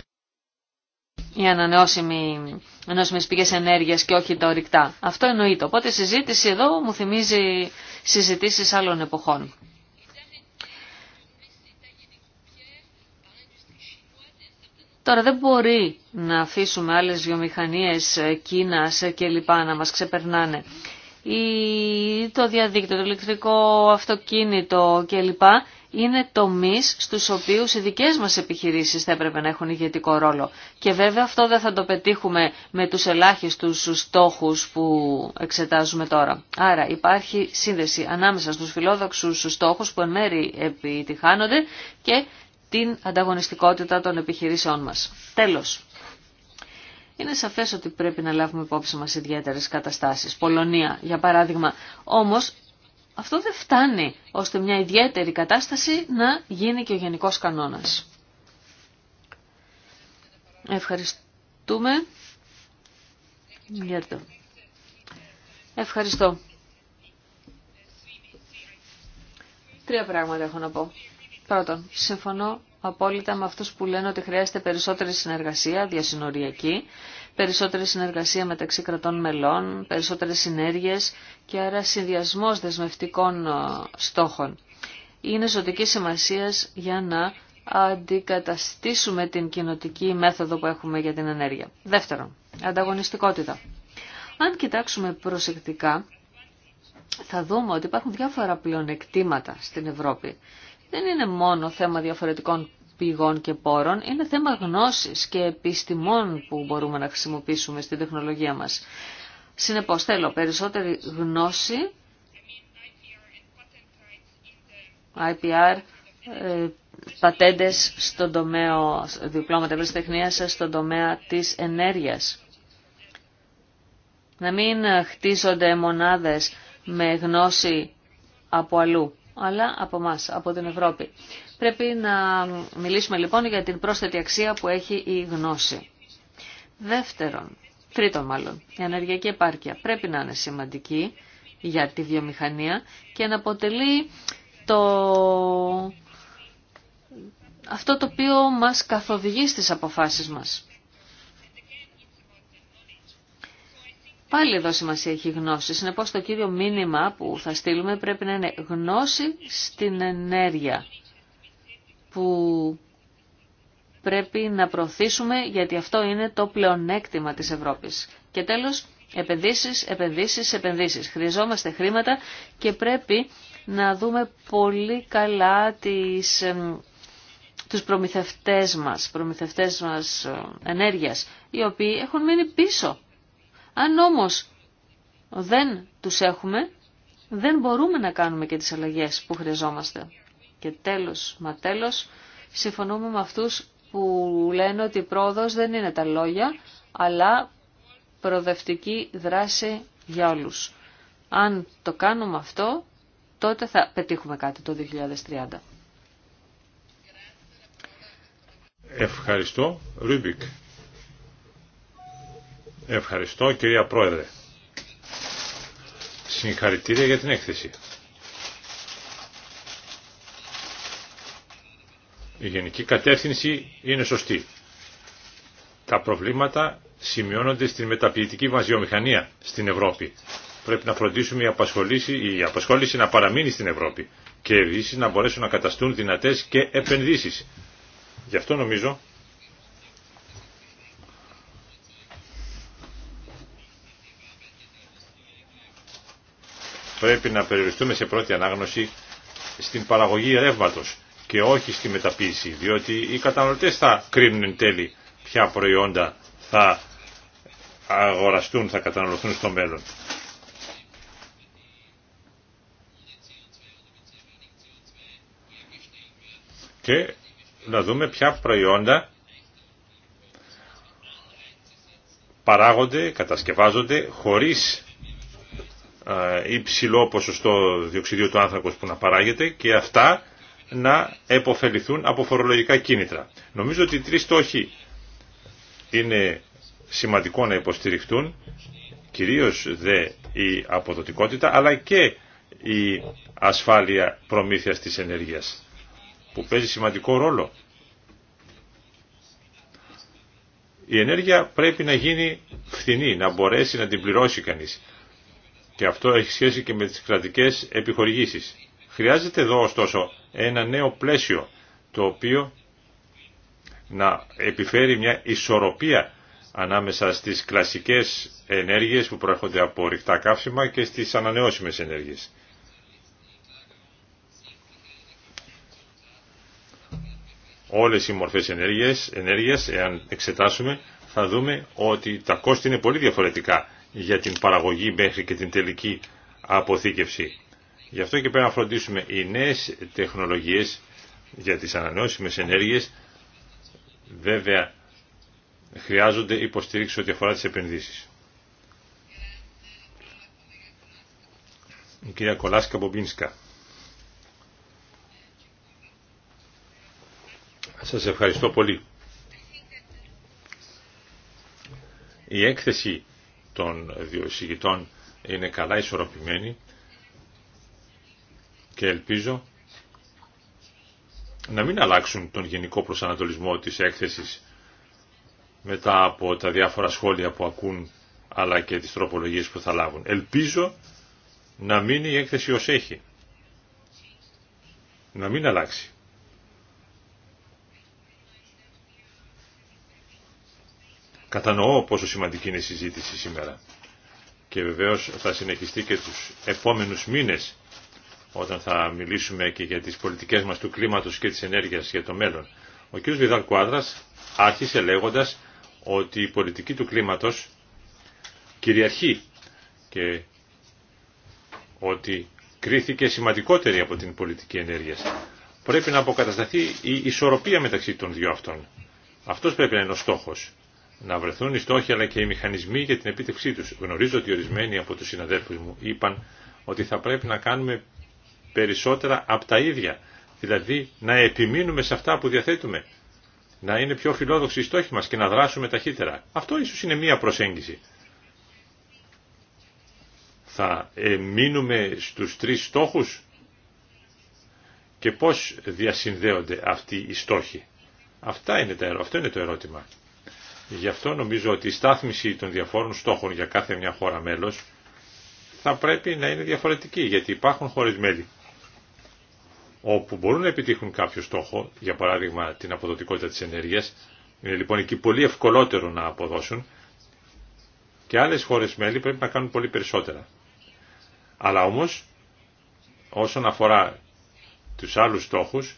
οι ανανεώσιμες πηγές ενέργειας και όχι τα ορυκτά. Αυτό εννοείται. Οπότε η συζήτηση εδώ μου θυμίζει συζητήσεις άλλων εποχών. Τώρα δεν μπορεί να αφήσουμε άλλες βιομηχανίες Κίνας και λοιπά να μας ξεπερνάνε. Ή το διαδίκτυο, το ηλεκτρικό αυτοκίνητο και λοιπά είναι τομείς στους οποίους οι δικές μας επιχειρήσεις θα έπρεπε να έχουν ηγετικό ρόλο. Και βέβαια αυτό δεν θα το πετύχουμε με τους ελάχιστους στόχους που εξετάζουμε τώρα. Άρα υπάρχει σύνδεση ανάμεσα στους φιλόδοξους στόχους που εν μέρη επιτυχάνονται και την ανταγωνιστικότητα των επιχειρήσεών μας. Τέλος. Είναι σαφές ότι πρέπει να λάβουμε υπόψη μας ιδιαίτερες καταστάσεις. Πολωνία, για παράδειγμα. Όμως αυτό δεν φτάνει ώστε μια ιδιαίτερη κατάσταση να γίνει και ο γενικός κανόνας. Ευχαριστούμε. Ευχαριστώ. Τρία πράγματα έχω να πω. Πρώτον, συμφωνώ απόλυτα με αυτούς που λένε ότι χρειάζεται περισσότερη συνεργασία διασυνοριακή περισσότερη συνεργασία μεταξύ κρατών μελών, περισσότερες συνέργειες και άρα συνδυασμός δεσμευτικών ε, στόχων. Είναι ζωτική σημασία για να αντικαταστήσουμε την κοινοτική μέθοδο που έχουμε για την ενέργεια. Δεύτερον, ανταγωνιστικότητα. Αν κοιτάξουμε προσεκτικά, θα δούμε ότι υπάρχουν διάφορα πλεονεκτήματα στην Ευρώπη. Δεν είναι μόνο θέμα διαφορετικών πηγών και πόρων είναι θέμα γνώσης και επιστημών που μπορούμε να χρησιμοποιήσουμε στην τεχνολογία μας. Συνεπώς θέλω περισσότερη γνώση, IPR, ε, πατέντες στον τομέα, διπλώματα ευρεσιτεχνίας στον τομέα της ενέργειας. Να μην χτίζονται μονάδες με γνώση από αλλού, αλλά από μας, από την Ευρώπη. Πρέπει να μιλήσουμε λοιπόν για την πρόσθετη αξία που έχει η γνώση. Δεύτερον, τρίτον μάλλον, η ενεργειακή επάρκεια πρέπει να είναι σημαντική για τη βιομηχανία και να αποτελεί το... αυτό το οποίο μας καθοδηγεί στις αποφάσεις μας. Πάλι εδώ σημασία έχει γνώση. Συνεπώς το κύριο μήνυμα που θα στείλουμε πρέπει να είναι γνώση στην ενέργεια που πρέπει να προωθήσουμε γιατί αυτό είναι το πλεονέκτημα της Ευρώπης. Και τέλος, επενδύσεις, επενδύσεις, επενδύσεις. Χρειαζόμαστε χρήματα και πρέπει να δούμε πολύ καλά τις, τους προμηθευτές μας, προμηθευτές μας ε, ενέργειας, οι οποίοι έχουν μείνει πίσω. Αν όμως δεν τους έχουμε, δεν μπορούμε να κάνουμε και τις αλλαγές που χρειαζόμαστε. Και τέλος, μα τέλος, συμφωνούμε με αυτούς που λένε ότι η πρόοδος δεν είναι τα λόγια, αλλά προοδευτική δράση για όλους. Αν το κάνουμε αυτό, τότε θα πετύχουμε κάτι το 2030. Ευχαριστώ. Ρούμπικ. Ευχαριστώ κυρία Πρόεδρε. Συγχαρητήρια για την έκθεση. Η γενική κατεύθυνση είναι σωστή. Τα προβλήματα σημειώνονται στην μεταποιητική μα στην Ευρώπη. Πρέπει να φροντίσουμε η απασχόληση, η απασχόληση να παραμείνει στην Ευρώπη και ειδήσει να μπορέσουν να καταστούν δυνατές και επενδύσεις. Γι' αυτό νομίζω πρέπει να περιοριστούμε σε πρώτη ανάγνωση στην παραγωγή ρεύματος και όχι στη μεταποίηση, διότι οι καταναλωτές θα κρίνουν εν τέλει ποια προϊόντα θα αγοραστούν, θα καταναλωθούν στο μέλλον. Και να δούμε ποια προϊόντα παράγονται, κατασκευάζονται χωρίς ε, υψηλό ποσοστό διοξιδίου του άνθρακος που να παράγεται και αυτά να επωφεληθούν από φορολογικά κίνητρα. Νομίζω ότι οι τρεις στόχοι είναι σημαντικό να υποστηριχτούν, κυρίως δε η αποδοτικότητα, αλλά και η ασφάλεια προμήθειας της ενέργειας, που παίζει σημαντικό ρόλο. Η ενέργεια πρέπει να γίνει φθηνή, να μπορέσει να την πληρώσει κανείς. Και αυτό έχει σχέση και με τις κρατικές επιχορηγήσεις. Χρειάζεται εδώ ωστόσο ένα νέο πλαίσιο το οποίο να επιφέρει μια ισορροπία ανάμεσα στις κλασικές ενέργειες που προέρχονται από ρηχτά καύσιμα και στις ανανεώσιμες ενέργειες. Όλες οι μορφές ενέργειας, ενέργειας, εάν εξετάσουμε, θα δούμε ότι τα κόστη είναι πολύ διαφορετικά για την παραγωγή μέχρι και την τελική αποθήκευση. Γι' αυτό και πρέπει να φροντίσουμε οι νέες τεχνολογίες για τις ανανεώσιμες ενέργειες βέβαια χρειάζονται υποστήριξη ό,τι αφορά τις επενδύσεις. Η κυρία Κολάσκα Μπομπίνσκα. Σας ευχαριστώ πολύ. Η έκθεση των δύο είναι καλά ισορροπημένη και ελπίζω να μην αλλάξουν τον γενικό προσανατολισμό της έκθεσης μετά από τα διάφορα σχόλια που ακούν αλλά και τις τροπολογίες που θα λάβουν. Ελπίζω να μείνει η έκθεση ως έχει. Να μην αλλάξει. Κατανοώ πόσο σημαντική είναι η συζήτηση σήμερα. Και βεβαίως θα συνεχιστεί και τους επόμενους μήνες όταν θα μιλήσουμε και για τις πολιτικές μας του κλίματος και της ενέργειας για το μέλλον. Ο κ. Βιδάλ Κουάδρας άρχισε λέγοντας ότι η πολιτική του κλίματος κυριαρχεί και ότι κρίθηκε σημαντικότερη από την πολιτική ενέργειας. Πρέπει να αποκατασταθεί η ισορροπία μεταξύ των δύο αυτών. Αυτός πρέπει να είναι ο στόχος. Να βρεθούν οι στόχοι αλλά και οι μηχανισμοί για την επίτευξή τους. Γνωρίζω ότι ορισμένοι από τους συναδέλφους μου είπαν ότι θα πρέπει να κάνουμε περισσότερα από τα ίδια. Δηλαδή να επιμείνουμε σε αυτά που διαθέτουμε. Να είναι πιο φιλόδοξοι οι στόχοι μας και να δράσουμε ταχύτερα. Αυτό ίσως είναι μία προσέγγιση. Θα μείνουμε στους τρεις στόχους και πώς διασυνδέονται αυτοί οι στόχοι. Αυτά είναι τα, αυτό είναι το ερώτημα. Γι' αυτό νομίζω ότι η στάθμιση των διαφόρων στόχων για κάθε μια χώρα μέλος θα πρέπει να είναι διαφορετική, γιατί υπάρχουν χώρες μέλη όπου μπορούν να επιτύχουν κάποιο στόχο, για παράδειγμα την αποδοτικότητα της ενέργειας, είναι λοιπόν εκεί πολύ ευκολότερο να αποδώσουν και άλλες χώρες μέλη πρέπει να κάνουν πολύ περισσότερα. Αλλά όμως, όσον αφορά τους άλλους στόχους,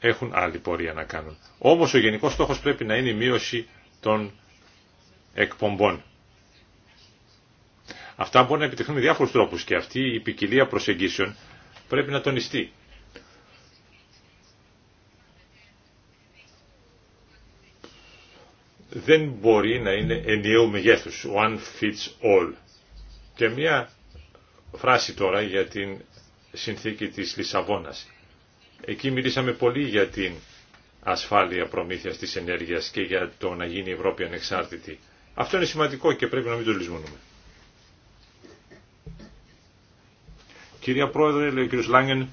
έχουν άλλη πορεία να κάνουν. Όμως ο γενικός στόχος πρέπει να είναι η μείωση των εκπομπών. Αυτά μπορούν να επιτυχθούν με διάφορους τρόπους και αυτή η ποικιλία προσεγγίσεων πρέπει να τονιστεί. Δεν μπορεί να είναι ενιαίου μεγέθους, one fits all. Και μια φράση τώρα για την συνθήκη της Λισαβόνας. Εκεί μιλήσαμε πολύ για την ασφάλεια προμήθειας της ενέργειας και για το να γίνει η Ευρώπη ανεξάρτητη. Αυτό είναι σημαντικό και πρέπει να μην το λησμονούμε. Κυρία Πρόεδρε, λέει ο κ. Λάγκεν,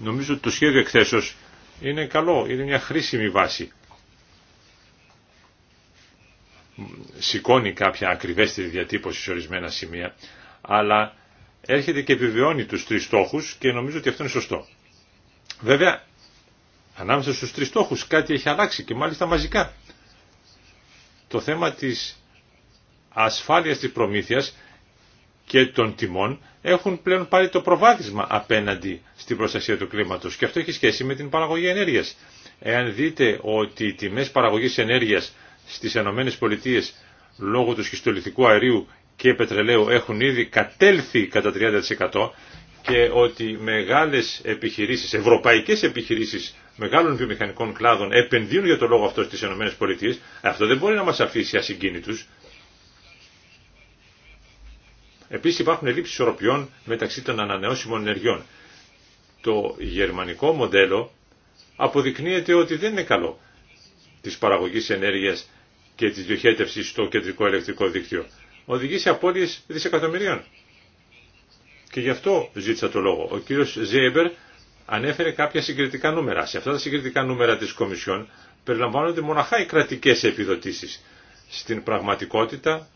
νομίζω ότι το σχέδιο εκθέσεως είναι καλό, είναι μια χρήσιμη βάση. Σηκώνει κάποια ακριβέστερη διατύπωση σε ορισμένα σημεία, αλλά έρχεται και επιβεβαιώνει τους τρεις στόχους και νομίζω ότι αυτό είναι σωστό. Βέβαια, ανάμεσα στους τρεις στόχους κάτι έχει αλλάξει και μάλιστα μαζικά. Το θέμα της ασφάλειας της προμήθειας και των τιμών έχουν πλέον πάρει το προβάδισμα απέναντι στην προστασία του κλίματος και αυτό έχει σχέση με την παραγωγή ενέργειας. Εάν δείτε ότι οι τιμές παραγωγής ενέργειας στις ΗΠΑ λόγω του σχιστολιθικού αερίου και πετρελαίου έχουν ήδη κατέλθει κατά 30% και ότι μεγάλες επιχειρήσεις, ευρωπαϊκές επιχειρήσεις μεγάλων βιομηχανικών κλάδων επενδύουν για το λόγο αυτό στις ΗΠΑ, αυτό δεν μπορεί να μας αφήσει ασυγκίνητους. Επίσης υπάρχουν ελλείψεις ισορροπιών μεταξύ των ανανεώσιμων ενεργειών. Το γερμανικό μοντέλο αποδεικνύεται ότι δεν είναι καλό της παραγωγής ενέργειας και της διοχέτευσης στο κεντρικό ηλεκτρικό δίκτυο. Οδηγεί σε απώλειες δισεκατομμυρίων. Και γι' αυτό ζήτησα το λόγο. Ο κύριος Ζέιμπερ ανέφερε κάποια συγκριτικά νούμερα. Σε αυτά τα συγκριτικά νούμερα της Κομισιόν περιλαμβάνονται μοναχά οι κρατικές επιδοτήσεις. Στην πραγματικότητα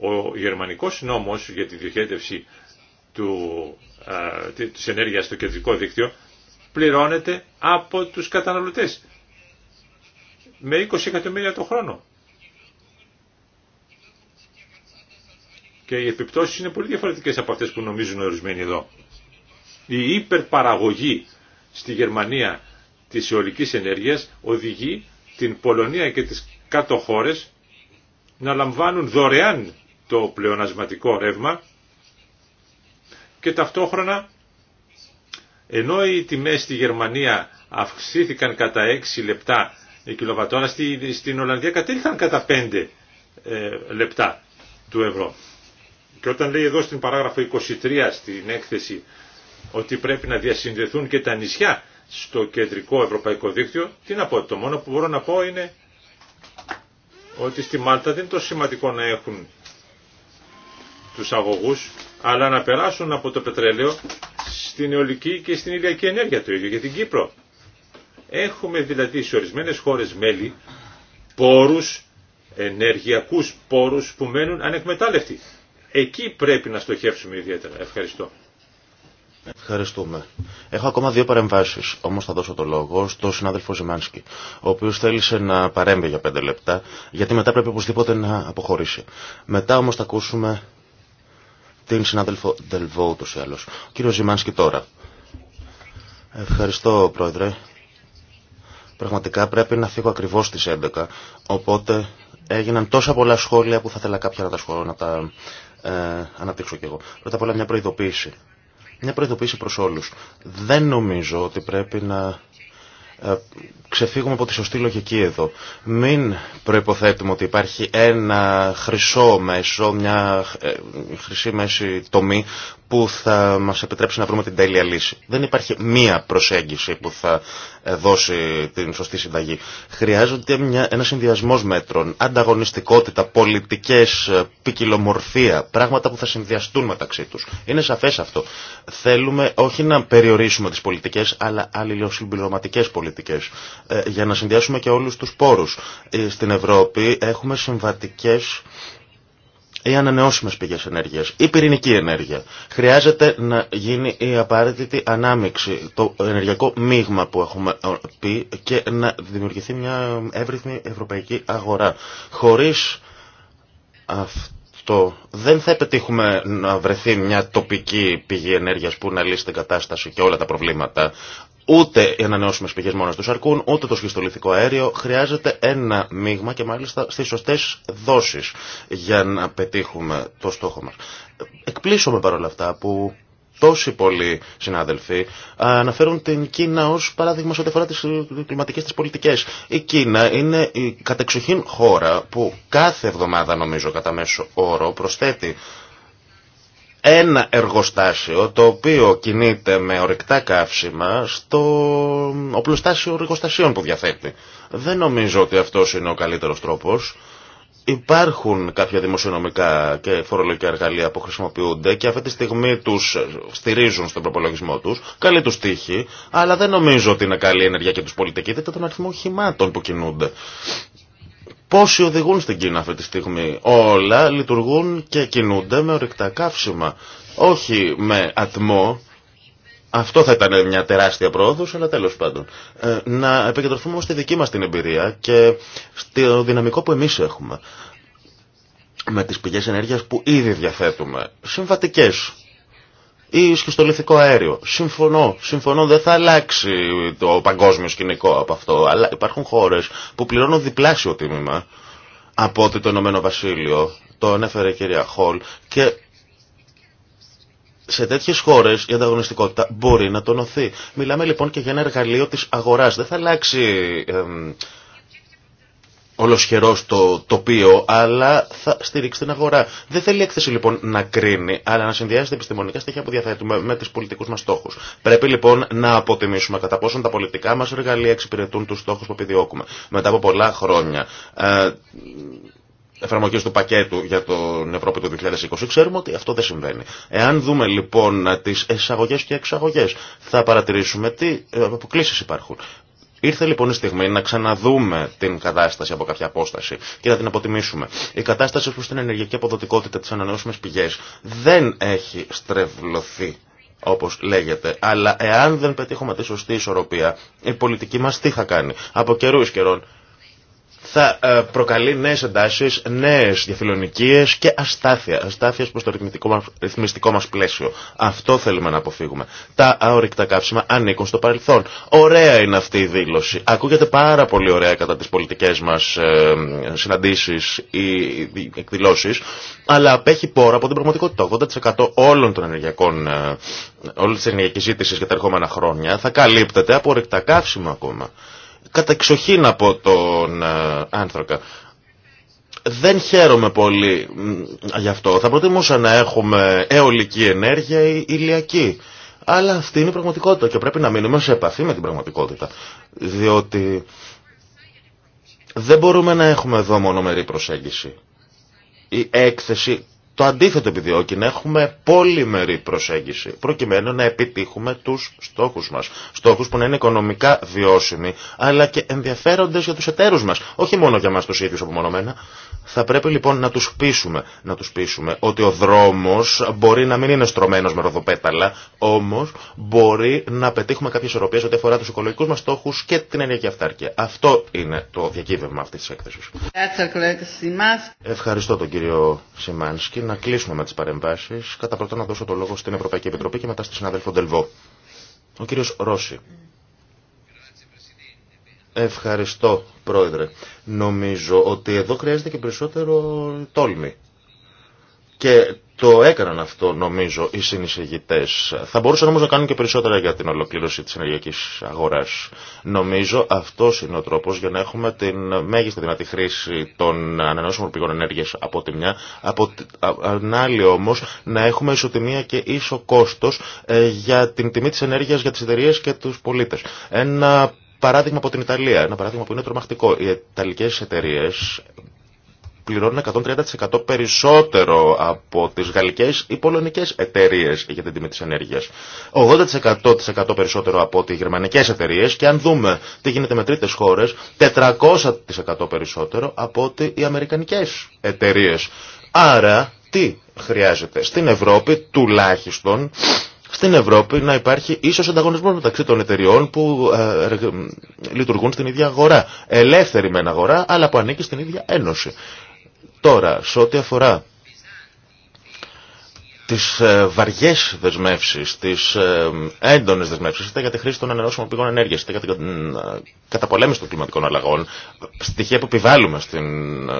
ο γερμανικός νόμος για τη διοχέτευση του, της ενέργειας στο κεντρικό δίκτυο πληρώνεται από τους καταναλωτές με 20 εκατομμύρια το χρόνο. Και οι επιπτώσεις είναι πολύ διαφορετικές από αυτές που νομίζουν ορισμένοι εδώ. Η υπερπαραγωγή στη Γερμανία της αιωλικής ενέργειας οδηγεί την Πολωνία και τις κάτω χώρες να λαμβάνουν δωρεάν το πλεονασματικό ρεύμα και ταυτόχρονα ενώ οι τιμές στη Γερμανία αυξήθηκαν κατά 6 λεπτά η κιλοβατόρα, στη, στην Ολλανδία κατέληξαν κατά 5 ε, λεπτά του ευρώ. Και όταν λέει εδώ στην παράγραφο 23 στην έκθεση ότι πρέπει να διασυνδεθούν και τα νησιά στο κεντρικό ευρωπαϊκό δίκτυο, τι να πω, το μόνο που μπορώ να πω είναι ότι στη Μάλτα δεν είναι τόσο σημαντικό να έχουν τους αγωγούς, αλλά να περάσουν από το πετρέλαιο στην αιωλική και στην ηλιακή ενέργεια το ίδιο για την Κύπρο. Έχουμε δηλαδή σε ορισμένε χώρες μέλη πόρους, ενεργειακούς πόρους που μένουν ανεκμετάλλευτοι. Εκεί πρέπει να στοχεύσουμε ιδιαίτερα. Ευχαριστώ. Ευχαριστούμε. Έχω ακόμα δύο παρεμβάσει, όμω θα δώσω το λόγο στον συνάδελφο Ζημάνσκι, ο οποίο θέλησε να παρέμβει για πέντε λεπτά, γιατί μετά πρέπει οπωσδήποτε να αποχωρήσει. Μετά όμω θα ακούσουμε την συνάδελφο Δελβό ούτως ή άλλως. Ο κύριος Ζημάνσκι τώρα. Ευχαριστώ πρόεδρε. Πραγματικά πρέπει να φύγω ακριβώς στις 11, οπότε έγιναν τόσα πολλά σχόλια που θα ήθελα κάποια να τα, να τα ε, αναπτύξω κι εγώ. Πρώτα απ' όλα μια προειδοποίηση. Μια προειδοποίηση προς όλους. Δεν νομίζω ότι πρέπει να ε, ξεφύγουμε από τη σωστή λογική εδώ. Μην προϋποθέτουμε ότι υπάρχει ένα χρυσό μέσο, μια ε, χρυσή μέση τομή που θα μας επιτρέψει να βρούμε την τέλεια λύση. Δεν υπάρχει μία προσέγγιση που θα ε, δώσει την σωστή συνταγή. Χρειάζονται μια, ένα συνδυασμό μέτρων, ανταγωνιστικότητα, πολιτικές, ε, ποικιλομορφία, πράγματα που θα συνδυαστούν μεταξύ τους. Είναι σαφές αυτό. Θέλουμε όχι να περιορίσουμε τις πολιτικές, αλλά αλληλοσυμπληρωματικές πολιτικές, ε, για να συνδυάσουμε και όλους τους πόρους. Στην Ευρώπη έχουμε συμβατικές ή ανανεώσιμες πηγές ενέργειας ή πυρηνική ενέργεια. Χρειάζεται να γίνει η ανανεώσιμες πηγές ενέργειας, η πυρηνική ενέργεια. Χρειάζεται να γίνει η απαραίτητη ανάμειξη, το ενεργειακό μείγμα που έχουμε ε, πει και να δημιουργηθεί μια εύρυθμη ευρωπαϊκή αγορά. Χωρίς αυτό δεν θα επιτύχουμε να βρεθεί μια τοπική πηγή ενέργειας που να λύσει την κατάσταση και όλα τα προβλήματα. Ούτε οι ανανεώσιμε πηγέ μόνο του αρκούν, ούτε το σχιστολιθικό αέριο. Χρειάζεται ένα μείγμα και μάλιστα στι σωστέ δόσει για να πετύχουμε το στόχο μα. Εκπλήσωμε παρόλα αυτά που τόσοι πολλοί συνάδελφοι αναφέρουν την Κίνα ως παράδειγμα σε ό,τι αφορά τι κλιματικέ της πολιτικέ. Η Κίνα είναι η κατεξοχήν χώρα που κάθε εβδομάδα νομίζω κατά μέσο όρο προσθέτει ένα εργοστάσιο το οποίο κινείται με ορυκτά καύσιμα στο οπλοστάσιο εργοστασίων που διαθέτει. Δεν νομίζω ότι αυτός είναι ο καλύτερος τρόπος. Υπάρχουν κάποια δημοσιονομικά και φορολογικά εργαλεία που χρησιμοποιούνται και αυτή τη στιγμή τους στηρίζουν στον προπολογισμό τους. Καλή τους τύχη, αλλά δεν νομίζω ότι είναι καλή ενεργειακή τους πολιτική. Δείτε τον αριθμό οχημάτων που κινούνται. Πόσοι οδηγούν στην Κίνα αυτή τη στιγμή. Όλα λειτουργούν και κινούνται με ορυκτά καύσιμα. Όχι με ατμό. Αυτό θα ήταν μια τεράστια πρόοδος, αλλά τέλος πάντων. Ε, να επικεντρωθούμε στη δική μας την εμπειρία και στο δυναμικό που εμείς έχουμε. Με τις πηγές ενέργειας που ήδη διαθέτουμε. Συμβατικές ή λιθικό αέριο. Συμφωνώ, συμφωνώ, δεν θα αλλάξει το παγκόσμιο σκηνικό από αυτό, αλλά υπάρχουν χώρες που πληρώνουν διπλάσιο τίμημα από ότι το Ηνωμένο Βασίλειο, το ανέφερε η κυρία Χολ, και σε τέτοιε χώρε η ανταγωνιστικότητα μπορεί να τονωθεί. Μιλάμε λοιπόν και για ένα εργαλείο τη αγορά. Δεν θα αλλάξει ολοσχερό το τοπίο, αλλά θα στηρίξει την αγορά. Δεν θέλει η έκθεση λοιπόν να κρίνει, αλλά να συνδυάζει τα επιστημονικά στοιχεία που διαθέτουμε με του πολιτικού μα στόχου. Πρέπει λοιπόν να αποτιμήσουμε κατά πόσον τα πολιτικά μα εργαλεία εξυπηρετούν του στόχου που επιδιώκουμε. Μετά από πολλά χρόνια ε, εφαρμογή του πακέτου για τον Ευρώπη του 2020, ξέρουμε ότι αυτό δεν συμβαίνει. Εάν δούμε λοιπόν τι εισαγωγέ και εξαγωγέ, θα παρατηρήσουμε τι ε, αποκλήσει υπάρχουν. Ήρθε λοιπόν η στιγμή να ξαναδούμε την κατάσταση από κάποια απόσταση και να την αποτιμήσουμε. Η κατάσταση προ την ενεργειακή αποδοτικότητα τη ανανεώσιμε πηγέ δεν έχει στρεβλωθεί όπως λέγεται. Αλλά εάν δεν πετύχουμε τη σωστή ισορροπία, η πολιτική μας τι θα κάνει. Από καιρού καιρών θα ε, προκαλεί νέε εντάσει νέε διαφιλονικίε και αστάθεια. Αστάθεια προ το ρυθμιστικό μας πλαίσιο. Αυτό θέλουμε να αποφύγουμε. Τα αορυκτά καύσιμα ανήκουν στο παρελθόν. Ωραία είναι αυτή η δήλωση. Ακούγεται πάρα πολύ ωραία κατά τις πολιτικές μας ε, συναντήσεις ή εκδηλώσει, αλλά απέχει πόρα από την πραγματικότητα. 80% όλων των ενεργειακών, ε, όλη τη ενεργειακή ζήτηση για τα ερχόμενα χρόνια θα καλύπτεται από ορυκτά καύσιμα ακόμα. Κατά εξοχήν από τον ε, άνθρακα. Δεν χαίρομαι πολύ γι' αυτό. Θα προτιμούσα να έχουμε αιωλική ενέργεια ή ηλιακή. Αλλά αυτή είναι η πραγματικότητα και πρέπει να μείνουμε σε επαφή με την πραγματικότητα. Διότι δεν μπορούμε να έχουμε εδώ μονομερή προσέγγιση. Η έκθεση το αντίθετο επιδιώκει να έχουμε πολυμερή προσέγγιση προκειμένου να επιτύχουμε τους στόχους μας. Στόχους που να είναι οικονομικά βιώσιμοι αλλά και ενδιαφέροντες για τους εταίρους μας. Όχι μόνο για μας τους ίδιους απομονωμένα. Θα πρέπει λοιπόν να τους πείσουμε, να τους πείσουμε ότι ο δρόμος μπορεί να μην είναι στρωμένος με ροδοπέταλα, όμως μπορεί να πετύχουμε κάποιες οροπίες ό,τι αφορά τους οικολογικούς μας στόχους και την ενιακή αυτάρκεια. Αυτό είναι το διακύβευμα αυτής της έκθεσης. Ευχαριστώ τον κύριο Σιμάνσκι. Να κλείσουμε με τις παρεμβάσεις. Κατά πρώτα να δώσω το λόγο στην Ευρωπαϊκή Επιτροπή και μετά στη συνάδελφο Ντελβό. Ο κύριος Ρώση. Ευχαριστώ, Πρόεδρε. Νομίζω ότι εδώ χρειάζεται και περισσότερο τόλμη. Και το έκαναν αυτό, νομίζω, οι συνεισηγητέ. Θα μπορούσαν όμω να κάνουν και περισσότερα για την ολοκλήρωση τη ενεργειακή αγορά. Νομίζω αυτό είναι ο τρόπο για να έχουμε την μέγιστη δυνατή χρήση των ανανεώσιμων πηγών ενέργεια από τη μια, από την άλλη όμω να έχουμε ισοτιμία και ίσο κόστο ε, για την τιμή τη ενέργεια για τι εταιρείε και του πολίτε. Ένα παράδειγμα από την Ιταλία, ένα παράδειγμα που είναι τρομακτικό. Οι Ιταλικέ εταιρείε πληρώνουν 130% περισσότερο από τις γαλλικές ή πολωνικές εταιρείε για την τιμή τη ενέργεια. 80% περισσότερο από τις γερμανικές εταιρείε και αν δούμε τι γίνεται με τρίτες χώρε, 400% περισσότερο από ότι οι αμερικανικές εταιρείε. Άρα, τι χρειάζεται. Στην Ευρώπη τουλάχιστον στην Ευρώπη να υπάρχει ίσω ανταγωνισμό μεταξύ των εταιριών που ε, ε, λειτουργούν στην ίδια αγορά. Ελεύθερη με αγορά, αλλά που ανήκει στην ίδια ένωση. Τώρα, σε ό,τι αφορά τις ε, βαριές δεσμεύσεις, τις ε, έντονες δεσμεύσεις, είτε για τη χρήση των ανανεώσιμων πηγών ενέργειας, είτε για την ε, καταπολέμηση των κλιματικών αλλαγών, στοιχεία που επιβάλλουμε στην,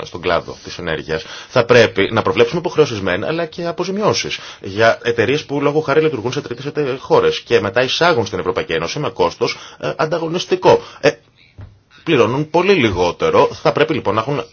στον κλάδο της ενέργειας, θα πρέπει να προβλέψουμε υποχρεώσεις μεν, αλλά και αποζημιώσεις για εταιρείες που λόγω χάρη λειτουργούν σε τρίτες χώρες και μετά εισάγουν στην Ευρωπαϊκή Ένωση με κόστος ανταγωνιστικό πληρώνουν πολύ λιγότερο. Θα πρέπει λοιπόν να έχουν ε,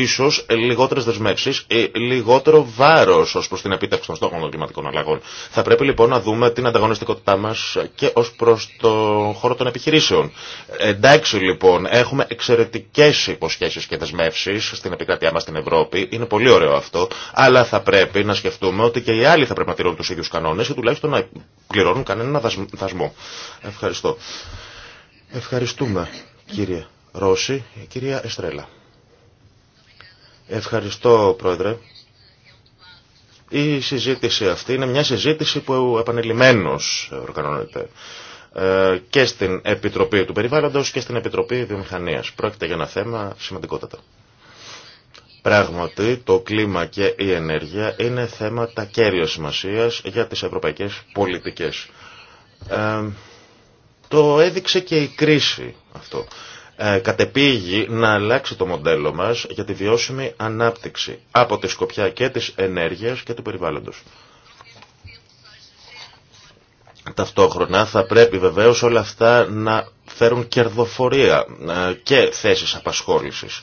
ίσω ε, λιγότερε δεσμεύσει ή ε, λιγότερο βάρο ω προ την επίτευξη των στόχων των κλιματικών αλλαγών. Θα πρέπει λοιπόν να δούμε την ανταγωνιστικότητά μα και ω προ τον χώρο των επιχειρήσεων. Εντάξει λοιπόν, έχουμε εξαιρετικέ υποσχέσει και δεσμεύσει στην επικρατεία μα στην Ευρώπη. Είναι πολύ ωραίο αυτό. Αλλά θα πρέπει να σκεφτούμε ότι και οι άλλοι θα πρέπει να τηρούν του ίδιου κανόνε ή τουλάχιστον να πληρώνουν κανένα δασμό. Ευχαριστώ. Ευχαριστούμε κύριε Ρώση, η κυρία Εστρέλα. Ευχαριστώ, Πρόεδρε. Η συζήτηση αυτή είναι μια συζήτηση που επανειλημμένως οργανώνεται ε, και στην Επιτροπή του Περιβάλλοντος και στην Επιτροπή Βιομηχανίας. Πρόκειται για ένα θέμα σημαντικότατο. Πράγματι, το κλίμα και η ενέργεια είναι θέματα κέρια σημασίας για τις ευρωπαϊκές πολιτικές. Ε, το έδειξε και η κρίση αυτό. Ε, κατεπήγει να αλλάξει το μοντέλο μας για τη βιώσιμη ανάπτυξη από τη σκοπιά και της ενέργειας και του περιβάλλοντος. Ταυτόχρονα θα πρέπει βεβαίως όλα αυτά να φέρουν κερδοφορία ε, και θέσεις απασχόλησης.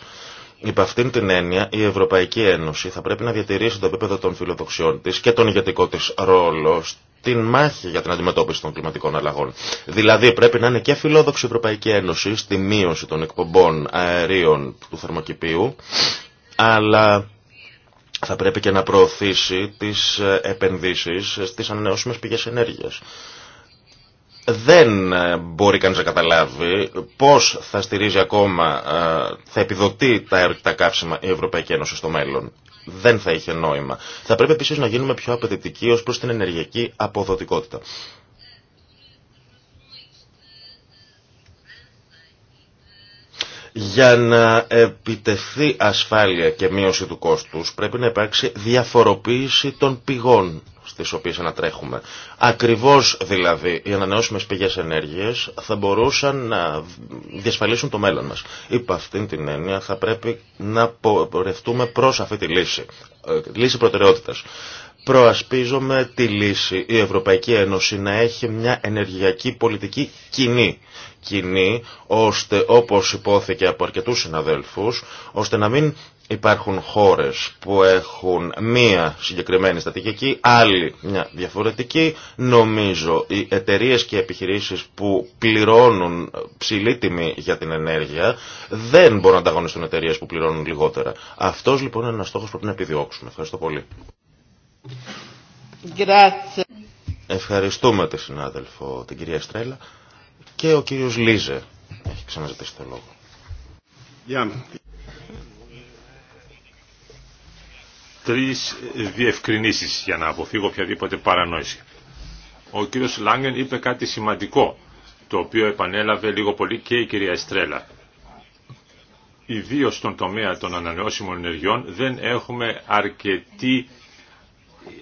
Υπ' αυτήν την έννοια η Ευρωπαϊκή Ένωση θα πρέπει να διατηρήσει το επίπεδο των φιλοδοξιών της και τον ηγετικό της ρόλο την μάχη για την αντιμετώπιση των κλιματικών αλλαγών. Δηλαδή πρέπει να είναι και φιλόδοξη η Ευρωπαϊκή Ένωση στη μείωση των εκπομπών αερίων του θερμοκηπίου, αλλά θα πρέπει και να προωθήσει τις επενδύσεις στις ανανεώσιμες πηγές ενέργειας. Δεν ε, μπορεί κανείς να καταλάβει πώς θα στηρίζει ακόμα, ε, θα επιδοτεί τα, τα καύσιμα η Ευρωπαϊκή Ένωση στο μέλλον δεν θα είχε νόημα. Θα πρέπει επίσης να γίνουμε πιο απαιτητικοί ω προς την ενεργειακή αποδοτικότητα. Για να επιτεθεί ασφάλεια και μείωση του κόστους πρέπει να υπάρξει διαφοροποίηση των πηγών τις οποίες ανατρέχουμε. Ακριβώς δηλαδή οι ανανεώσιμες πηγές ενέργειας θα μπορούσαν να διασφαλίσουν το μέλλον μας. Υπ' αυτήν την έννοια θα πρέπει να πορευτούμε προς αυτή τη λύση. Ε, λύση προτεραιότητας προασπίζομαι τη λύση η Ευρωπαϊκή Ένωση να έχει μια ενεργειακή πολιτική κοινή. Κοινή, ώστε όπως υπόθηκε από αρκετούς συναδέλφους, ώστε να μην Υπάρχουν χώρες που έχουν μία συγκεκριμένη στατικική, άλλη μια διαφορετική. Νομίζω οι εταιρείες και οι επιχειρήσεις που πληρώνουν ψηλή τιμή για την ενέργεια δεν μπορούν να ανταγωνιστούν εταιρείες που πληρώνουν λιγότερα. Αυτός λοιπόν είναι ένας στόχος που πρέπει να επιδιώξουμε. Ευχαριστώ πολύ. Ευχαριστούμε τη συνάδελφο την κυρία Στρέλα και ο κύριος Λίζε έχει ξαναζητήσει το λόγο. τρεις διευκρινήσεις για να αποφύγω οποιαδήποτε παρανόηση. Ο κύριος Λάγκεν είπε κάτι σημαντικό, το οποίο επανέλαβε λίγο πολύ και η κυρία Εστρέλα. Ιδίως στον τομέα των ανανεώσιμων ενεργειών δεν έχουμε αρκετή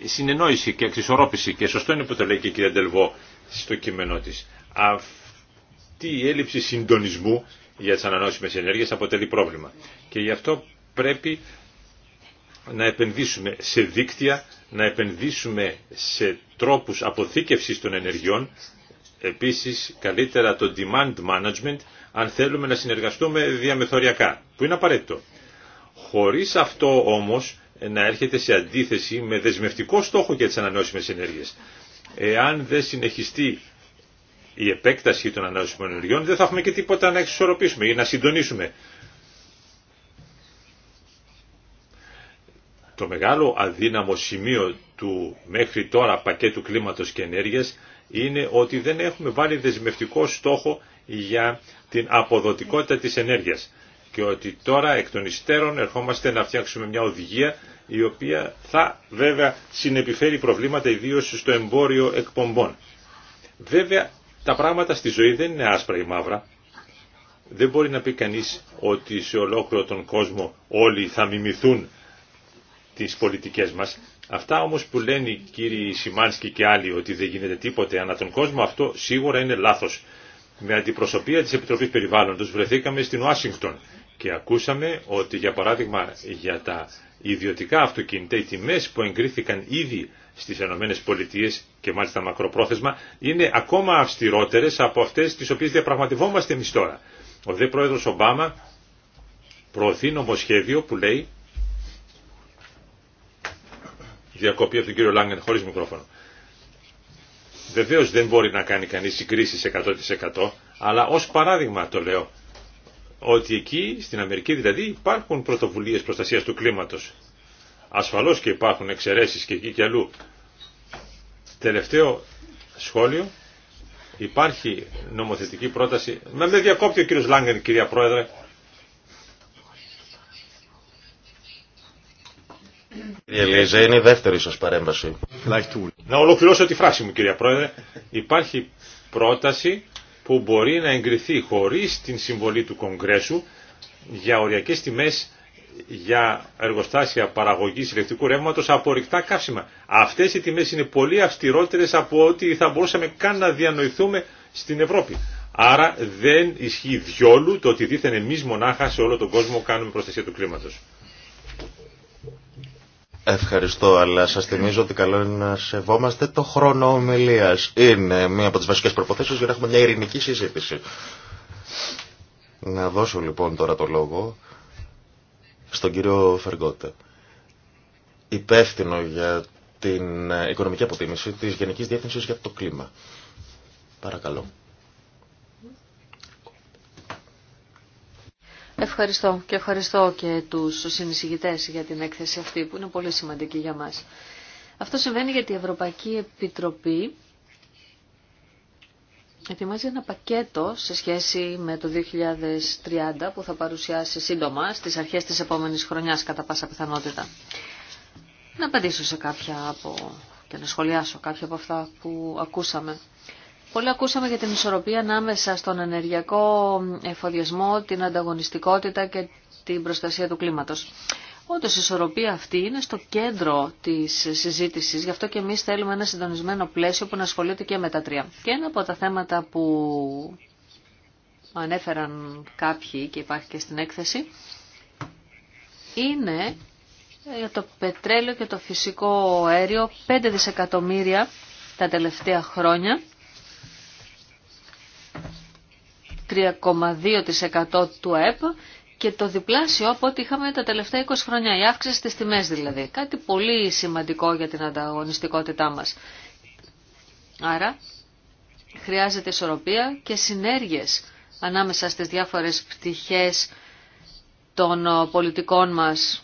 συνεννόηση και εξισορρόπηση και σωστό είναι που το λέει και η κυρία Ντελβό στο κείμενό της. Αυτή η έλλειψη συντονισμού για τις ανανεώσιμες ενέργειες αποτελεί πρόβλημα. Και γι' αυτό πρέπει να επενδύσουμε σε δίκτυα, να επενδύσουμε σε τρόπους αποθήκευσης των ενεργειών, επίσης καλύτερα το demand management, αν θέλουμε να συνεργαστούμε διαμεθοριακά, που είναι απαραίτητο. Χωρίς αυτό όμως να έρχεται σε αντίθεση με δεσμευτικό στόχο για τις ανανεώσιμες ενέργειες. Εάν δεν συνεχιστεί η επέκταση των ανανεώσιμων ενεργειών, δεν θα έχουμε και τίποτα να εξισορροπήσουμε ή να συντονίσουμε. Το μεγάλο αδύναμο σημείο του μέχρι τώρα πακέτου κλίματος και ενέργειας είναι ότι δεν έχουμε βάλει δεσμευτικό στόχο για την αποδοτικότητα της ενέργειας και ότι τώρα εκ των υστέρων ερχόμαστε να φτιάξουμε μια οδηγία η οποία θα βέβαια συνεπιφέρει προβλήματα ιδίως στο εμπόριο εκπομπών. Βέβαια τα πράγματα στη ζωή δεν είναι άσπρα ή μαύρα. Δεν μπορεί να πει κανείς ότι σε ολόκληρο τον κόσμο όλοι θα μιμηθούν τις πολιτικές μας. Αυτά όμως που λένε οι κύριοι Σιμάνσκι και άλλοι ότι δεν γίνεται τίποτε ανά τον κόσμο, αυτό σίγουρα είναι λάθος. Με αντιπροσωπεία της Επιτροπής Περιβάλλοντος βρεθήκαμε στην Ουάσιγκτον και ακούσαμε ότι για παράδειγμα για τα ιδιωτικά αυτοκίνητα οι τιμές που εγκρίθηκαν ήδη στις ΗΠΑ και μάλιστα μακροπρόθεσμα είναι ακόμα αυστηρότερες από αυτές τις οποίες διαπραγματευόμαστε εμείς τώρα. Ο δε πρόεδρος Ομπάμα προωθεί νομοσχέδιο που λέει Διακοπή από τον κύριο Λάγκεν χωρίς μικρόφωνο. Βεβαίως δεν μπορεί να κάνει κανείς συγκρίσεις 100% αλλά ως παράδειγμα το λέω ότι εκεί στην Αμερική δηλαδή υπάρχουν πρωτοβουλίες προστασίας του κλίματος. Ασφαλώς και υπάρχουν εξαιρέσεις και εκεί και αλλού. Τελευταίο σχόλιο υπάρχει νομοθετική πρόταση. Με διακόπτει ο κύριος Λάγκεν κυρία Πρόεδρε Η Ελίζα είναι η δεύτερη σας παρέμβαση. Να ολοκληρώσω τη φράση μου κυρία Πρόεδρε. Υπάρχει πρόταση που μπορεί να εγκριθεί χωρίς την συμβολή του Κογκρέσου για οριακές τιμές για εργοστάσια παραγωγή ηλεκτρικού ρεύματο από ορυκτά καύσιμα. Αυτέ οι τιμέ είναι πολύ αυστηρότερε από ό,τι θα μπορούσαμε καν να διανοηθούμε στην Ευρώπη. Άρα δεν ισχύει διόλου το ότι δίθεν εμεί μονάχα σε όλο τον κόσμο κάνουμε προστασία του κλίματος. Ευχαριστώ, αλλά σα θυμίζω ότι καλό είναι να σεβόμαστε το χρόνο ομιλία. Είναι μία από τι βασικέ προποθέσει για να έχουμε μια ειρηνική συζήτηση. Να δώσω λοιπόν τώρα το λόγο στον κύριο Φεργότε, υπεύθυνο για την οικονομική αποτίμηση τη Γενικής Διεύθυνσης για το Κλίμα. Παρακαλώ. Ευχαριστώ και ευχαριστώ και τους συνεισηγητές για την έκθεση αυτή που είναι πολύ σημαντική για μας. Αυτό συμβαίνει γιατί η Ευρωπαϊκή Επιτροπή ετοιμάζει ένα πακέτο σε σχέση με το 2030 που θα παρουσιάσει σύντομα στις αρχές της επόμενης χρονιάς κατά πάσα πιθανότητα. Να απαντήσω σε κάποια από και να σχολιάσω κάποια από αυτά που ακούσαμε. Πολλοί ακούσαμε για την ισορροπία ανάμεσα στον ενεργειακό εφοδιασμό, την ανταγωνιστικότητα και την προστασία του κλίματος. Όντως η ισορροπία αυτή είναι στο κέντρο της συζήτησης, γι' αυτό και εμείς θέλουμε ένα συντονισμένο πλαίσιο που να ασχολείται και με τα τρία. Και ένα από τα θέματα που ανέφεραν κάποιοι και υπάρχει και στην έκθεση, είναι για το πετρέλαιο και το φυσικό αέριο 5 δισεκατομμύρια τα τελευταία χρόνια 3,2% του ΕΠ και το διπλάσιο από ό,τι είχαμε τα τελευταία 20 χρόνια, η αύξηση στις τιμές δηλαδή. Κάτι πολύ σημαντικό για την ανταγωνιστικότητά μας. Άρα χρειάζεται ισορροπία και συνέργειες ανάμεσα στις διάφορες πτυχές των πολιτικών μας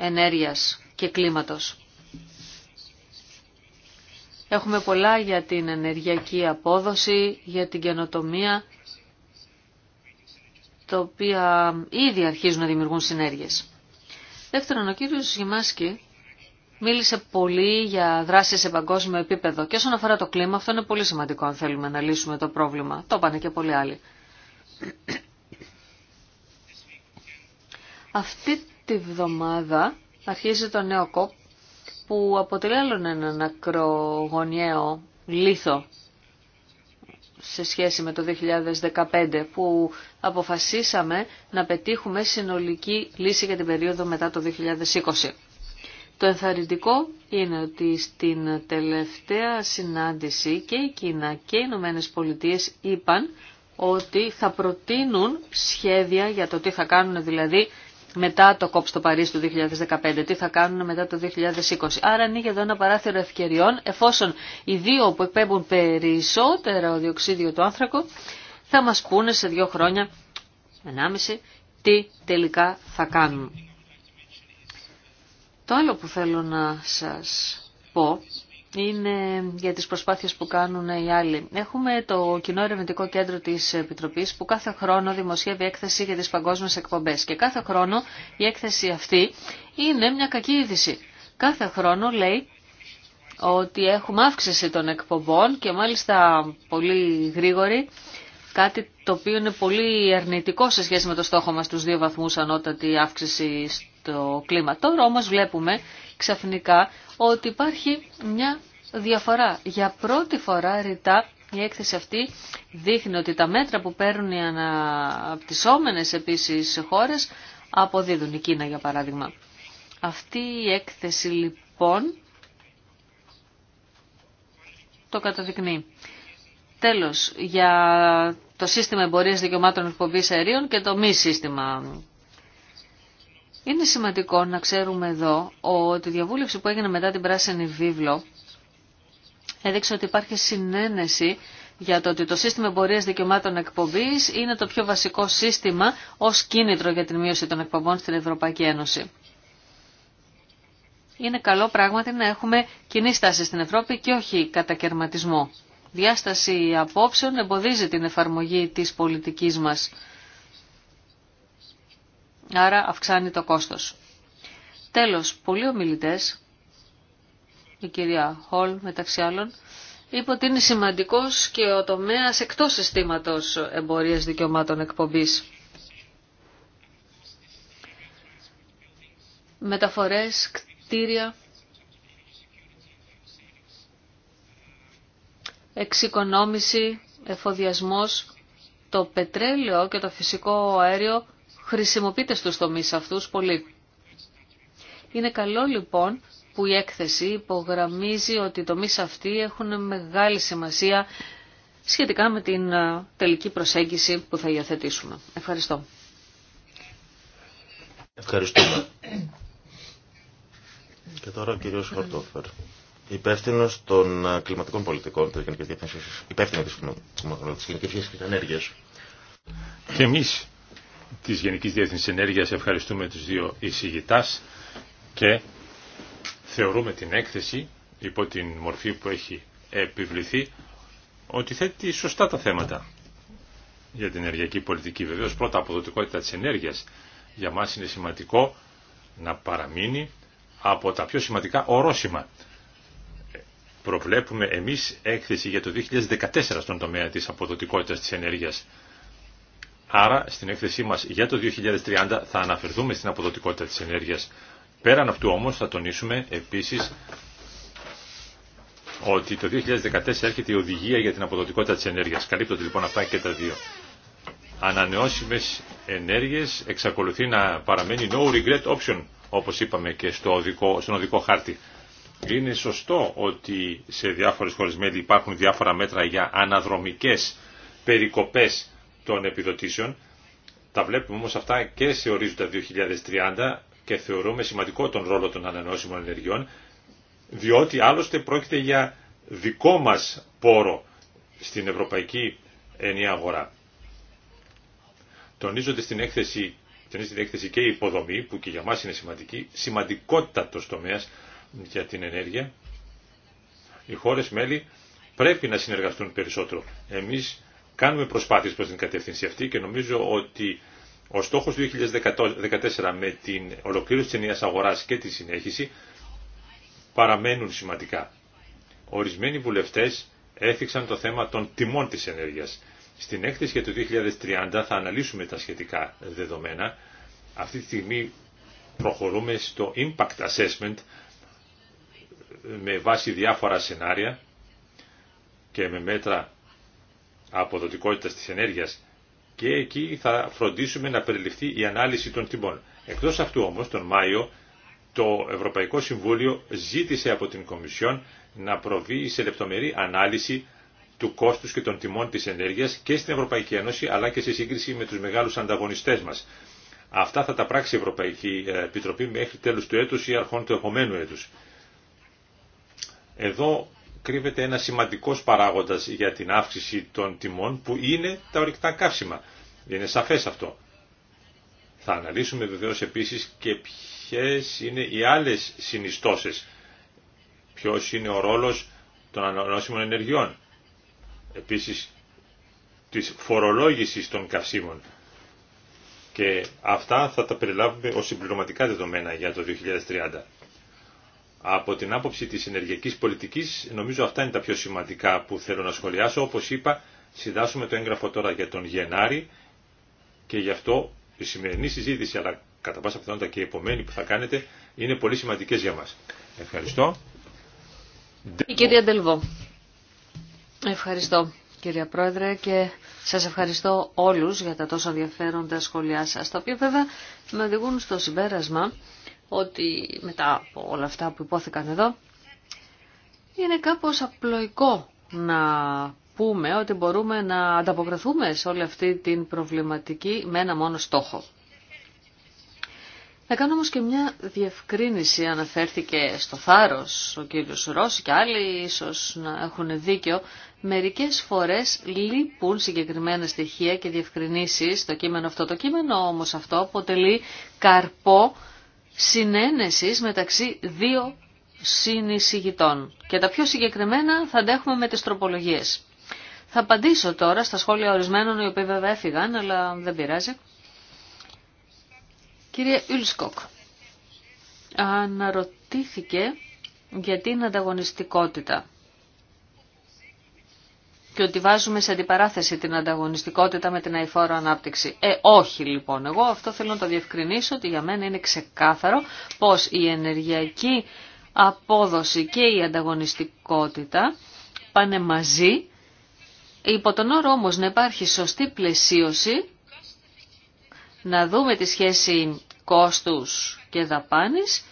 ενέργειας και κλίματος. Έχουμε πολλά για την ενεργειακή απόδοση, για την καινοτομία, τα οποία ήδη αρχίζουν να δημιουργούν συνέργειες. Δεύτερον, ο κύριος Γιμάσκι μίλησε πολύ για δράσεις σε παγκόσμιο επίπεδο και όσον αφορά το κλίμα αυτό είναι πολύ σημαντικό αν θέλουμε να λύσουμε το πρόβλημα. Το είπανε και πολλοί άλλοι. Αυτή τη βδομάδα αρχίζει το νέο κοπ που αποτελεί άλλον έναν ακρογωνιαίο λίθο σε σχέση με το 2015 που αποφασίσαμε να πετύχουμε συνολική λύση για την περίοδο μετά το 2020. Το ενθαρρυντικό είναι ότι στην τελευταία συνάντηση και η Κίνα και οι Ηνωμένε Πολιτείε είπαν ότι θα προτείνουν σχέδια για το τι θα κάνουν δηλαδή μετά το κόψτο στο Παρίσι του 2015, τι θα κάνουν μετά το 2020. Άρα ανοίγει εδώ ένα παράθυρο ευκαιριών, εφόσον οι δύο που εκπέμπουν περισσότερο διοξίδιο του άνθρακο, θα μας πούνε σε δύο χρόνια, ενάμιση, τι τελικά θα κάνουν. Το άλλο που θέλω να σας πω είναι για τις προσπάθειες που κάνουν οι άλλοι. Έχουμε το Κοινό Ερευνητικό Κέντρο της Επιτροπής που κάθε χρόνο δημοσιεύει έκθεση για τις παγκόσμιες εκπομπές και κάθε χρόνο η έκθεση αυτή είναι μια κακή είδηση. Κάθε χρόνο λέει ότι έχουμε αύξηση των εκπομπών και μάλιστα πολύ γρήγορη κάτι το οποίο είναι πολύ αρνητικό σε σχέση με το στόχο μας τους δύο βαθμούς ανώτατη αύξηση στο κλίμα. Τώρα όμως βλέπουμε ξαφνικά ότι υπάρχει μια διαφορά. Για πρώτη φορά ρητά η έκθεση αυτή δείχνει ότι τα μέτρα που παίρνουν οι αναπτυσσόμενες επίσης χώρες αποδίδουν η Κίνα για παράδειγμα. Αυτή η έκθεση λοιπόν το καταδεικνύει. Τέλος, για το σύστημα εμπορίας δικαιωμάτων εκπομπής αερίων και το μη σύστημα είναι σημαντικό να ξέρουμε εδώ ότι η διαβούλευση που έγινε μετά την πράσινη βίβλο έδειξε ότι υπάρχει συνένεση για το ότι το σύστημα εμπορία δικαιωμάτων εκπομπή είναι το πιο βασικό σύστημα ω κίνητρο για την μείωση των εκπομπών στην Ευρωπαϊκή Ένωση. Είναι καλό πράγματι να έχουμε κοινή στάση στην Ευρώπη και όχι κατακαιρματισμό. Διάσταση απόψεων εμποδίζει την εφαρμογή της πολιτικής μας άρα αυξάνει το κόστος. Τέλος, πολλοί ομιλητές, η κυρία Χολ μεταξύ άλλων, είπε ότι είναι σημαντικός και ο τομέας εκτός συστήματος εμπορίας δικαιωμάτων εκπομπής. Μεταφορές, κτίρια, εξοικονόμηση, εφοδιασμός, το πετρέλαιο και το φυσικό αέριο χρησιμοποιείται στους τομείς αυτούς πολύ. Είναι καλό λοιπόν που η έκθεση υπογραμμίζει ότι οι τομείς αυτοί έχουν μεγάλη σημασία σχετικά με την τελική προσέγγιση που θα υιοθετήσουμε. Ευχαριστώ. Ευχαριστούμε. Και τώρα ο κύριος Χορτόφερ, υπεύθυνο των κλιματικών πολιτικών της Γενικής Διεθνής, υπεύθυνο της Γενικής Διεθνής Ενέργειας. Και εμείς της Γενικής Διεθνής Ενέργειας ευχαριστούμε τους δύο εισηγητάς και θεωρούμε την έκθεση υπό την μορφή που έχει επιβληθεί ότι θέτει σωστά τα θέματα για την ενεργειακή πολιτική. Βεβαίως πρώτα αποδοτικότητα της ενέργειας για μας είναι σημαντικό να παραμείνει από τα πιο σημαντικά ορόσημα. Προβλέπουμε εμείς έκθεση για το 2014 στον τομέα της αποδοτικότητας της ενέργειας Άρα στην έκθεσή μας για το 2030 θα αναφερθούμε στην αποδοτικότητα της ενέργειας. Πέραν αυτού όμως θα τονίσουμε επίσης ότι το 2014 έρχεται η οδηγία για την αποδοτικότητα της ενέργειας. Καλύπτονται λοιπόν αυτά και τα δύο. Ανανεώσιμες ενέργειες εξακολουθεί να παραμένει no regret option, όπως είπαμε και στο οδικό, στον οδικό χάρτη. Είναι σωστό ότι σε διάφορες χώρες μέλη υπάρχουν διάφορα μέτρα για αναδρομικές περικοπές των επιδοτήσεων. Τα βλέπουμε όμως αυτά και σε ορίζοντα 2030 και θεωρούμε σημαντικό τον ρόλο των ανανεώσιμων ενεργειών, διότι άλλωστε πρόκειται για δικό μας πόρο στην ευρωπαϊκή ενιαία αγορά. Τονίζονται στην έκθεση, έκθεση και η υποδομή, που και για μας είναι σημαντική, σημαντικότατος τομέας για την ενέργεια. Οι χώρες μέλη πρέπει να συνεργαστούν περισσότερο. Εμείς Κάνουμε προσπάθειες προς την κατεύθυνση αυτή και νομίζω ότι ο στόχος του 2014 με την ολοκλήρωση της ενιαίας αγοράς και τη συνέχιση παραμένουν σημαντικά. Ορισμένοι βουλευτές έφυξαν το θέμα των τιμών της ενέργειας. Στην έκθεση για το 2030 θα αναλύσουμε τα σχετικά δεδομένα. Αυτή τη στιγμή προχωρούμε στο impact assessment με βάση διάφορα σενάρια και με μέτρα αποδοτικότητας τη ενέργεια και εκεί θα φροντίσουμε να περιληφθεί η ανάλυση των τιμών. Εκτός αυτού όμως, τον Μάιο, το Ευρωπαϊκό Συμβούλιο ζήτησε από την Κομισιόν να προβεί σε λεπτομερή ανάλυση του κόστους και των τιμών της ενέργειας και στην Ευρωπαϊκή Ένωση αλλά και σε σύγκριση με τους μεγάλους ανταγωνιστέ μα. Αυτά θα τα πράξει η Ευρωπαϊκή ε, Επιτροπή μέχρι τέλου του έτου ή αρχών του επομένου Έτου. Εδώ κρύβεται ένα σημαντικός παράγοντας για την αύξηση των τιμών που είναι τα ορυκτά καύσιμα. Είναι σαφές αυτό. Θα αναλύσουμε βεβαίως επίσης και ποιες είναι οι άλλες συνιστώσεις. Ποιος είναι ο ρόλος των ανανεώσιμων ενεργειών. Επίσης της φορολόγησης των καυσίμων. Και αυτά θα τα περιλάβουμε ως συμπληρωματικά δεδομένα για το 2030. Από την άποψη της ενεργειακής πολιτικής, νομίζω αυτά είναι τα πιο σημαντικά που θέλω να σχολιάσω. Όπως είπα, συντάσσουμε το έγγραφο τώρα για τον Γενάρη και γι' αυτό η σημερινή συζήτηση, αλλά κατά πάσα πιθανότητα και η επομένη που θα κάνετε, είναι πολύ σημαντικές για μας. Ευχαριστώ. Η κυρία Ντελβό. Ευχαριστώ κυρία Πρόεδρε και σας ευχαριστώ όλους για τα τόσο ενδιαφέροντα σχόλιά σας, τα οποία βέβαια με οδηγούν στο συμπέρασμα ότι μετά από όλα αυτά που υπόθηκαν εδώ, είναι κάπως απλοϊκό να πούμε ότι μπορούμε να ανταποκριθούμε σε όλη αυτή την προβληματική με ένα μόνο στόχο. Να κάνω όμως και μια διευκρίνηση, αναφέρθηκε στο θάρρος ο κύριος Ρώση και άλλοι ίσως να έχουν δίκιο. Μερικές φορές λείπουν συγκεκριμένα στοιχεία και διευκρινήσεις στο κείμενο αυτό. Το κείμενο όμως αυτό αποτελεί καρπό συνένεσης μεταξύ δύο συνεισηγητών. Και τα πιο συγκεκριμένα θα αντέχουμε με τις τροπολογίες. Θα απαντήσω τώρα στα σχόλια ορισμένων, οι οποίοι βέβαια έφυγαν, αλλά δεν πειράζει. Κύριε Ιλσκοκ, αναρωτήθηκε για την ανταγωνιστικότητα και ότι βάζουμε σε αντιπαράθεση την ανταγωνιστικότητα με την αηφόρο ανάπτυξη. Ε, όχι λοιπόν. Εγώ αυτό θέλω να το διευκρινίσω ότι για μένα είναι ξεκάθαρο πως η ενεργειακή απόδοση και η ανταγωνιστικότητα πάνε μαζί υπό τον όρο όμως να υπάρχει σωστή πλαισίωση να δούμε τη σχέση κόστους και δαπάνης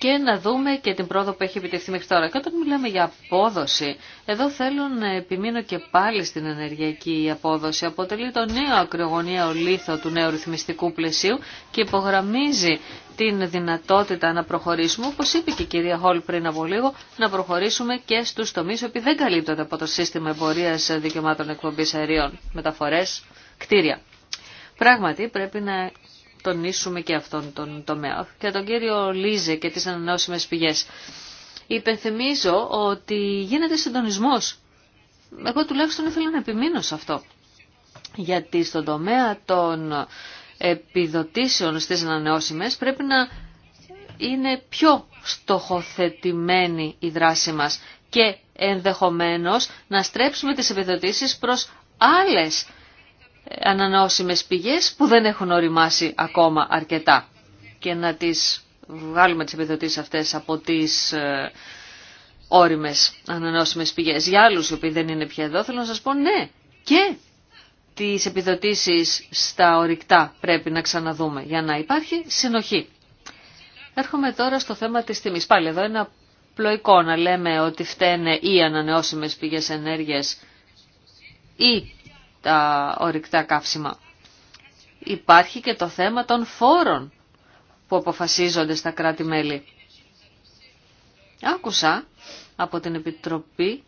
και να δούμε και την πρόοδο που έχει επιτευχθεί μέχρι τώρα. Και όταν μιλάμε για απόδοση, εδώ θέλω να επιμείνω και πάλι στην ενεργειακή απόδοση. Αποτελεί το νέο ακρογωνιαίο λίθο του νέου ρυθμιστικού πλαισίου και υπογραμμίζει την δυνατότητα να προχωρήσουμε, όπω είπε και η κυρία Χόλ πριν από λίγο, να προχωρήσουμε και στου τομείς που δεν καλύπτονται από το σύστημα εμπορία δικαιωμάτων εκπομπή αερίων, Μεταφορέ, κτίρια. Πράγματι πρέπει να τονίσουμε και αυτόν τον τομέα. Και τον κύριο Λίζε και τις ανανεώσιμες πηγές. Υπενθυμίζω ότι γίνεται συντονισμός. Εγώ τουλάχιστον ήθελα να επιμείνω σε αυτό. Γιατί στον τομέα των επιδοτήσεων στις ανανεώσιμες πρέπει να είναι πιο στοχοθετημένη η δράση μας και ενδεχομένως να στρέψουμε τις επιδοτήσεις προς άλλες ανανεώσιμες πηγές που δεν έχουν οριμάσει ακόμα αρκετά και να τις βγάλουμε τις επιδοτήσεις αυτές από τις ε, όριμες ανανεώσιμες πηγές. Για άλλους οι οποίοι δεν είναι πια εδώ θέλω να σας πω ναι και τις επιδοτήσεις στα ορυκτά πρέπει να ξαναδούμε για να υπάρχει συνοχή. Έρχομαι τώρα στο θέμα της τιμής. Πάλι εδώ ένα πλοϊκό να λέμε ότι φταίνε ή ανανεώσιμες πηγές ενέργειας ή τα ορυκτά καύσιμα. Υπάρχει και το θέμα των φόρων που αποφασίζονται στα κράτη-μέλη. Άκουσα από την Επιτροπή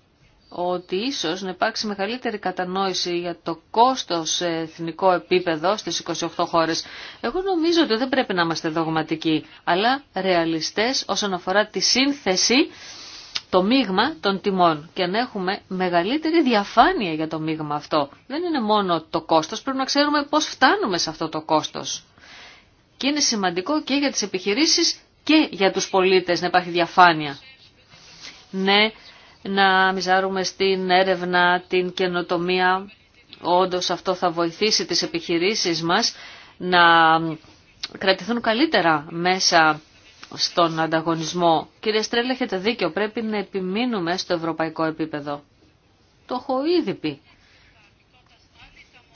ότι ίσως να υπάρξει μεγαλύτερη κατανόηση για το κόστος σε εθνικό επίπεδο στις 28 χώρες. Εγώ νομίζω ότι δεν πρέπει να είμαστε δογματικοί, αλλά ρεαλιστές όσον αφορά τη σύνθεση το μείγμα των τιμών και να έχουμε μεγαλύτερη διαφάνεια για το μείγμα αυτό. Δεν είναι μόνο το κόστος, πρέπει να ξέρουμε πώς φτάνουμε σε αυτό το κόστος. Και είναι σημαντικό και για τις επιχειρήσεις και για τους πολίτες να υπάρχει διαφάνεια. Ναι, να μιζάρουμε στην έρευνα, την καινοτομία. Όντως αυτό θα βοηθήσει τις επιχειρήσεις μας να κρατηθούν καλύτερα μέσα στον ανταγωνισμό. Κύριε Στρέλ, έχετε δίκιο, πρέπει να επιμείνουμε στο ευρωπαϊκό επίπεδο. Το έχω ήδη πει.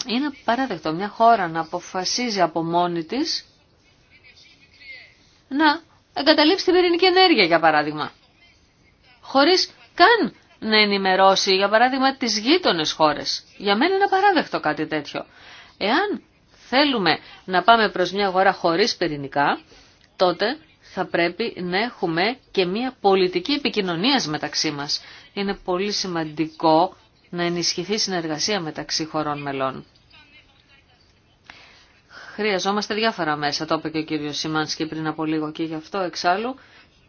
Είναι παράδεκτο μια χώρα να αποφασίζει από μόνη της να εγκαταλείψει την πυρηνική ενέργεια, για παράδειγμα. Χωρίς καν να ενημερώσει, για παράδειγμα, τις γείτονες χώρες. Για μένα είναι παράδεκτο κάτι τέτοιο. Εάν θέλουμε να πάμε προς μια αγορά χωρίς πυρηνικά, τότε θα πρέπει να έχουμε και μια πολιτική επικοινωνίας μεταξύ μας. Είναι πολύ σημαντικό να ενισχυθεί συνεργασία μεταξύ χωρών μελών. Χρειαζόμαστε διάφορα μέσα, το είπε και ο κύριος Σιμάνσκι πριν από λίγο και γι' αυτό εξάλλου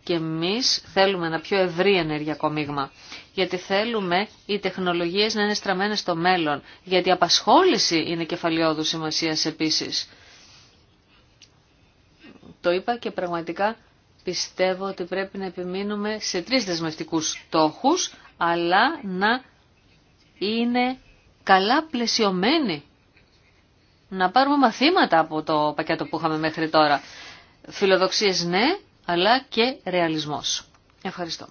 και εμείς θέλουμε ένα πιο ευρύ ενεργειακό μείγμα. Γιατί θέλουμε οι τεχνολογίες να είναι στραμμένες στο μέλλον. Γιατί η απασχόληση είναι κεφαλαιόδου σημασία επίσης. Το είπα και πραγματικά πιστεύω ότι πρέπει να επιμείνουμε σε τρεις δεσμευτικούς στόχους, αλλά να είναι καλά πλαισιωμένοι. Να πάρουμε μαθήματα από το πακέτο που είχαμε μέχρι τώρα. Φιλοδοξίες ναι, αλλά και ρεαλισμός. Ευχαριστώ.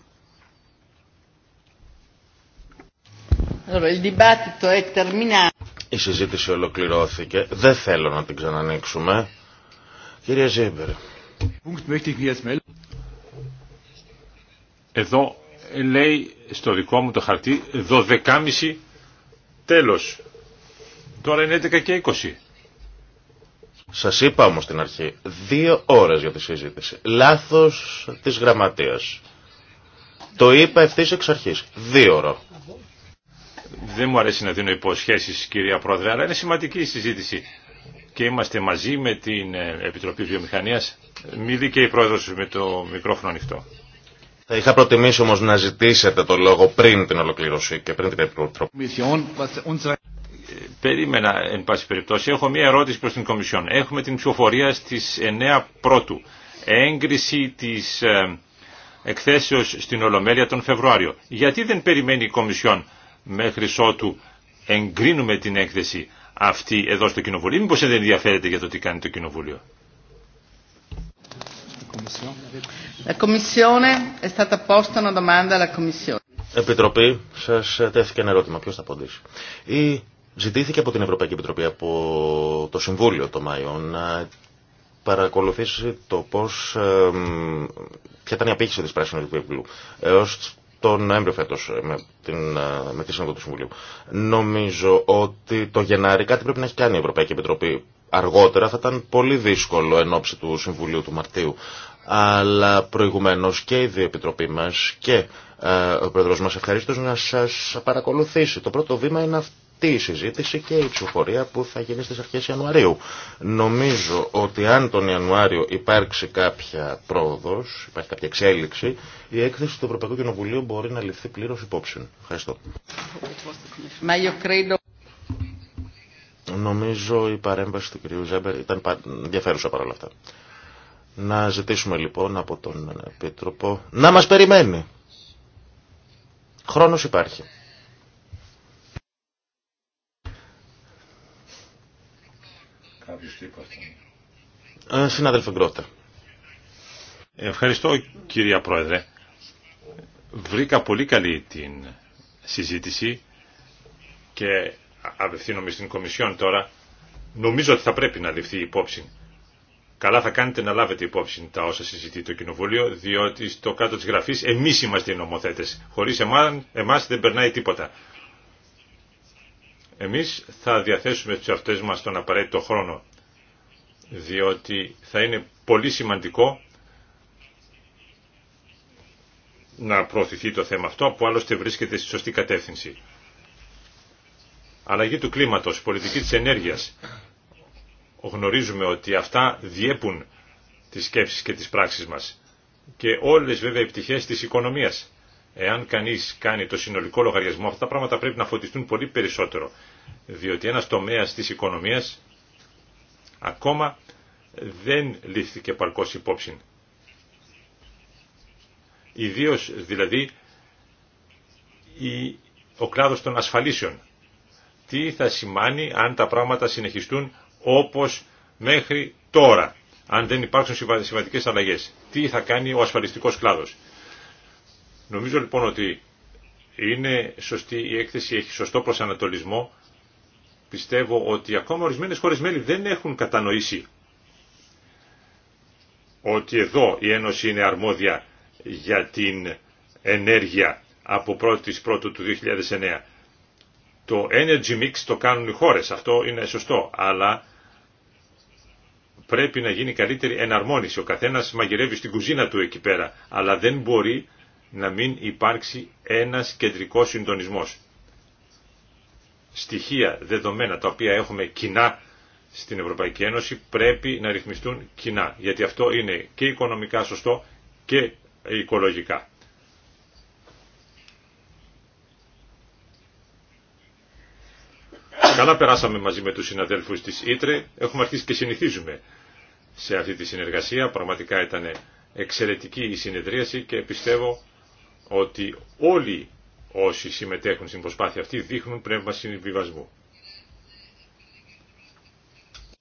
Η συζήτηση ολοκληρώθηκε. Δεν θέλω να την ξανανοίξουμε. Κυρία Ζέμπερ. Εδώ λέει στο δικό μου το χαρτί 12.30 τέλος. Τώρα είναι 11 και 20. Σας είπα όμως στην αρχή, δύο ώρες για τη συζήτηση. Λάθος της γραμματείας. Το είπα ευθύς εξ αρχής. Δύο ώρο. Δεν μου αρέσει να δίνω υποσχέσεις κυρία Πρόεδρε, αλλά είναι σημαντική η συζήτηση και είμαστε μαζί με την ε, Επιτροπή Βιομηχανίας. Μιλεί και η πρόεδρος με το μικρόφωνο ανοιχτό. Θα είχα προτιμήσει όμως να ζητήσετε το λόγο πριν την ολοκλήρωση και πριν την Επιτροπή. Ε, περίμενα, εν πάση περιπτώσει, έχω μία ερώτηση προς την Κομισιόν. Έχουμε την ψηφοφορία στις 9 πρώτου. Έγκριση της ε, εκθέσεως στην Ολομέλεια τον Φεβρουάριο. Γιατί δεν περιμένει η Κομισιόν μέχρι ότου εγκρίνουμε την έκθεση αυτή εδώ στο Κοινοβουλίο. Μήπως δεν ενδιαφέρεται για το τι κάνει το Κοινοβούλιο. Επιτροπή, σα τέθηκε ένα ερώτημα. Ποιος θα απαντήσει. Ή ζητήθηκε από την Ευρωπαϊκή Επιτροπή, από το Συμβούλιο το Μάιο, να παρακολουθήσει το πώ. ποια ήταν η απήχηση τη πράσινη Βίβλου, Έως τον Νοέμβριο φέτος ε, με, την, ε, με τη Σύνοδο του Συμβουλίου. Νομίζω ότι το Γενάρη κάτι πρέπει να έχει κάνει η Ευρωπαϊκή Επιτροπή. Αργότερα θα ήταν πολύ δύσκολο εν ώψη του Συμβουλίου του Μαρτίου. Αλλά προηγουμένως και η Διεπιτροπή μας και ε, ο πρόεδρος μας ευχαρίστως να σας παρακολουθήσει. Το πρώτο βήμα είναι αυτό Τη η συζήτηση και η ψηφορία που θα γίνει στις αρχές Ιανουαρίου. Νομίζω ότι αν τον Ιανουάριο υπάρξει κάποια πρόοδος, υπάρχει κάποια εξέλιξη, η έκθεση του Ευρωπαϊκού Κοινοβουλίου μπορεί να ληφθεί πλήρως υπόψη. Ευχαριστώ. Νομίζω η παρέμβαση του κ. Ζέμπερ ήταν ενδιαφέρουσα παρόλα αυτά. Να ζητήσουμε λοιπόν από τον Επίτροπο να μας περιμένει. Χρόνος υπάρχει. Ε, συνάδελφε Γκρότα. Ευχαριστώ κυρία Πρόεδρε. Βρήκα πολύ καλή την συζήτηση και απευθύνομαι στην Κομισιόν τώρα. Νομίζω ότι θα πρέπει να ληφθεί υπόψη. Καλά θα κάνετε να λάβετε υπόψη τα όσα συζητεί το Κοινοβούλιο, διότι στο κάτω της γραφής εμείς είμαστε οι νομοθέτες. Χωρίς εμά, εμάς δεν περνάει τίποτα. Εμείς θα διαθέσουμε στους αυτές μας τον απαραίτητο χρόνο, διότι θα είναι πολύ σημαντικό να προωθηθεί το θέμα αυτό, που άλλωστε βρίσκεται στη σωστή κατεύθυνση. Αλλαγή του κλίματος, πολιτική της ενέργειας. Γνωρίζουμε ότι αυτά διέπουν τις σκέψεις και τις πράξεις μας και όλες βέβαια οι πτυχές της οικονομίας. Εάν κανείς κάνει το συνολικό λογαριασμό, αυτά τα πράγματα πρέπει να φωτιστούν πολύ περισσότερο. Διότι ένας τομέας της οικονομίας ακόμα δεν λήφθηκε παλκώς υπόψη. Ιδίως δηλαδή η, ο κλάδος των ασφαλίσεων. Τι θα σημάνει αν τα πράγματα συνεχιστούν όπως μέχρι τώρα, αν δεν υπάρξουν σημαντικές αλλαγές. Τι θα κάνει ο ασφαλιστικός κλάδος. Νομίζω λοιπόν ότι είναι σωστή η έκθεση, έχει σωστό προσανατολισμό. Πιστεύω ότι ακόμα ορισμένες χώρες μέλη δεν έχουν κατανοήσει ότι εδώ η Ένωση είναι αρμόδια για την ενέργεια από 1η πρώτου του 2009. Το energy mix το κάνουν οι χώρες, αυτό είναι σωστό, αλλά πρέπει να γίνει καλύτερη εναρμόνιση. Ο καθένας μαγειρεύει στην κουζίνα του εκεί πέρα, αλλά δεν μπορεί να μην υπάρξει ένας κεντρικός συντονισμός. Στοιχεία, δεδομένα τα οποία έχουμε κοινά στην Ευρωπαϊκή Ένωση πρέπει να ρυθμιστούν κοινά, γιατί αυτό είναι και οικονομικά σωστό και οικολογικά. Καλά περάσαμε μαζί με τους συναδέλφους της Ήτρε, έχουμε αρχίσει και συνηθίζουμε σε αυτή τη συνεργασία. Πραγματικά ήταν εξαιρετική η συνεδρίαση και πιστεύω ότι όλοι όσοι συμμετέχουν στην προσπάθεια αυτή δείχνουν πνεύμα συμβιβασμού.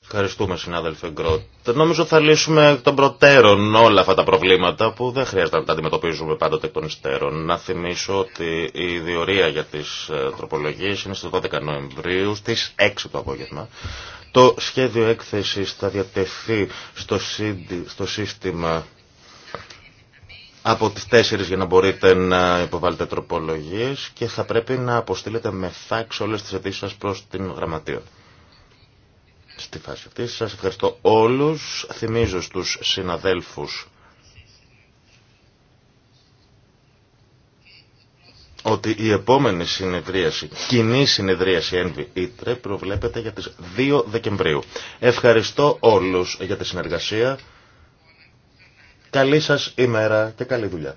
Ευχαριστούμε συνάδελφε Γκρότ. Νομίζω θα λύσουμε των προτέρων όλα αυτά τα προβλήματα που δεν χρειάζεται να τα αντιμετωπίζουμε πάντοτε εκ των υστέρων. Να θυμίσω ότι η διορία για τις ε, τροπολογίες είναι στις 12 Νοεμβρίου στις 6 το απόγευμα. Το σχέδιο έκθεσης θα διατεθεί στο, σύστημα από τις τέσσερις για να μπορείτε να υποβάλλετε τροπολογίες και θα πρέπει να αποστείλετε με φάξ όλες τις αιτήσεις σας προς την γραμματεία. Στη φάση αυτή σας ευχαριστώ όλους. Θυμίζω στους συναδέλφους ότι η επόμενη συνεδρίαση, κοινή συνεδρίαση ΕΝΒΙ ΙΤΡΕ προβλέπεται για τις 2 Δεκεμβρίου. Ευχαριστώ όλους για τη συνεργασία. Καλή σας ημέρα και καλή δουλειά.